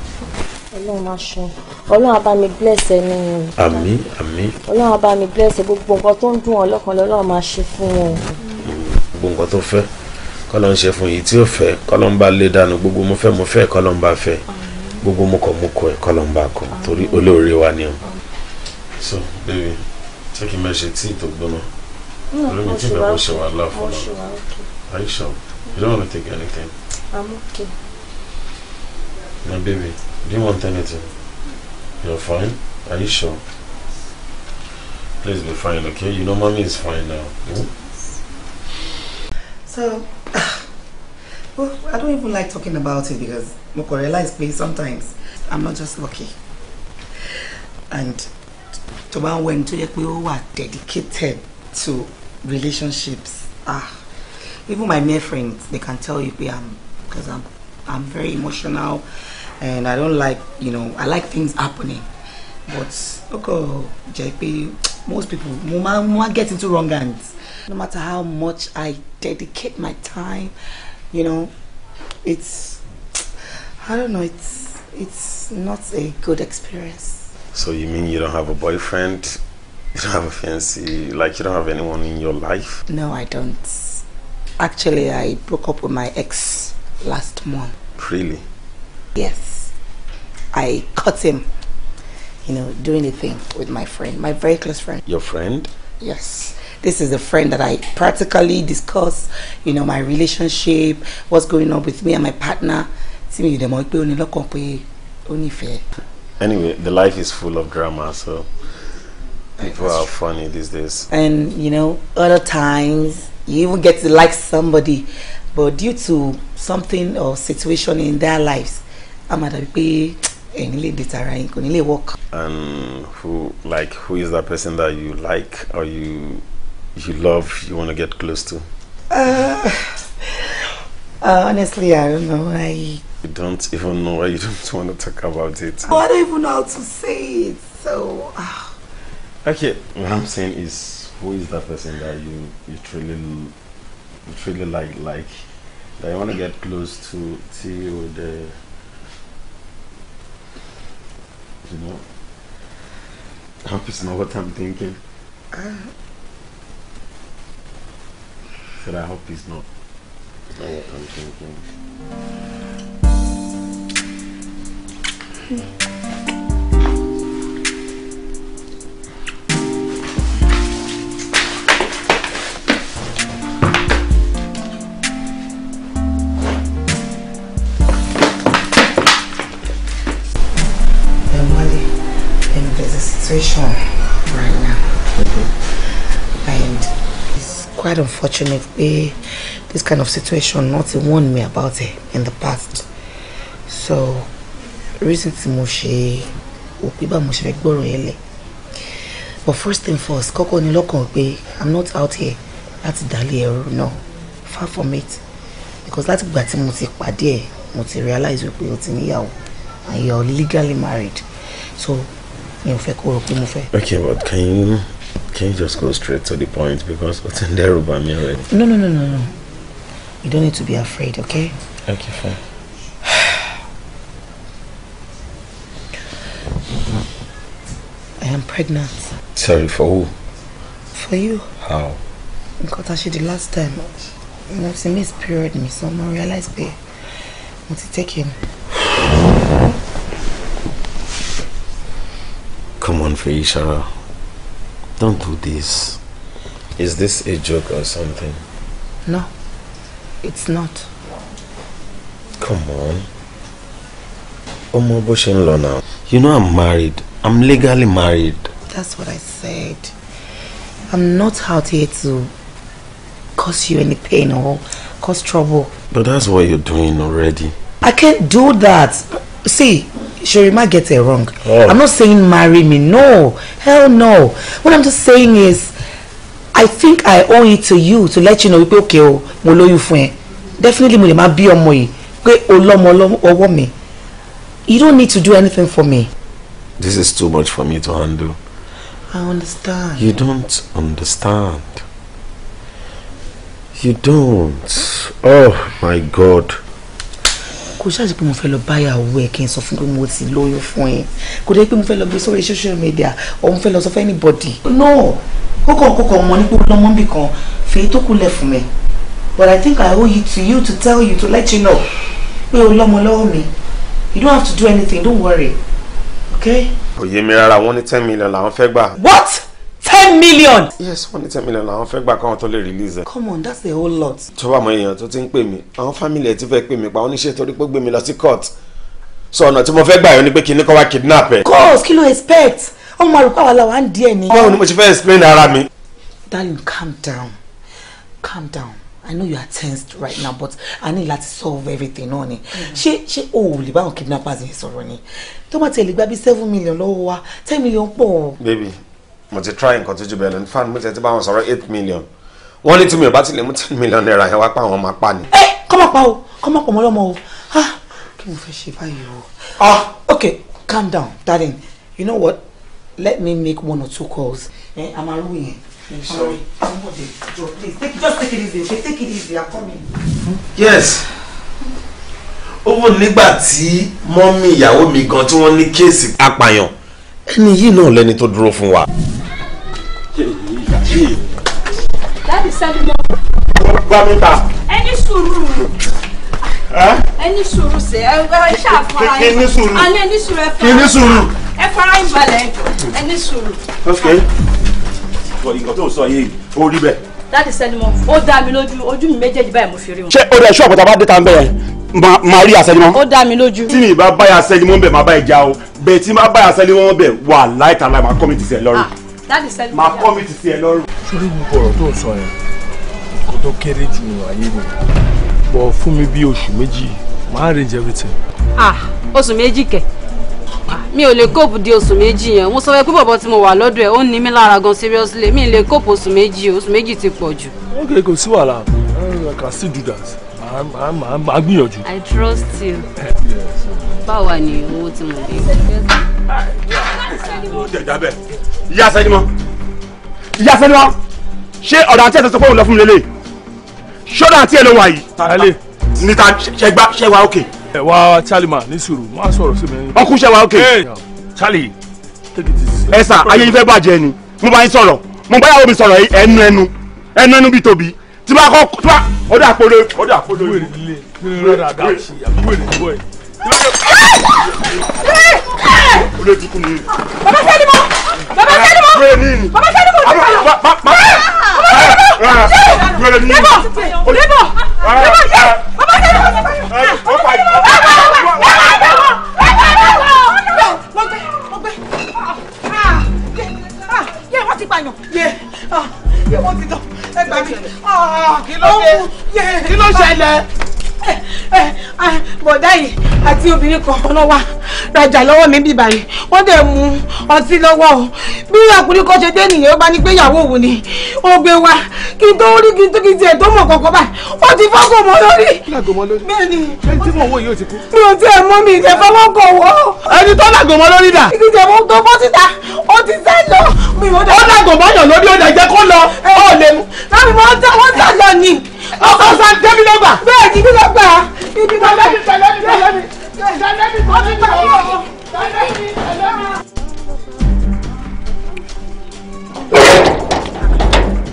ọlọ́run máa ṣan ọlọ́run á bá mi bless ẹ nínú. àmín àmín. ọlọ́run á bá mi bless ẹ gbogbo nǹkan tó ń dùn ọ́ lọ́kàn lọ́lọ́run máa ṣe fún ọ. gbogbo nǹkan tó fẹ́ kọ́lọ́ ń ṣe fún yìí tí ó fẹ́ kọ́lọ́ ń bá lé dànù gbogbo mo fẹ́ mo fẹ́ kọ́lọ́ ń bá fẹ́ gbogbo mo kọ̀ mo kọ̀ ẹ̀ kọ́lọ́ ń bá kọ̀ torí olóore wa ni o. so baby ṣé kí n máa ṣe tíì tó gbóná hmm, olómi tí ìgbà kò ṣe are you sure you don't wanna take anything. i'm okay. My baby, do you want anything? You're fine? Are you sure? Please be fine, okay? You know mommy is fine now. Hmm? So, well, I don't even like talking about it because Moko realized me sometimes I'm not just lucky. And Toba went to we were dedicated to relationships. Ah, even my mere friends, they can tell you I'm because I'm I'm very emotional. and I don't like you know I like things happening but okay, JP. most people mo ma get into wrong hands no matter how much I dedicate my time you know it's I don't know it's it's not a good experience. So you mean you don't have a boyfriend? You don't have a fancy like you don't have anyone in your life? No, I don't. Actually, I broke up with my ex last month. Really? Yes, I caught him, you know, doing a thing with my friend, my very close friend. Your friend? Yes. This is a friend that I practically discuss, you know, my relationship, what's going on with me and my partner. Anyway, the life is full of drama, so people are funny these days. And you know, other times you even get to like somebody, but due to something or situation in their lives, work. and who like who is that person that you like or you you love you want to get close to. Uh, uh, honestly I don't know I. You don't even know why you don't want to talk about it. Oh, I don't even know how to say it so. Ah. okay what I'm saying is who is that person that you you truly you truly like like that you want to get close to to the you know. hope it's not what I'm thinking. Uh-huh. But I hope it's not, not what I'm thinking. Hmm. conversation right now. Okay. And it's quite unfortunate pé this kind of situation not warn me about it in the past. So reason tí mo ṣe wò pé báwo But first thing first, kọ́kọ́ ni lọ́kàn I'm not out here láti dálé No, Far from it. Because that's ìgbà tí mo ti pàdé ẹ̀, mo realize wípé and you're legally married. So mi ò kó rò pé mo fẹ́. okay but can you can you just go straight to the point because o ti ń dẹ́rù bà mí already. no no no no no you don't need to be afraid okay. okay fine. I am pregnant. Sorry, for who? For you. How? Because actually the last time, I've seen miss period me so mo realize pé mo ti take him. Come on, Feishara. Don't do this. Is this a joke or something? No, it's not. Come on. Ọmọ bó ṣe You know I'm married. I'm legally married. That's what I said. I'm not out here to cause you any pain or cause trouble. But that's what you're doing already. I can't do that see Sherry might get it wrong. Oh. I'm not saying marry me. No. Hell no. What I'm just saying is I think I owe it to you to let you know pé okay o mo lóyún fún ẹ. Definitely mo lè máa bí ọmọ yìí pé o lọ́mọ mi. You don't need to do anything for me. This is too much for me to handle. I understand. You don't understand. You don't. Oh my God kò ṣáàṣì pé mo fẹ́ lọ báyàwó ẹ̀ kí n sọ fún pé mo ti lóyún fún ẹ kò dé pé mo fẹ́ lọ gbé sórí social media or mo fẹ́ lọ sọ fún anybody. no kókò kókò ọmọ nípò lọmọ níbì kan fi tó kulẹ̀ fún mi but i think i owe it to you to tell you to let you know pé o lọ́mọ lọ́wọ́ mi you don't have to do anything don't worry okay. òye mi rárá wọn ní ten million làwọn fẹ́ gbà. what ten million. yes wọ́n ten million àwọn fẹ́ gbà káwọn tó lè release come on that's a whole lot. ìjọba àmọ́ èèyàn tó ti ń pè mí àwọn family ẹ̀ ti fẹ́ pè mí pa àwọn oníṣẹ́ torí pé gbé mi lọ sí court so ọ̀nà tí mo fẹ́ gbà yọ ni pé kí ni kọ́ wá kidnap ẹ̀. course kí ló expect ọmọ àlùkò àwọn làwọn á ń di ẹ̀ ní. báwo ni mo ṣe fẹ́ explain ara mi. darling calm down calm down i know you are tensed right now but i need láti solve everything náà ni mm. ṣé ṣé o ò lè báwọn kidnappers yẹn sọ̀rọ̀ ni tó bá tẹ̀lé gbà bí seven million lọ́wọ́ wa ten million pọ̀. baby mo ti try nǹkan tó jù bẹ́ẹ̀ lọ nípa mi tẹ́tí bá wọn sọ̀rọ̀ eight million wọ́n ní tí mi ò bá tilẹ̀ mú ten million naira yẹn wá pa àwọn máa pa ni. ẹ eh, kọ́ máa pa o kọ́ máa pọ̀ mọ́ lọ́mọ o ah kí mo fẹ́ ṣe báyìí o ah okay calm down darling you know what let me make one or two calls ẹ eh, àmàlú yẹn. Sorry. Somebody, ah, please, take, just take it easy, Take it easy, I'm coming. Hmm? Yes. Owó nígbà tí mọ́mí ìyàwó mi gan tí wọ́n ní kéèsì apààyàn ẹni yìí náà lẹni tó dúró fún wa. láti sẹ́ni mọ́. gbá mi ta. ẹni sùúrù ẹni sùúrù ṣe ẹ ṣàfara yín ẹni sùúrù ẹni sùúrù ẹ fara yín ẹ fara yín balẹ̀ ẹni sùúrù. ok nǹkan tó sọ yìí ó rí bẹ́ẹ̀. láti sẹ́ni mọ́ ó dá mi lójú ojú mi méjèèjì báyìí mo fi rí wọn. ṣé o lè ṣọ́ àpótá bá dé ta ń bẹ̀rẹ̀ máa rí àṣẹjúmọ́. ó dá mi lójú. tí mi bá báyà àṣẹjúmọ́ bẹ̀ máa bá ẹ já o bẹ̀ tí máa báyà àṣẹjúmọ́ bẹ̀ wà láìta láì máa kọ́ mi ti sí ẹ lọ́rùn. Ah, máa kọ́ mi ti sí ẹ lọ́rùn. sórí gbogbo ọ̀rọ̀ tó sọ yẹn nǹkan tó kéré jù ní ayé mi bọ̀ fún mi bí oṣù méjì máa arrange everything. ah oṣù méjì kẹ ah, mi ò lè kóòpù di oṣù méjì yẹn mo sọ pé bọ̀bọ̀ tí mo wà lọ́dọ̀ ẹ̀ ó ní mi lára gan seriously mi lè kóòpù oṣù méjì oṣù méjì ti pọ̀ jù. ok kò sí wàhálà i can still do that màá gbìyànjú. I trust you. báwa ni owó tí mo lè. ó jẹjà bẹ́ẹ̀ ìyá sẹnimọ ìyá sẹnimọ ṣé ọ̀dà àti ẹ̀sán sọ pé òun lọ fún mi lélẹ̀ ṣé ọ̀dà àti ẹ̀ ló wà yìí. tàlẹ́ níta ṣẹgbà ṣẹwà òkè. ẹ wá Charlie ma ní sùúrù má sọ̀rọ̀ sí mi. ọkùn ṣẹwà òkè. Charlie ẹ sà ayé yìí fẹ́ bàjẹ́ ni mo bá yín sọ̀rọ̀ mo bá yàwó mi sọ̀rọ̀ ẹnu ẹnu ẹnu ẹnu bíi tóbi tí bá kọ́ tí bá ọdún àpòlò ọdún àpòlò ìwé ìdílé ìwé ìdílé olè dukú ni. bàbá sẹ́ni mọ́ bàbá sẹ́ni mọ́ bàbá sẹ́ni mọ́ bàbá sẹ́ni mọ́ bàbá sẹ́ni mọ́ lébọ̀ lébọ̀ lébọ̀ bàbá sẹ́ni mọ́ bàbá sẹ́ni mọ́ bàbá sẹ́ni mọ́ yẹ wọ́n ti pààyàn yẹ wọ́n ti tán ẹ gbà mí ah, oh, kí ló ṣẹlẹ̀. Eh, eh, ah, bọ̀dáyì àti obìnrin kan lọ́wọ́ rajà lọ́wọ́ mi bíbá wọ́n dẹ̀ mu ọtí lọ́wọ́ o bí ọkùnrin kan ṣe dé nìyẹn bá ní pé ìyàwó òun ni ó gbé wa kí n tó rí kí n tó kí n tiẹ̀ tó mọ̀ báyìí ó ti lórí. bẹ́ẹ̀ ni tí yìí ó ti kú. mi ò tiẹ̀ mi ìjẹ́ fọwọ́ kọ̀ wọ́. ẹni tó làgò lórí dà. lọ. ó làgò lórí ó dẹ̀ jẹ́ eh, ọkọ san tẹ́mi ló gbà. bẹ́ẹ̀ ni mi ló gbà. ibi tó lẹ́mi tẹ̀lé mi tẹ̀lé mi tẹ̀lé mi tẹ̀lé mi tẹ̀lé mi tẹ̀lé mi.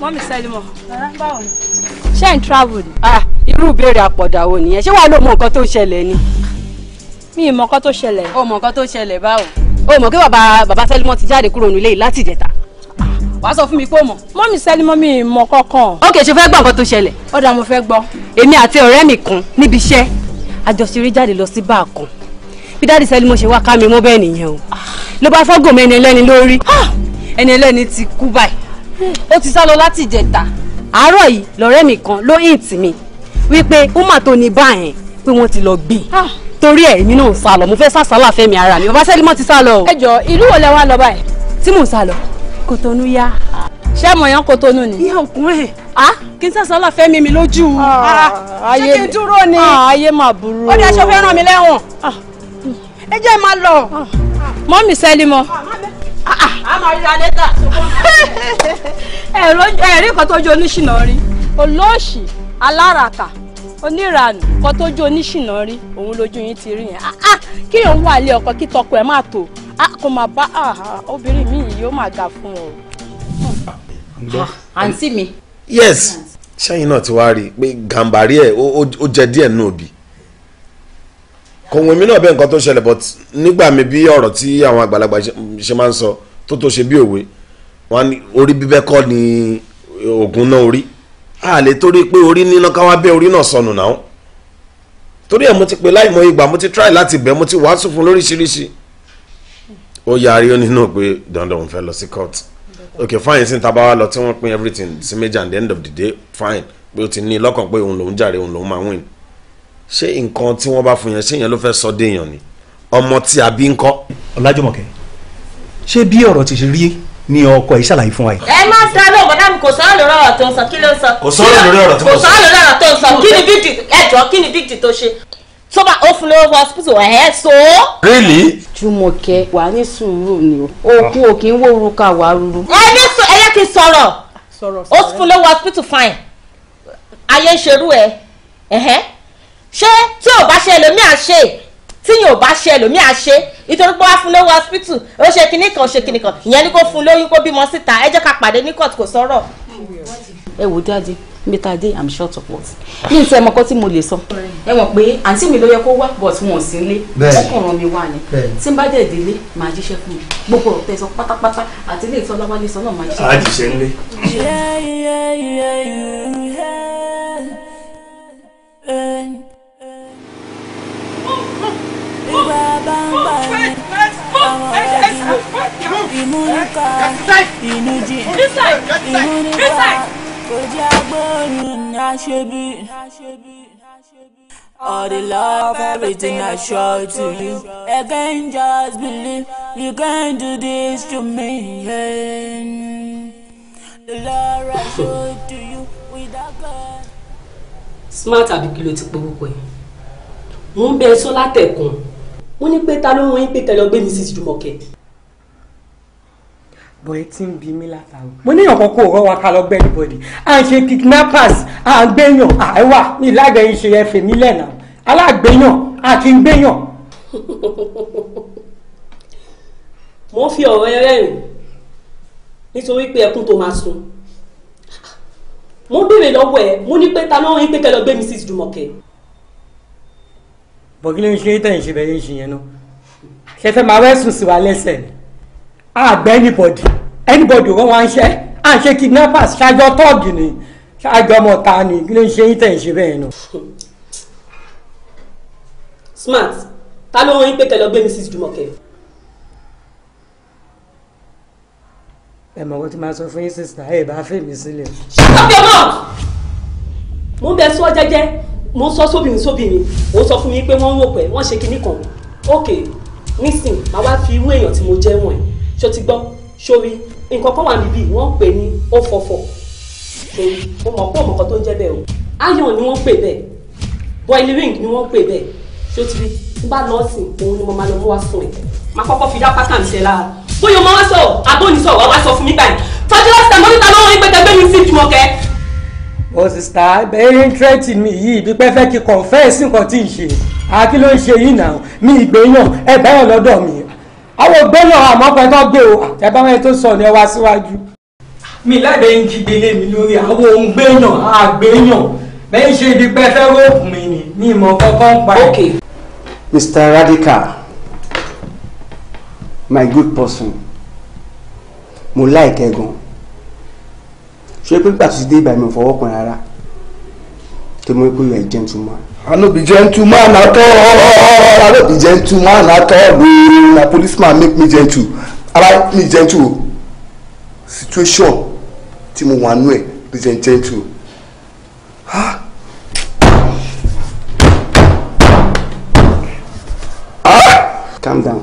mọ́mí sẹ́límọ̀. báwo ni. ṣé ń travel ni. ah irú ìbéèrè àpọ̀dà wo nìyẹn ṣé wàá ló mọ nǹkan tó ṣẹlẹ̀ ni. mi ì mọ nǹkan tó ṣẹlẹ̀. o mọ nǹkan tó ṣẹlẹ̀ báwo. o mọ̀ kí bàbá bàbá sẹ́límọ̀ ti jáde kúrò nílé yìí láti ìjẹta wàá sọ fún mi pé o mọ̀. mọ́mí sẹ́ni mọ́mí mọ kankan. ok ṣe fẹ́ gbọ́ nǹkan tó ṣẹlẹ̀. ó dáa mo fẹ́ gbọ́. èmi àti ọ̀rẹ́ mi kan níbi iṣẹ́ àjọṣeré jáde lọ sí báà kan bí dáàdì sẹ́ni mo ṣe wá ká mi mọ́ bẹ́ẹ̀ nìyẹn o ló bá fọ́gùn mi ẹni ẹlẹ́ni lórí ẹni ẹlẹ́ni ti kú báyìí ó ti sá lọ láti ìjẹta àárọ̀ yìí lọ́rẹ́ mi kan ló hìntì mi wípé uma tó ní báyẹn pé wọ́n ti lọ gbìn torí ẹ̀ èmi náà ń sá lọ mo fẹ́ sá sálà fẹ́mi ara mi bàbá sẹ́ni mo ti sá lọ. ẹ jọ ìlú wo lẹ wá lọ báyìí tí mò ń sá lọ kòtónú yá. ṣé mo yan kòtónú ni. ìyá ọkùnrin. a kí n sàṣọ ọlọ́fẹ́ mi mi lójú. Ah, ṣé kí n dúró ni. Ah, ayé mà burú. ó dẹ́ aṣọ fẹ́ ràn mí lẹ́wọ̀n. Ah. ẹ jẹ́ máa lọ. mọ́mì sẹ́lí mọ́. ẹ̀rí kan tó jó oníṣìnà rí olóòṣì aláràkà oníranù kan tó jó oníṣìnà rí òun lójú yín ti rí yẹn kí òun wà lé ọkọ kí tọkọ ẹ má tó a ah, kò máa bá ah, ah, obìnrin mi yìí máa ga fún ọ. àǹtí mi. yes ṣẹ́yìn náà ti wá rí i pé gàǹbàrí ẹ̀ ó jẹ díẹ̀ nù òbí kò wọ́n náà bẹ́ẹ̀ nǹkan tó ṣẹlẹ̀ but nígbà mi bí ọ̀rọ̀ tí àwọn àgbàlagbà ṣe máa ń sọ tó tó ṣe bí òwe wọn ní orí bíbẹ́ kọ́ ni oògùn náà orí a lè torí pé orí níná káwá bẹ́ orí náà sọnù náà torí ẹ̀ mo ti pè láìmọ̀ ìgbà mo ti try láti bẹ̀ mo ti wàásù fún lóríṣiríṣi ó yarí ó nínú pé dandan òun fẹ́ lọ sí court ok fine sí ta bá wá lọ tí wọ́n pín everything sí méjì at the end of the day fine pé ó ti ní lọ́kàn pé òun lòún jàre òun lòún máa win ṣé nǹkan tí wọ́n bá fún yẹn ṣé yẹn ló fẹ́ sọ déèyàn ni ọmọ tí a bí ń kọ́. ọ̀làjọmọ̀kẹ́ ṣé bí ọ̀rọ̀ ti ṣe rí ni ọkọ yìí ṣàlàyé fún wa yìí. ẹ má sọ lọ bọ̀dá mi kò sọ̀rọ̀ lórí ọ̀rọ̀ tó ń sọ kí ló ń sọ. kò sọ̀rọ̀ lórí ọ̀rọ̀ tó ń sọ. kò sọ̀rọ̀ lórí ọ̀rọ̀ tó ń sọ kí ni bíìtì ẹ̀jọ̀ kí ni bíìtì tó ṣe tó bá ó fún lówó hospital ẹ̀ so. really. Jùmọ̀kẹ́ wà ní sùúrù ni o òkú ò kí ń wó orúkọ àwa ruru. ẹ sọ ẹ kí n sọ̀rọ̀ ó fún lówó hospital fine ayé ń ṣerú ẹ ṣé tí ò bá ṣe ẹlòmíà ṣe tíyìn ò bá ṣe ẹlòmíà ṣe nítorí pé wá fún lówó hospital ó ṣe kinní kan ṣe kinní kan ìyẹn ni kò fún lóyún kó bímọ síta ẹ jẹ́ ká pàdé ní court kò sọ̀rọ̀. ẹ wò dáadé níbi dé i'm short of words ní ìtẹ́ ẹmọ kan tí mo lè sọ. ẹ wọ̀n pé àǹtí mi ló yẹ kó wá but wọn ò sí ilé wọn kàn rán mi wá ni tí n bá dẹ̀ délé màá jíṣẹ́ fún mi gbogbo ọ̀rọ̀ tẹ̀sán pátápátá àti ilé ìtọ́ ọlọ́wálé sọ náà màá jíṣẹ́ fún mi. a jíṣẹ́ ń bá mi àwọn ọ̀rọ̀ ìmúnipa kò jẹ́ agbóhùn aṣebi. All the love, everything I show to you. I can't just believe you can do this to me. The love I show to you without God. Smart àbí kí ló ti pé púpọ̀ yìí? Mo ń bẹ Sọ́lá tẹ̀kùn. Wọ́n ní pé ta ló wọ́n yín pé tẹ̀lé ọgbẹ́ mi sí bọ̀ ẹ ti ń bi mí látàrọ mo ní ìyànkọ́ kó rọ́ wa ká lọ gbẹ́ anybody à ń ṣe kidnappers à ń gbẹ̀yàn àìwà ní ìlàgbẹ́ yìí ṣe ẹ̀fẹ̀ mi lẹ́nà alágbẹ̀yàn àti gbẹ̀yàn. mo ń fi ọ̀rọ̀ ẹ rẹ́rìn nítorí pé ẹkún tó máa sun mo béèrè lọ́wọ́ ẹ mo ní pé ta náà ń pé kẹ́ lọ gbé Mrs. Jùmọ̀kẹ́. bọ̀gí ló ń ṣe tẹ̀yìn ṣe bẹ̀rẹ̀ ń ṣe yẹn náà ṣe fẹ́ máa wẹ́sùn sí wa lẹ́sẹ̀ àgbẹ̀ anybody anybody wọ́n wá ń ṣe à ń ṣe kidnappers ṣáájọ tọ́ọ̀gì ni ṣáájọ ọmọ ta ni kí ló ń ṣe yín tẹ̀ ń ṣe bẹ́ẹ̀ nù. smart ta ló rán yín pé kẹ́ lọ gbé mrs Jùmọ̀kẹ́. ẹ mọ̀ wọ́n ti máa sọ fún yín sísè ẹ bá fèmí sílẹ̀. shut up your mouth. mo ń bẹ sọ jẹ́jẹ́ mo ń sọ sóbìnrin sóbìnrin ó sọ fún mi pé wọ́n ń wò pé wọ́n ṣe kinní kan ok nísìn màá wá fi irú èèyàn tí mo jẹ́ wọ̀nyí ṣó ti gbọ́ sórí nǹkan kan wà níbí wọ́n ń pè ní òfòfò mo mọ̀ pé òmùkọ́ tó ń jẹ́ bẹ́ẹ̀ o iron ni wọ́n pè bẹ́ẹ̀ boiling ring ni wọ́n pè bẹ́ẹ̀ ṣé o ti rí tí bá nọ́ọ̀sì òun ni mo máa lọ mú wá fún ẹ máa kọ́kọ́ fi dá pátá mi ṣe lára bóyá o máa wá sọ àbónisọ̀ wá wá sọ fún mi báyìí tọ́jú lọ́sítà mọ́tò lọ́wọ́ ìgbẹ́tẹ̀gbẹ́ mi sí jùmọ̀kẹ́. o sista bẹ́ẹ̀ ń tírẹ́tì mi yìí bí pẹ́ fẹ́ kí confess nǹkan tí ì ṣe àkí ṣe yìí náà mi ìgbéyàn àwọn ògbóná àmọ́pẹ́ tó gbé o àtẹ́bámẹ́ tó sọ ni ẹ wá síwájú. mi lábẹ́ ń kígbe lé mi lórí àwọn òun gbéyàn àgbéyàn bẹ́ẹ̀ ṣe ibi pẹ́ fẹ́ rògbò mi ni mi ìmọ̀ kankan pa ok Mr. Radical my good person mo like ẹ gan ṣé pé nígbà tó ti dé ìgbà mi ò fọwọ́ kan rárá tó mọ̀ pé you are a gentleman I no be gentleman at all. I no be gentleman at all. No, na policeman make me gentle. Ara me gentle Situation tí mo wà nú ẹ̀ bí jẹ́ gentle. Ah. ah. Calm down.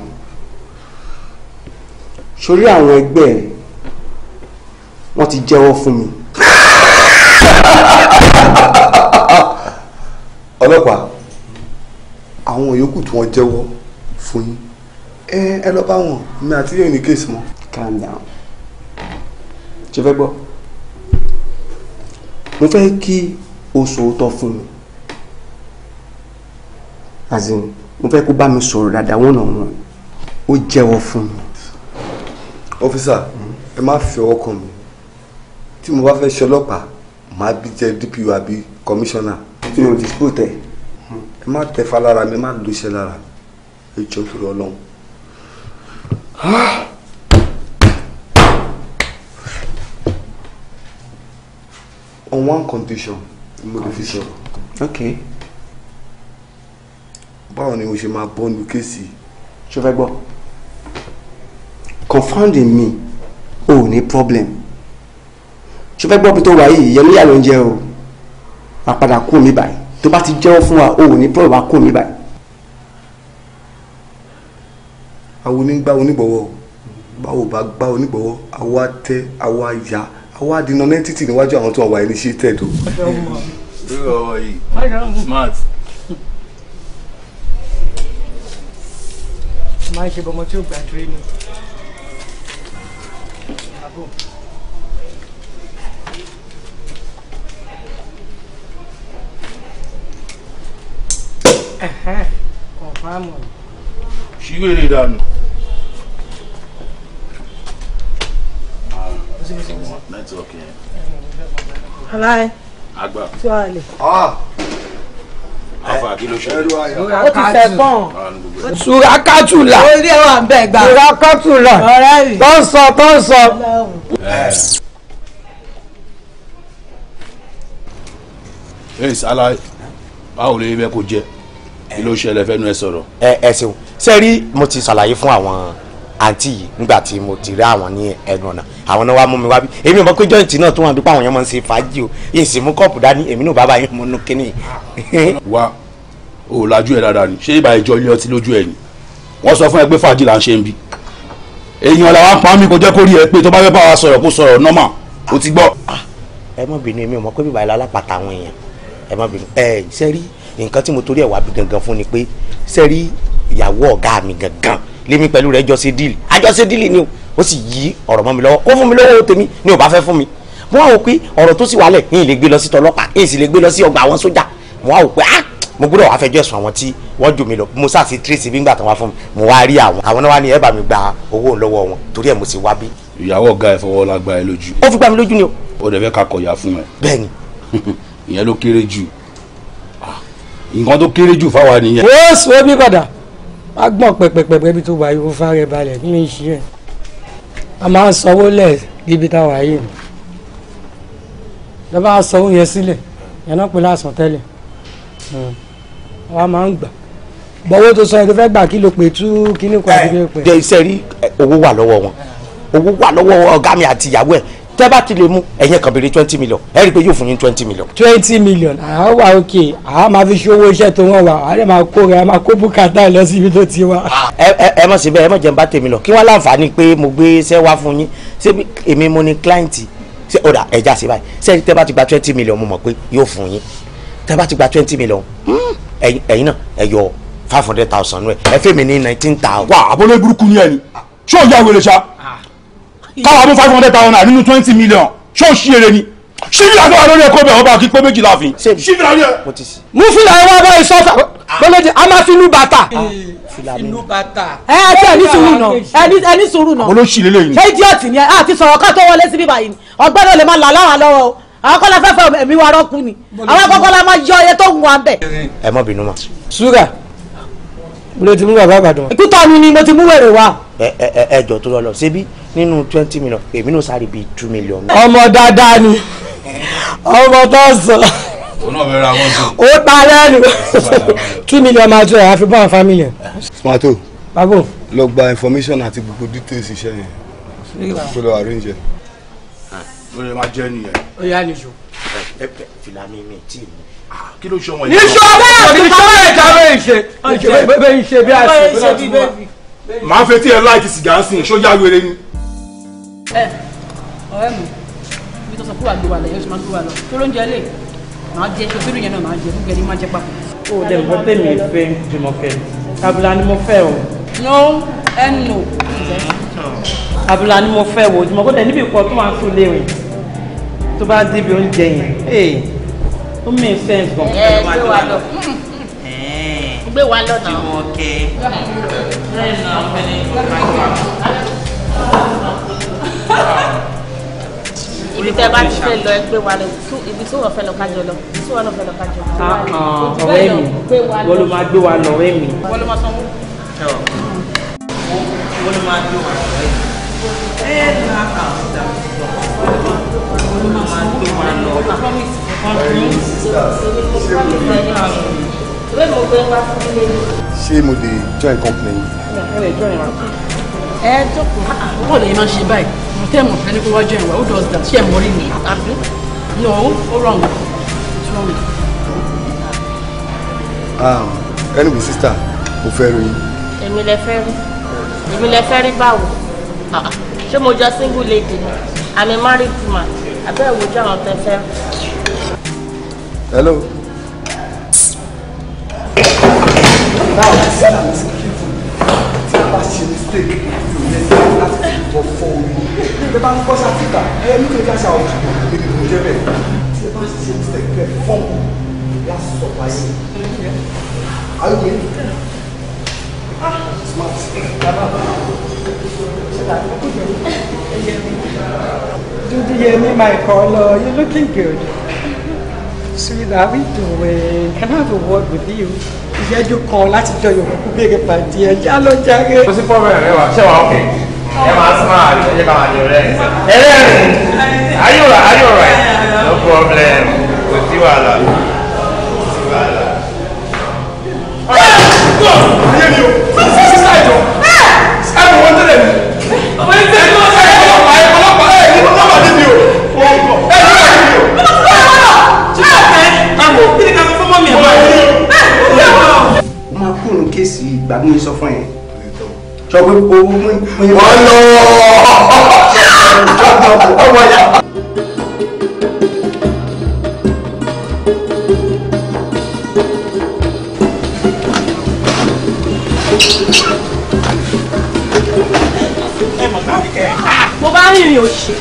Sórí àwọn ẹgbẹ́ ẹ̀ wọ́n ti jẹ́wọ́ fún mi. ọlọ́pàá àwọn yòókù tí wọ́n jẹ́wọ́ fún yín ẹ ẹ lọ bá wọn mi àti yóò ní kéèsì mọ́. calm down ṣe fẹ́ gbọ́ mo fẹ́ kí o sòótọ́ fún mi as in mo fẹ́ kó bá mi sọ̀rọ̀ dáadáa wọ́n náà wọ́n ó jẹ́wọ́ fún mi. ọ́fíìsà ẹ má fi ọwọ́ kàn mí tí mo bá fẹ́ ṣe ọlọ́pàá màá bí jẹ́ DPO àbí kọmíṣánná mi ò dispute ẹ ẹ má tẹfa lára mi ẹ má dùsẹ lára ẹ jọ ń torí on one condition mo lè fi sọ̀rọ̀. okay. báwo ni mo ṣe máa bọ́ nu kéèsì. ṣé o fẹ́ gbọ́. confounding me o ò ní problem. ṣé o fẹ́ gbọ́ bí tó wà yìí ìyẹn níyà ló ń jẹ o wà padà kú mi báyìí tó bá ti jẹ́wọ́ fún wa o ò ní pọ́ọ̀ wá kú mi báyìí. àwọn onígbà onígbọ̀wọ́ báwo bá gbá onígbọ̀wọ́ àwa tẹ àwa yá àwa di nonentity níwájú àwọn tó wà initiated o. smart. máa ń ṣe bọmọ tí ó gbà tó rí ni. kọ̀fáàmù. ṣíwèrè dànù. nẹ́tíwọ̀kì yẹn. aláì. àgbà. tí wàá lè. Afa ah. kí ló ṣe? Ó ti fẹ́ pọ̀n. Surakatula. Orí ẹ̀ wà ń bẹ̀ gbà. Surakatula. Ọ̀rẹ́ mi. Tó ń sọ tó ń sọ. Ee sálá báwo lè bẹ kó jẹ? kí ló ṣẹlẹ̀ fẹ́nu ẹ sọ̀rọ̀. ẹ ẹ ṣeun sẹ́rí mo ti ṣàlàyé fún àwọn àǹtí yìí nígbà tí mo ti rí àwọn ní ẹnu ọ̀nà àwọn náà wá mú mi wá bí èmi ò mọ̀ pé jọ́ǹtì náà tó wọn dúpọ̀ àwọn yẹn máa ń ṣe fàájì o yìí sì mú kọ́ọ̀pù dání èmi náà bàbá yẹn mọ nú kínní. wa o lajú ẹ dáadáa ni ṣé ìbá ìjọ ilé ọtí lójú ẹ ni wọn sọ fún ẹ pé fàájì là ń ṣe ń bi èèyàn làwọn pa mí kò jẹ́ kó rí ẹ pé tó bá fẹ́ bá wa sọ̀rọ̀ kó sọ̀rọ̀ nọ́mà o ti gbọ́. Ah, ẹ má bínú èmi ò mọ̀ pé bíbá ẹ má nǹkan tí mo torí ẹ̀ wá bí gangan fún ni pé sẹ́rí ìyàwó ọ̀gá mi gangan lémi pẹ̀lú rẹ̀ jọ díìlì àjọ díìlì ni ó sì yí ọ̀rọ̀ mọ́ mi lọ́wọ́ kó fún mi lọ́wọ́ tèmi ni ò bá fẹ́ fún mi mo wá wò pé ọ̀rọ̀ tó sì wálẹ̀ yìí lè gbé lọ sí tọlọ́pàá yìí sì lè gbé lọ sí ọgbà àwọn sójà mo wá wò pé ah mo gbọ́dọ̀ wá fẹjọ́ ẹ̀sùn àwọn tí wọ́n jù mí lọ mo sáà sí tracy bí ń gbà tán wá fún mi mo wá rí àwọn àwọn náà wá ní ẹ bá mi gba owó lọ́wọ́ wọn torí ẹ̀ mo sì wá bí. ìyàwó ọ̀gá ẹ̀ fọwọ́ lágbá ẹ lójú. ó fi gbá mi lójú ni o. ó dẹ̀ fẹ́ kakọ̀ yà fún ẹ. bẹ́ẹ̀ni. ìyẹn ló kéré jù nǹkan tó kéré jù fáwa nìyẹn. wọ́ọ̀sì wọ́n bí padà wọ́n á gbọ̀n pẹ̀pẹ̀pẹ̀pẹ̀ bí tó wà yìí ó fárẹ̀ balẹ̀ kí ló ń ṣe ẹ̀ a máa ń sanwó lẹ̀ níbi táwa yìí ni lọ́ba sanwó yẹn sílẹ̀ yẹn náà pè lásán tẹ́lẹ̀ wọ́n hmm. máa ń gbà bọ́wọ́ tó sọ yẹn fẹ́ gbà kí ló pè tú kíní kan àti kí pè. ẹ jẹ iṣẹ́ rí owó wà lọ́wọ́ wọn owó wà lọ́wọ́ ọ̀gá mi àti ìyàwó ẹ̀ tẹ́ bá ti lè mú ẹ̀yìn kan béèrè twenty million ẹ rí i pé yóò fún yín twenty million. twenty million àá wà òkè àá máa fi ṣòwò iṣẹ́ tó wọ́n wà àá lè máa kó rẹ̀ àá máa kó bùkátà lọ sí ibi tó ti wà. ẹ ẹ mọ̀ síbẹ̀ ẹ mọ̀ jẹun bá tèmi lọ kí wọ́n láǹfààní pé mo gbé iṣẹ́ wá fún yín ṣé èmi mo ní client ṣé ọ̀dà ẹja ṣe báyìí ṣé tẹ́ bá ti gba twenty million mo mọ̀ pé yóò fún yín tẹ́ bá ti gba twenty million hmm, ẹ̀yin náà ẹ yọ five hundred thousand ẹ fẹ́ mi ní nineteen thousand. wà àbọ̀lẹ́ burúkú ni ẹni ṣé ò káwa mú five hundred thousand nínú twenty million ṣó ṣí ere ni ṣíbí àti wà lórí ẹ̀kọ́ bẹ̀ ọba kí pé méjìlá fi ṣíbí àti wà. mú fìlà ẹ wá báyìí sọ́fà bọ́lẹ́dì a máa fi inú bàtà. Ah, inú bàtà. ẹ ẹ tí ẹni sùúrù náà ẹni sùúrù náà. olóṣì lélẹ́yìn. ṣé idiot ni ẹ àti sọ̀rọ̀ ká tó wọlé síbí báyìí ni ọgbẹ́ni lè máa là láwàá lọ́wọ́ o àwọn kọ́lá fẹ́fẹ́ ẹ̀mí wa rọ́ọ̀kù ni àwọn kọ́kọ́ la máa yọ iye tó ń wà bẹ̀. ẹ má bínú ma. ṣúgà ló ti mú bàbá àbàdàn. ìkútọ́ mi ni mo ti mú wèrè wa. ẹ ẹ ẹ tó lọ lọ síbí nínú twenty million èmi náà sáré bíi two million. ọmọ dáadáa ni ọmọ tó sọ ó parẹ́ ni two million máa tó ẹ̀ àfi bọ́ àwọn family. smarto babo lọ gba information àti gbogbo details iṣẹ́ yẹn kó lọ arrange ẹ̀. ó yẹ máa jẹ́ nìyẹn. ó yà á nìyó. ẹ ẹ fìlà mi mi tí mi kí ló ṣe wọn. ní sọ bẹ́ẹ̀ ni bàbá ẹ̀ ká bẹ́ẹ̀ ṣe bẹ́ẹ̀ ṣe bí àṣẹ. màá fẹ́ tí ẹ láìkí sìgá ń sìn ṣó yá wèrè ni. ẹ ọ̀rẹ́ mi bí tọ́sán kúrò àgbéwà lẹ́yìn oṣù máa gbéwà lọ tó ló ń jẹ lé màá jẹ tó fẹ́rù yẹn náà màá jẹ fún gbẹ̀rẹ̀ máa jẹ papọ̀. o dẹ̀ gbọ́ tèmi fẹ́ Jùmọ̀kẹ́ àbùlà ni mo fẹ́ o. no ẹnu. àbùlà ni mo fẹ́ o Jùmọ̀kẹ́ níbi ìkọ́ tó wà sùn léwìn tó bá débi oúnjẹ yẹn ó mẹ sẹ́ǹsì gan ẹ gbé wa lọ gbé wa lọ náà. jùmọ̀ kẹ́ ẹ náà fẹ́lẹ́ ibi tẹ bá ti fẹ́ lọ ẹ gbé wa lọ ibi tí wọn fẹ́ lọ kájọ lọ ibi tí wọn fẹ́ lọ kájọ lọ. ọ̀rẹ́ mi wọ́n ló máa gbé wa lọ ọ̀rẹ́ mi. wọ́n ló máa sanwó. wọ́n ló máa gbé wa lọ ọ̀rẹ́ mi. ẹ ẹ́ ní a kà wọ́n ló máa gbé wa lọ ọ̀rẹ́ mi ṣé mo lè join company. ẹ lè join ra. ẹ jókòó. bọ́ọ̀ lè máa ṣe báyìí mo tẹ́ mọ̀ fẹ́ ní kó wá join wa who does that ṣé ẹ mọ̀ mi no ó wrong it's wrong. Um, anyway sister mo fẹ́ rí yín. èmi lè fẹ́ rí èmi lè fẹ́ rí báwo ah, ṣé mo jẹ́ single lady ni I'm a married woman àbẹ́ ìwòjú àwọn tẹ fẹ́ rí hello. báwo ti sábà ní sìkìtì tí a bá ṣe mistake yóò yẹ kí a ti fi bọ fọ omi bẹ́ẹ̀ bá ń kọ́ sí àfíkà ẹ ní kí n ká ṣe àwọn òṣùwọ̀n èmi kò jẹ́ bẹ́ẹ̀ tí a bá ṣe mistake bẹ́ẹ̀ fọ́n láti sọ báyìí ayé mi smart. Dudiyemi, my caller, you're looking good. Sweetheart, we do well. Can I have a word with you? Ìyẹ́jú kan láti jọ yòókù béèrè pàdé ẹ̀ já ló járe. Ó sì fọ́ bẹ̀rẹ̀ rẹ wá, ṣé wàá òkè? Ẹ máa smile, ẹ jẹ́ ká máa jọ rẹ̀. Ẹlẹ́rìn, are you are you right? No problem, kò sí wàhálà. Kò sí wàhálà. Ọ̀rẹ́ ayé mi o, sísá ìjọ, ẹ̀rù wọn tẹ̀lé mi. Ọ̀pọ̀ ìtẹ̀lé mi. Ọ̀pọ̀ ìtẹ̀lé mi. Ọ̀pọ̀ ìtẹ̀lé mi. kó kúrò ní kéèsì ìgbàgbé sọ fún ẹ sọ pé owó mú un. wọ́n lọ mo bá rìnrìn òṣì.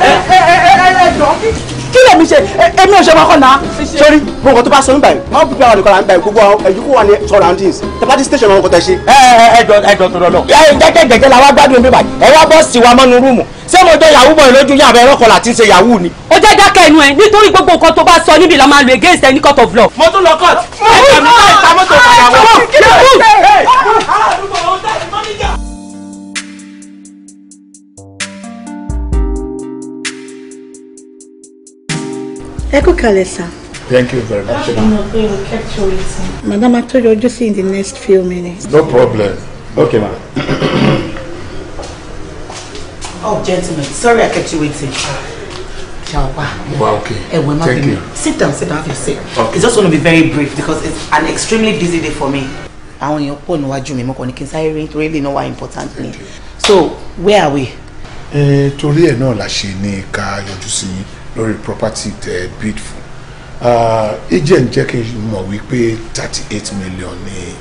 ẹ ẹ ẹ ẹ ẹ jọ kí lèmi ṣe èmi ò ṣe wọ́kọ̀ náà sórí gbogbo tó bá sọ nígbà yìí máa bí báwa nìkan là ń gbà yìí gbogbo ẹ̀yìn kó wà ní surroundings tẹpátí station àwọn ọkọ̀ tẹ ṣe. ẹ ẹ ẹjọ ẹjọ tó lọ. gẹ́gẹ́ gẹ́gẹ́ la wá gbádùn mi báyìí ẹ wá bọ́ọ̀sì wa mọ́nu rúùmù ṣé mo jẹ yahoo bọ̀ lójú yàrá ẹ̀rọ kọlà tí ń ṣe yahoo ni. ó jẹ́ dákẹ́ inú ẹ nítorí gbogbo nǹkan tó bá sọ níbi la máa lo against any court of law. mo tún lọ court. mo tún lọ court. ẹ jẹ́ mi láì ta mọ́tò padà wọ. Eko kú kalẹ̀ Thank you very much. Madam, I told you I'll just see in the next few minutes. No problem. Okay, ma'am. oh, gentlemen, sorry I kept you waiting. Wow, okay. Hey, Thank you. Sit down, sit down, have your seat. Okay. It's just going to be very brief because it's an extremely busy day for me. I want your phone mi, mo kàn ní kí really, sáré rí important ni. So, where are we? Eh, torí ẹ̀ náà la ṣe ní ká yọjú sí yín lórí property tẹ bid fún uh, agent jẹ́ kí n mọ̀ wípé thirty eight million ni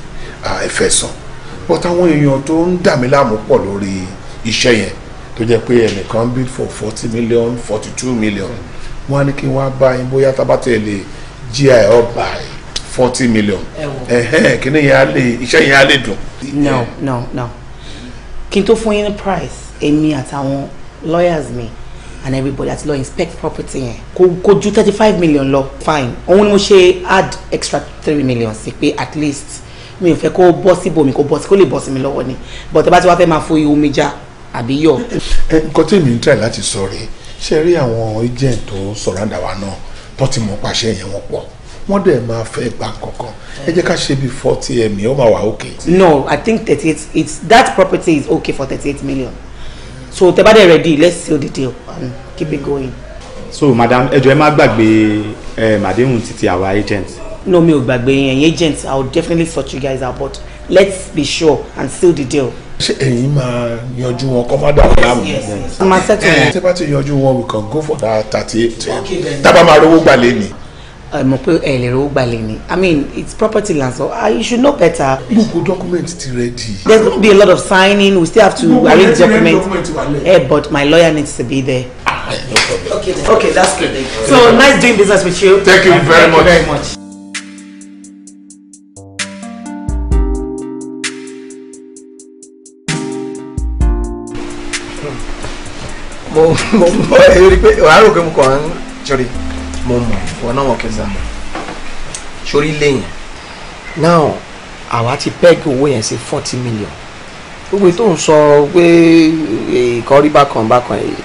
uh, ẹ fẹ́ san but àwọn èèyàn tó ń dà mí láàmú pọ̀ lórí iṣẹ́ yẹn tó jẹ́ pé ẹnìkan bid for forty million forty two million wọ́n á ní kí wọ́n á bá yín bóyá tábàtẹ̀ lè jí ẹ̀ ọ́ báyìí forty million kíni yẹn á lè iṣẹ́ yẹn á lè dùn. no no no kí n tó fún yín ní price èmi àtàwọn lawyers mi and everybody àti law inspect property yẹn kò kò ju thirty five million lọ fine òun ni mo ṣe add extra three million sí pé at least mi ò fẹ́ kó bọ́ síbòmí kó bọ́ sí kó lè bọ́ sí mi lọ́wọ́ ni but ẹ bá ti wá fẹ́ máa fo omi já àbí yọ. ẹ nǹkan tí èmi ń tẹ̀ láti sọ rèé ṣe rí àwọn agent tó sọ̀rọ̀ǹdà wa náà tó ti mọ̀ pàṣẹ yẹn wọ́n pọ̀ wọ́n dẹ̀ máa fẹ́ gba kankan ẹ jẹ́ ká ṣe bí forty m ó máa wà okay. no i think thirty eight it's that property is okay for thirty eight million so tẹ bá dẹ̀ ready let's seal the deal and keep it going. so madam ẹ jọ̀ọ́ ẹ má gbàgbé àdéhùn títí àwa agent. no mi ò gbàgbé ẹ̀yin agent i will definitely sort you guys out but let's be sure and seal the deal. ṣé èyí máa yanjú wọn kọ́ má dà wọ́n láàmú. ẹ ẹ tí bá ti yanjú wọn we can go for that thirty eight tábà máa rówó gbà lé mi mọ̀ pé ẹ lè gbalẹ̀ ni i mean it's property land so uh, you should know better. gbogbo document ti ready. there's gonna be a lot of signing we still have to Google arrange documents Hey, but my lawyer needs to be there. okay okay that's good so nice doing business with you. thank you very thank much. You very much. mo mo mo ẹ rí i pé wàá rò pé mo kàn ń jọrìí mo mọ̀ wọn náà wọ̀ kẹsà sórí lẹ́yìn. now àwa ti peg owó yẹn sí forty million gbogbo tó ń sọ pé ìkọrí eh, bákan bákan eh,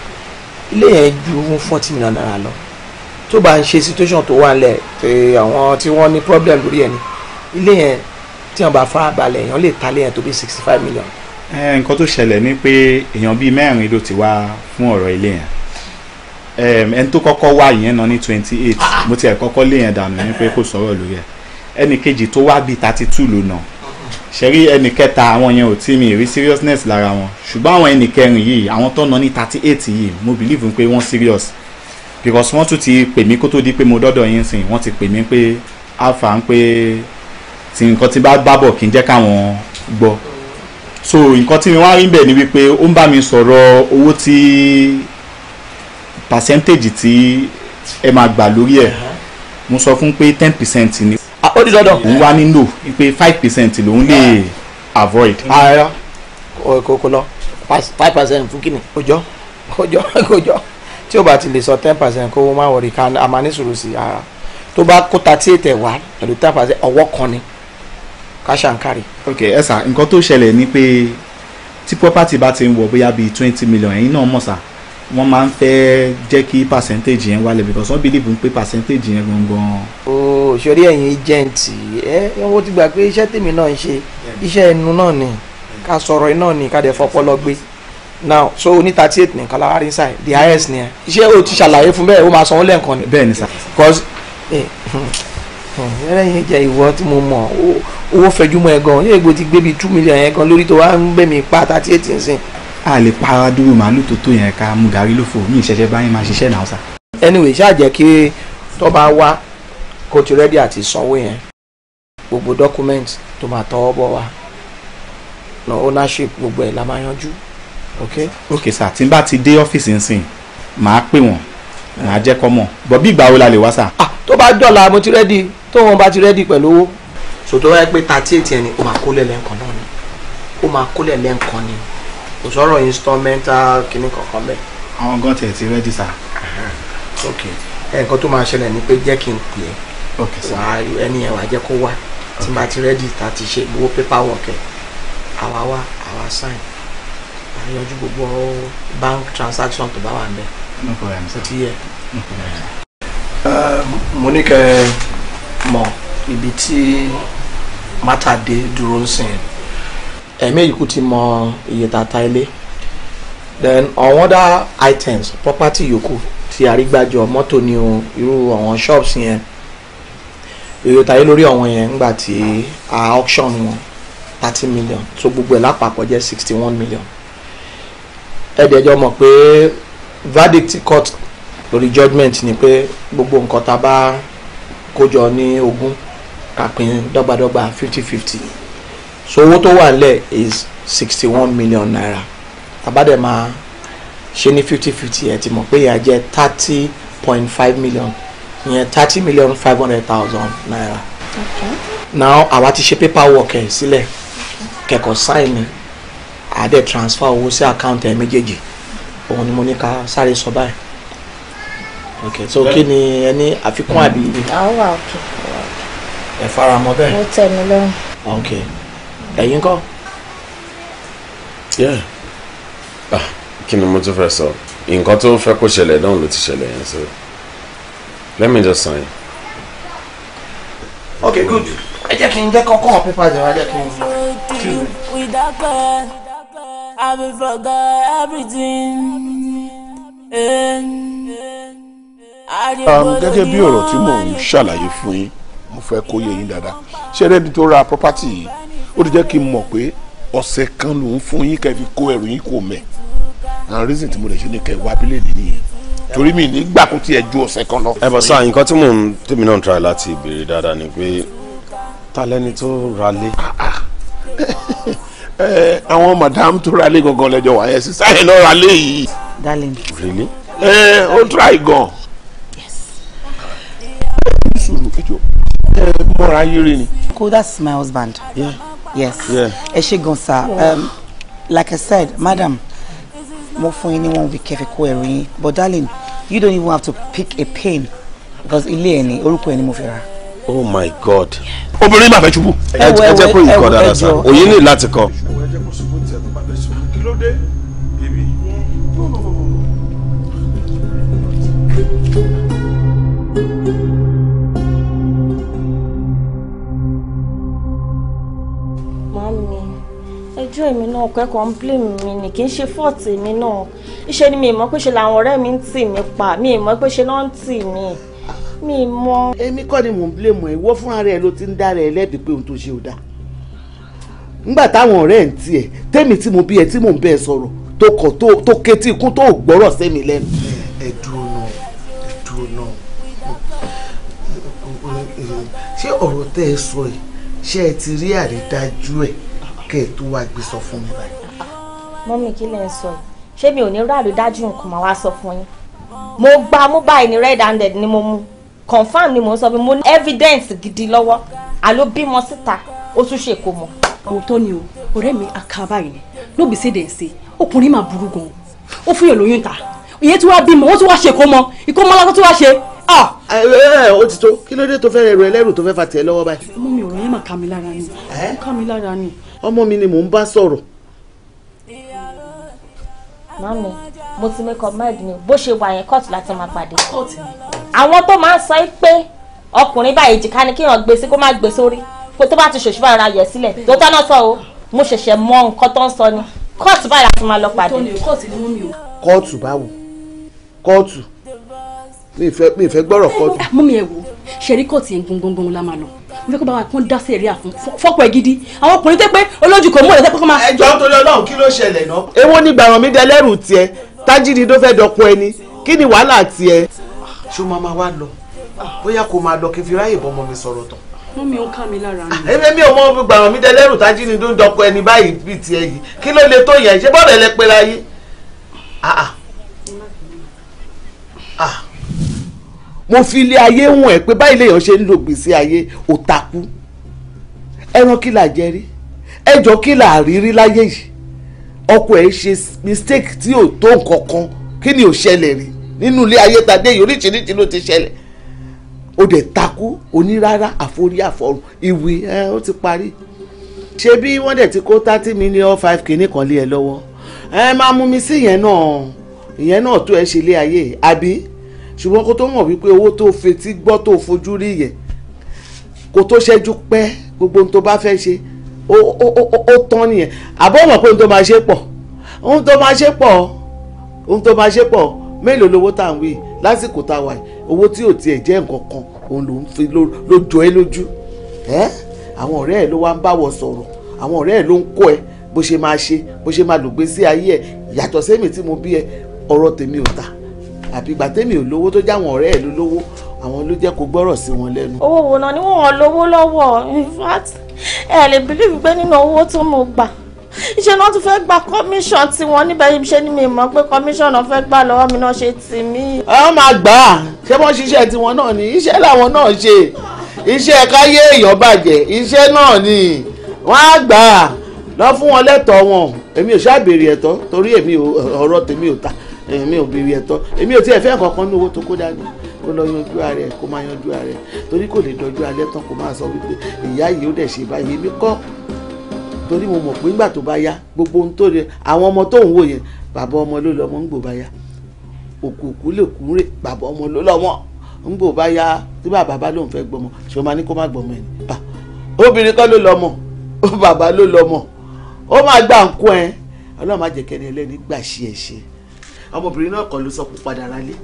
ilé yẹn ju forty million naira lọ tó bá ń ṣe situation tó wà nílẹ̀ pé àwọn tí wọ́n ní problem lórí ẹ̀ ni ilé yẹn tí wọ́n bá fara balẹ̀ èèyàn lè ta ilé yẹn tó bí sixty five million. Eh, nǹkan tó ṣẹlẹ̀ ni pé èèyàn bíi mẹ́rin ló ti wá fún ọ̀rọ̀ ilé yẹn ẹni tó kọ́kọ́ wá yẹn náà ní twenty eight ah, ah. mo tiẹ̀ kọ́kọ́ lé yẹn dànù ní pé kò sọ̀rọ̀ lórí ẹ̀ ẹnì kejì tó wá bíi thirty two ló nà ṣẹ́rí ẹnì kẹta àwọn yẹn ò tí mi rí seriousness lára wọn ṣùgbọ́n àwọn ẹnì kẹrin yìí àwọn tó nà ní thirty eight yìí mo believe pé wọ́n serious because wọ́n tún ti pè mí kó tó di pé mo dọ́dọ̀ yín sìn wọ́n ti pè mí pé alpha ń pé tí nǹkan ti bá bá bọ̀ kí jẹ́ káwọn gbọ́ so nǹkan tí mi wá rí bẹ̀ ni wípé ó ń bá mi sọ̀rọ̀ owó tí percentage tí ẹ máa gbà lórí ẹ̀ mo sọ fún pé ten percent ni ah, ó di dandan òun wá nílò pé five percent lòun lè avoid. Mm. ara kò lọ five percent fún kìnnì ọjọ́ ọjọ́ ọjọ́ tí o bá ti lè sọ ten percent kó o máa wọ̀rì ká a máa ní sùúrù sí ara tó bá kó thirty eight ẹ̀ wá pẹ̀lú ten percent ọwọ́ kan ni ká ṣàǹkárì. ok ẹ sà nǹkan tó ṣẹlẹ̀ ni pé tí property bá ti ń wọ bóyá bíi twenty million ẹ̀yin náà mọ̀ sá wọ́n máa ń fẹ́ jẹ́ kí percentage yẹn wálẹ̀ because wọ́n believe pé percentage yẹn gangan. o sori ẹ̀yin agent ẹ wọ́n ti gbà pé iṣẹ́ tèmi náà ń ṣe iṣẹ́ ẹnu náà ni ká sọ̀rọ̀ iná ni ká dẹ̀ fọpọlọ gbé now so ní thirty eight nìkan la wá rí sáì the highest ni ẹ iṣẹ́ o ti ṣàlàyé fún bẹ́ẹ̀ o máa sanwó lẹ́ẹ̀kan ni. bẹ́ẹ̀ ni sà. cause eh, ẹlẹ́yin jẹ́ ìwọ tí mo mọ̀ owó fẹjú mọ́ ẹ gan-an yóò gbé bíi two million yẹn gan lórí tó wá ń gbẹ̀mí pa thirty eight nsìn a lè para dúró màálù tó tó yẹn ká mú gàrí lófo mi ìṣẹ̀ṣẹ̀ báyìí máa ṣiṣẹ́ náà sà. anyway ṣáà jẹ́ kí tó bá wá kó ti rẹ́dí àti sanwó yẹn gbogbo document tó máa tọwọ́ bọ̀ wá na ownership gbogbo ẹ̀ la máa yanjú ok. ok sà tí n bá ti dé ọ́fíìsì nsìn màá pè wọ́n màá jẹ́ kọ́ mọ̀ bọ̀ bí ìgbà wo la lè wá sà. ah tó bá dọ̀la mo ti rẹ́dí tó wọn bá ti rẹ́dí pẹ̀lú owó. sòtò wáyé pé thirty eight yẹn ó máa kólẹ̀ lẹ́ǹkan náà ni ó máa kólẹ̀ lẹ́ǹkan ni kò sọ̀rọ̀ instrumental kìíní kankan bẹ́ẹ̀. àwọn gan tiẹ̀ ti rẹ́dí sá. ok nǹkan tó máa ṣẹlẹ̀ ni pé jẹ́ kí n pè é wà á ẹni yẹn wà á jẹ́ kó wá tí màá ti rẹ́dí tá a ti ṣe gbogbo pépà wọ̀kẹ́ àwa wá àwa sign àyànjú gbogbo bank transaction tó bá wà nbẹ. no problem sir. ti yẹ. mo ní kẹ́ ẹ mọ ibi tí mátàdé dúró ń sìn ẹ̀mí yìí kú ti mọ iye tata ilé then àwọn other items property yòókù ti àrígbájọ mọ́tò ni o irú àwọn shops yẹn iye tayé lórí àwọn yẹn ńgbà tí a auction wọn thirty million so gbogbo ẹ̀ lápapọ̀ jẹ́ sixty one million ẹ̀ẹ́dẹ̀ẹ́jọ́ mọ̀ pé verdict court lórí judgement ni pé gbogbo nǹkan tá a bá kó ní ogún ká dọ́gbadọ́gba fifty fifty so owó tó wà nílẹ̀ is sixty one million naira tàbádẹ́ máa ṣe ní fifty fifty ẹ̀ ti mọ̀ pé ìyá thirty point five million ìyẹn thirty million five hundred thousand naira now àwa ti ṣe paperwork ẹ̀ sílẹ̀ kẹ̀kọ́ sign ni àdẹ̀ transfer owó sí account ẹ̀ méjèèjì òun ni mo ní ká sáré sọ báyìí ok so kí ni ẹ ní àfikún àbí. àwọn àwà òkè. ẹ fara mọ́ bẹ́ẹ̀. mo tẹ́ mi lọ́rùn. ok. okay ẹ̀yin kọ́. Ah, kí ni mo tún fẹ́ sọ nǹkan tó fẹ́ kó ṣẹlẹ̀ náà ló ti ṣẹlẹ̀ yẹn so let me just sign. okay good ẹ jẹ́ kí n jẹ́ kọ́kọ́ hàn pépà jẹ́ wá jẹ́ kí n. I will forget everything. Um, gẹ́gẹ́ bí ọ̀rọ̀ tí mò ń ṣàlàyé fún yín mo fẹ́ kó yé yín dáadáa ṣé ẹni tó ra property yìí ó ti jẹ́ kí n mọ̀ pé ọ̀sẹ̀ kan ló ń fún yín kẹ́ fi kó ẹrù yín kò mẹ́ and reason tí mo lè ṣe ni kẹ́ abílẹ̀ nìyẹn torí mi nígbà kó tiẹ̀ ju ọ̀sẹ̀ kan lọ. ẹ bọ̀ sáà nǹkan tí mò ń tèmi náà try láti béèrè dáadáa ni pé ta lẹni tó ra lé. Eh, àwọn madam tó ra lé gangan lẹjọ wà yẹn sísá yẹn lọ lé yìí. darling. really. ẹ eh, ó try gan. yes. ẹ mọ̀ra eh, yín rí ni. kó that's my husband. Yeah yes ẹ ṣe gan Um, like i said madam mo for anyone we one week but darling you don't even have to pick a pain because ilé ẹ ní orúkọ ẹ ní oh my god obìnrin máa fẹ́ ṣubú. ẹ jẹ́ kó yìí kọ́ dáadáa sa òye ní láti kọ́. ẹ jẹ́ ẹjọ́ èmi náà kọ́ ẹ̀kọ́ ń blame mi ni kì í ṣe fault èmi náà iṣẹ́ ni mi mọ̀ pé ṣe làwọn ọ̀rẹ́ mi ń tì mí pa mi mọ̀ pé ṣe náà ń tì mí mi mọ̀. èmi kọ́ ni mò ń blame ẹ̀ ìwọ fúnra rẹ̀ ló ti ń dára ẹ lẹ́bi pé ohun tó ṣe ò dáa ńgbà táwọn ọ̀rẹ́ ẹ̀ ń tiẹ̀ tèmi tí mo bí ẹ tí mò ń bẹ́ẹ̀ sọ̀rọ̀ tó kọ̀ tó ketí ikú tó gbọ́rọ̀ sẹ́mi lẹ́nu. ẹ dúró ẹ dúró ṣé ọ̀rọ̀ tẹ́ ẹ sọ yìí ṣé ẹ ti rí àrídájú ẹ̀ kẹ́ ẹ̀ tó wá gbé sọ fún mi báyìí. mọ́mí kí lẹ ń sọ yìí ṣé mi ò ní ráàlú dájú nǹkan máa wá sọ fún yín mo gba mú báyìí red handed ni mo mú confam ni mo ń sọ pé mo ní evidence gidi lọ́wọ́ àló bímọ síta ó tún ṣe kò mọ̀. òótọ́ ni o ọ̀rẹ́ mi àkàbà yìí lóbi ṣe dẹ̀ ṣe ọkùnrin máa burú gan-an ó fún yàn lóyún ta ìyẹn tí wàá bímọ ó tún wá ṣe kó mọ ikú mọ́lá tó tún wá ṣe ẹ ah! ẹ eh, eh, eh, ó ti tó kí ló dé tó fẹ́ rẹ ẹlẹ́rù tó fẹ́ fa tiẹ̀ lọ́wọ́ báyìí. mú mi yẹn mà ká mi lára ni ká mi lára ni ọmọ mi ni mò ń bá sọ̀rọ̀. mami mo ti make up mind mi bó ṣe wà yẹn kóòtù láti máa pàdé àwọn tó máa ń sọ pé ọkùnrin báyìí jìká ni kéèyàn gbé sí kó má gbé sórí kó tó bá ti ṣòṣì bá ara yẹ sílẹ̀ tó tọ́nà sọ o mo ṣẹ̀ṣẹ̀ mọ nǹkan tó ń sọ ni kóòtù báyìí láti máa lọ pàdé. kóòtù báwo kóòtù mi ì fẹ́ gbọ́rọ̀ kóòtù. mú mi ẹ̀ wò ṣe rí kóòtù yẹn gbọ̀ngbọ̀ngbọ̀n la máa lọ mo fẹ́ kó bá wa kún dá sí àfún fọ́pọ̀ ẹ̀ gidi àwọn ọkùnrin tẹ́ pé olójú kò mú ọ̀dẹ́ pé kó máa. ẹjọ́ nítorí Ọlọ́run kí ló ṣẹlẹ̀ náà. èwo ni gbàràn mi dẹlẹ́rù tiẹ̀ tájídì ló fẹ́ dọ̀pọ̀ ẹni kí ni wàhálà tiẹ̀. ṣó máa ma wá lọ bóyá kó máa lọ kí n fi ráyè bọ́ ọmọ mi sọ̀rọ̀ tán. mú mi ó ká mi lára mi. èmi mi ò mọ gbàràn mi dẹlẹ́rù tájídì ló ń dọ̀pọ̀ ẹni báyìí bíi mo fi ilé ayé hùn ẹ pé báyìí lèèyàn ṣe ń lò gbèsè ayé òtakú ẹran kí là jẹ rí ẹjọ kí là rí rí láyé yìí ọkọ ẹ ṣe mistake tí ò tó nǹkan kan kí ni ò ṣẹlẹ̀ rí nínú ilé ayé tàdé yìí oríṣiríṣi ló ti ṣẹlẹ̀ ó dẹ̀ takú onírárá àforí àfọrùn ìwé ẹ ó ti parí ṣé bí wọ́n dẹ̀ ti kó thirty million five kìíní kan lé ẹ lọ́wọ́ ẹ máa mú mi sí ìyẹn náà ìyẹn náà tó ẹ ṣe lé ayé àbí ṣùgbọ́n kó tó mọ̀ wípé owó tó fetí gbọ́ tó fojú rí yẹ kó tó ṣẹ́jú pẹ́ gbogbo ohun tó bá fẹ́ ṣe ó tán nìyẹn àbọ̀ mọ̀ pé ohun tó máa ṣe pọ̀ ohun tó máa ṣe pọ̀ ohun tó máa ṣe pọ̀ mélòó lowó tá à ń wí lásìkò tá a wà yìí owó tí ò tiẹ̀ jẹ́ nǹkan kan òun ló ń fi lójó ẹ lójú ẹ àwọn ọ̀rẹ́ ẹ ló wá ń báwọ̀ sọ̀rọ̀ àwọn ọ̀rẹ́ ẹ ló ń kó ẹ bó ṣe máa ṣe bó ṣe máa lògbé sí ayé ẹ yàtọ̀ sẹ́mi tí mo bí ẹ ọ̀rọ̀ tèmi ò ta àbí ìgbà tẹ́mi ò lówó tó jáwọn ọ̀rẹ́ ẹ̀ ló àwọn ló jẹ́ kó gbọ́rọ̀ sí wọn lẹ́nu. owó wo náà ni wọn lówó lọ́wọ́ in fact ẹ lè bílíìfù pé nínú owó tó mo gbà ṣe náà tún fẹ́ gba commission tí wọ́n níbẹ̀ yìí ṣe ni mi mọ̀ pé commission náà fẹ́ gbà lọ́wọ́ mi náà ṣe tì mí. ọ máa gbà á ṣé wọ́n ṣiṣẹ́ tiwọn náà ni iṣẹ́ làwọn náà ṣe iṣẹ́ káyé èèyàn bàjẹ́ iṣẹ́ náà ni wọ́n á gbà á lọ fún wọn lẹ́tọ̀ọ́ wọn èmi ò ṣàbèrè ẹ̀tọ́ torí èmi ọ̀rọ̀ tèmi ò ta èmi ò béèrè ẹ̀tọ́ èmi ò tiẹ̀ fẹ́ nǹkan kan ní owó tó kó dání kó lọ yanjú ara ẹ̀ kó máa yanjú ara ẹ̀ torí kò lè dọjú alẹ́ tán kó máa sọ wípé ìyá yìí ó dẹ̀ ṣe báyìí èmi kọ́ torí mo mọ̀ pé ńgbà tó bá yá gbogbo ohun tó rẹ àwọn ọmọ tó ń wò yẹn bàbá ọmọ ló lọmọ ńgbò bá yá òkùnkùn lè kú rè bàbá ọmọ ló lọmọ ńgbò bá yá tí bàbá bá lóun fẹ́ gbọmọ ṣé o máa ní kó má gbọmọ ẹ̀ nípa obìnrin kọ́ ló lọmọ bàbá ló lọmọ ó máa gbà ń kó ẹ ọlọ́run má jẹ́ kẹ́ni ẹlẹ́ni gbà ṣe ẹ̀ ṣe ọmọbìnrin náà kọ́ ló sọ pé padà rálé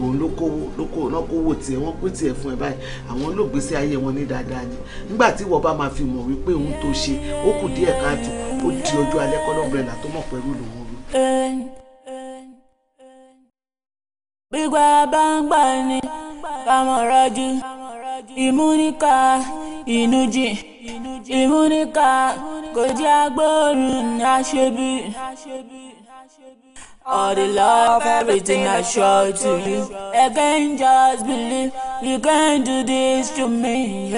òun ló kówó ló kó náà kówó tiẹ̀ wọ́n pín tiẹ̀ fún ẹ báyìí àwọn olóògbésí ayé wọn ní dáadáa ni nígbà tí ìwọ bá máa fi mọ̀ wípé òun tó ṣe ó kù díẹ̀ káàtó ó di ojú alẹ́ kọ́ lọ́mbrẹ́là tó mọ̀ pẹ̀lú lòun rú. gbígbà báńgbà ni kámọ̀ ìmúníkà ìnújì ìmúníkà kò jẹ́ agbóòrùn aṣebi. All the love, everything I show to you. I can't just believe you can do this to me.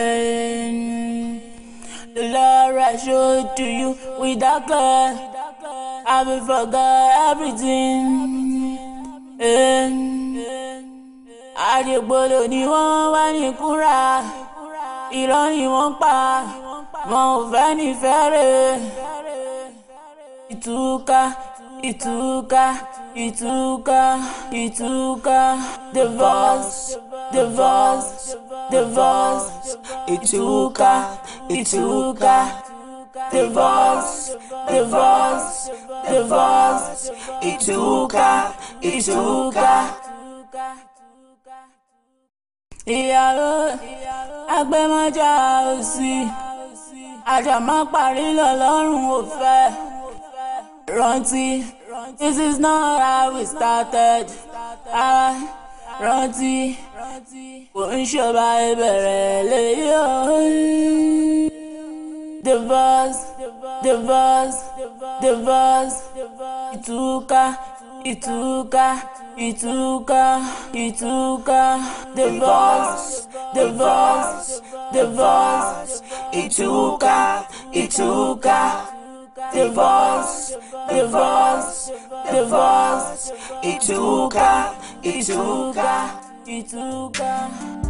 The love I show to you without God, I will forget everything. Àdìgbòlò ni wọ́n wá ní kúra, irọ́ ni wọ́n pa, wọn ò fẹ́ ní fẹ́rẹ̀. Ìtúká ìtúká ìtúká ìtúká divorce divorce divorce ìtúká ìtúká divorce divorce divorce ìtúká ìtúká. ìyàwó agbẹ́mọ́jà òsì àjàmọ́ parí lọ lọ́rùn òfẹ́ rántí this is not how we started ara ah, rántí kò ń ṣọba ìbẹ̀rẹ̀ lèyí o. divorce divorce divorce ìtúká ìtúká ìtúká ìtúká divorce divorce divorce ìtúká ìtúká. divorce, divorce, divorce, ituka, ituka, ituka.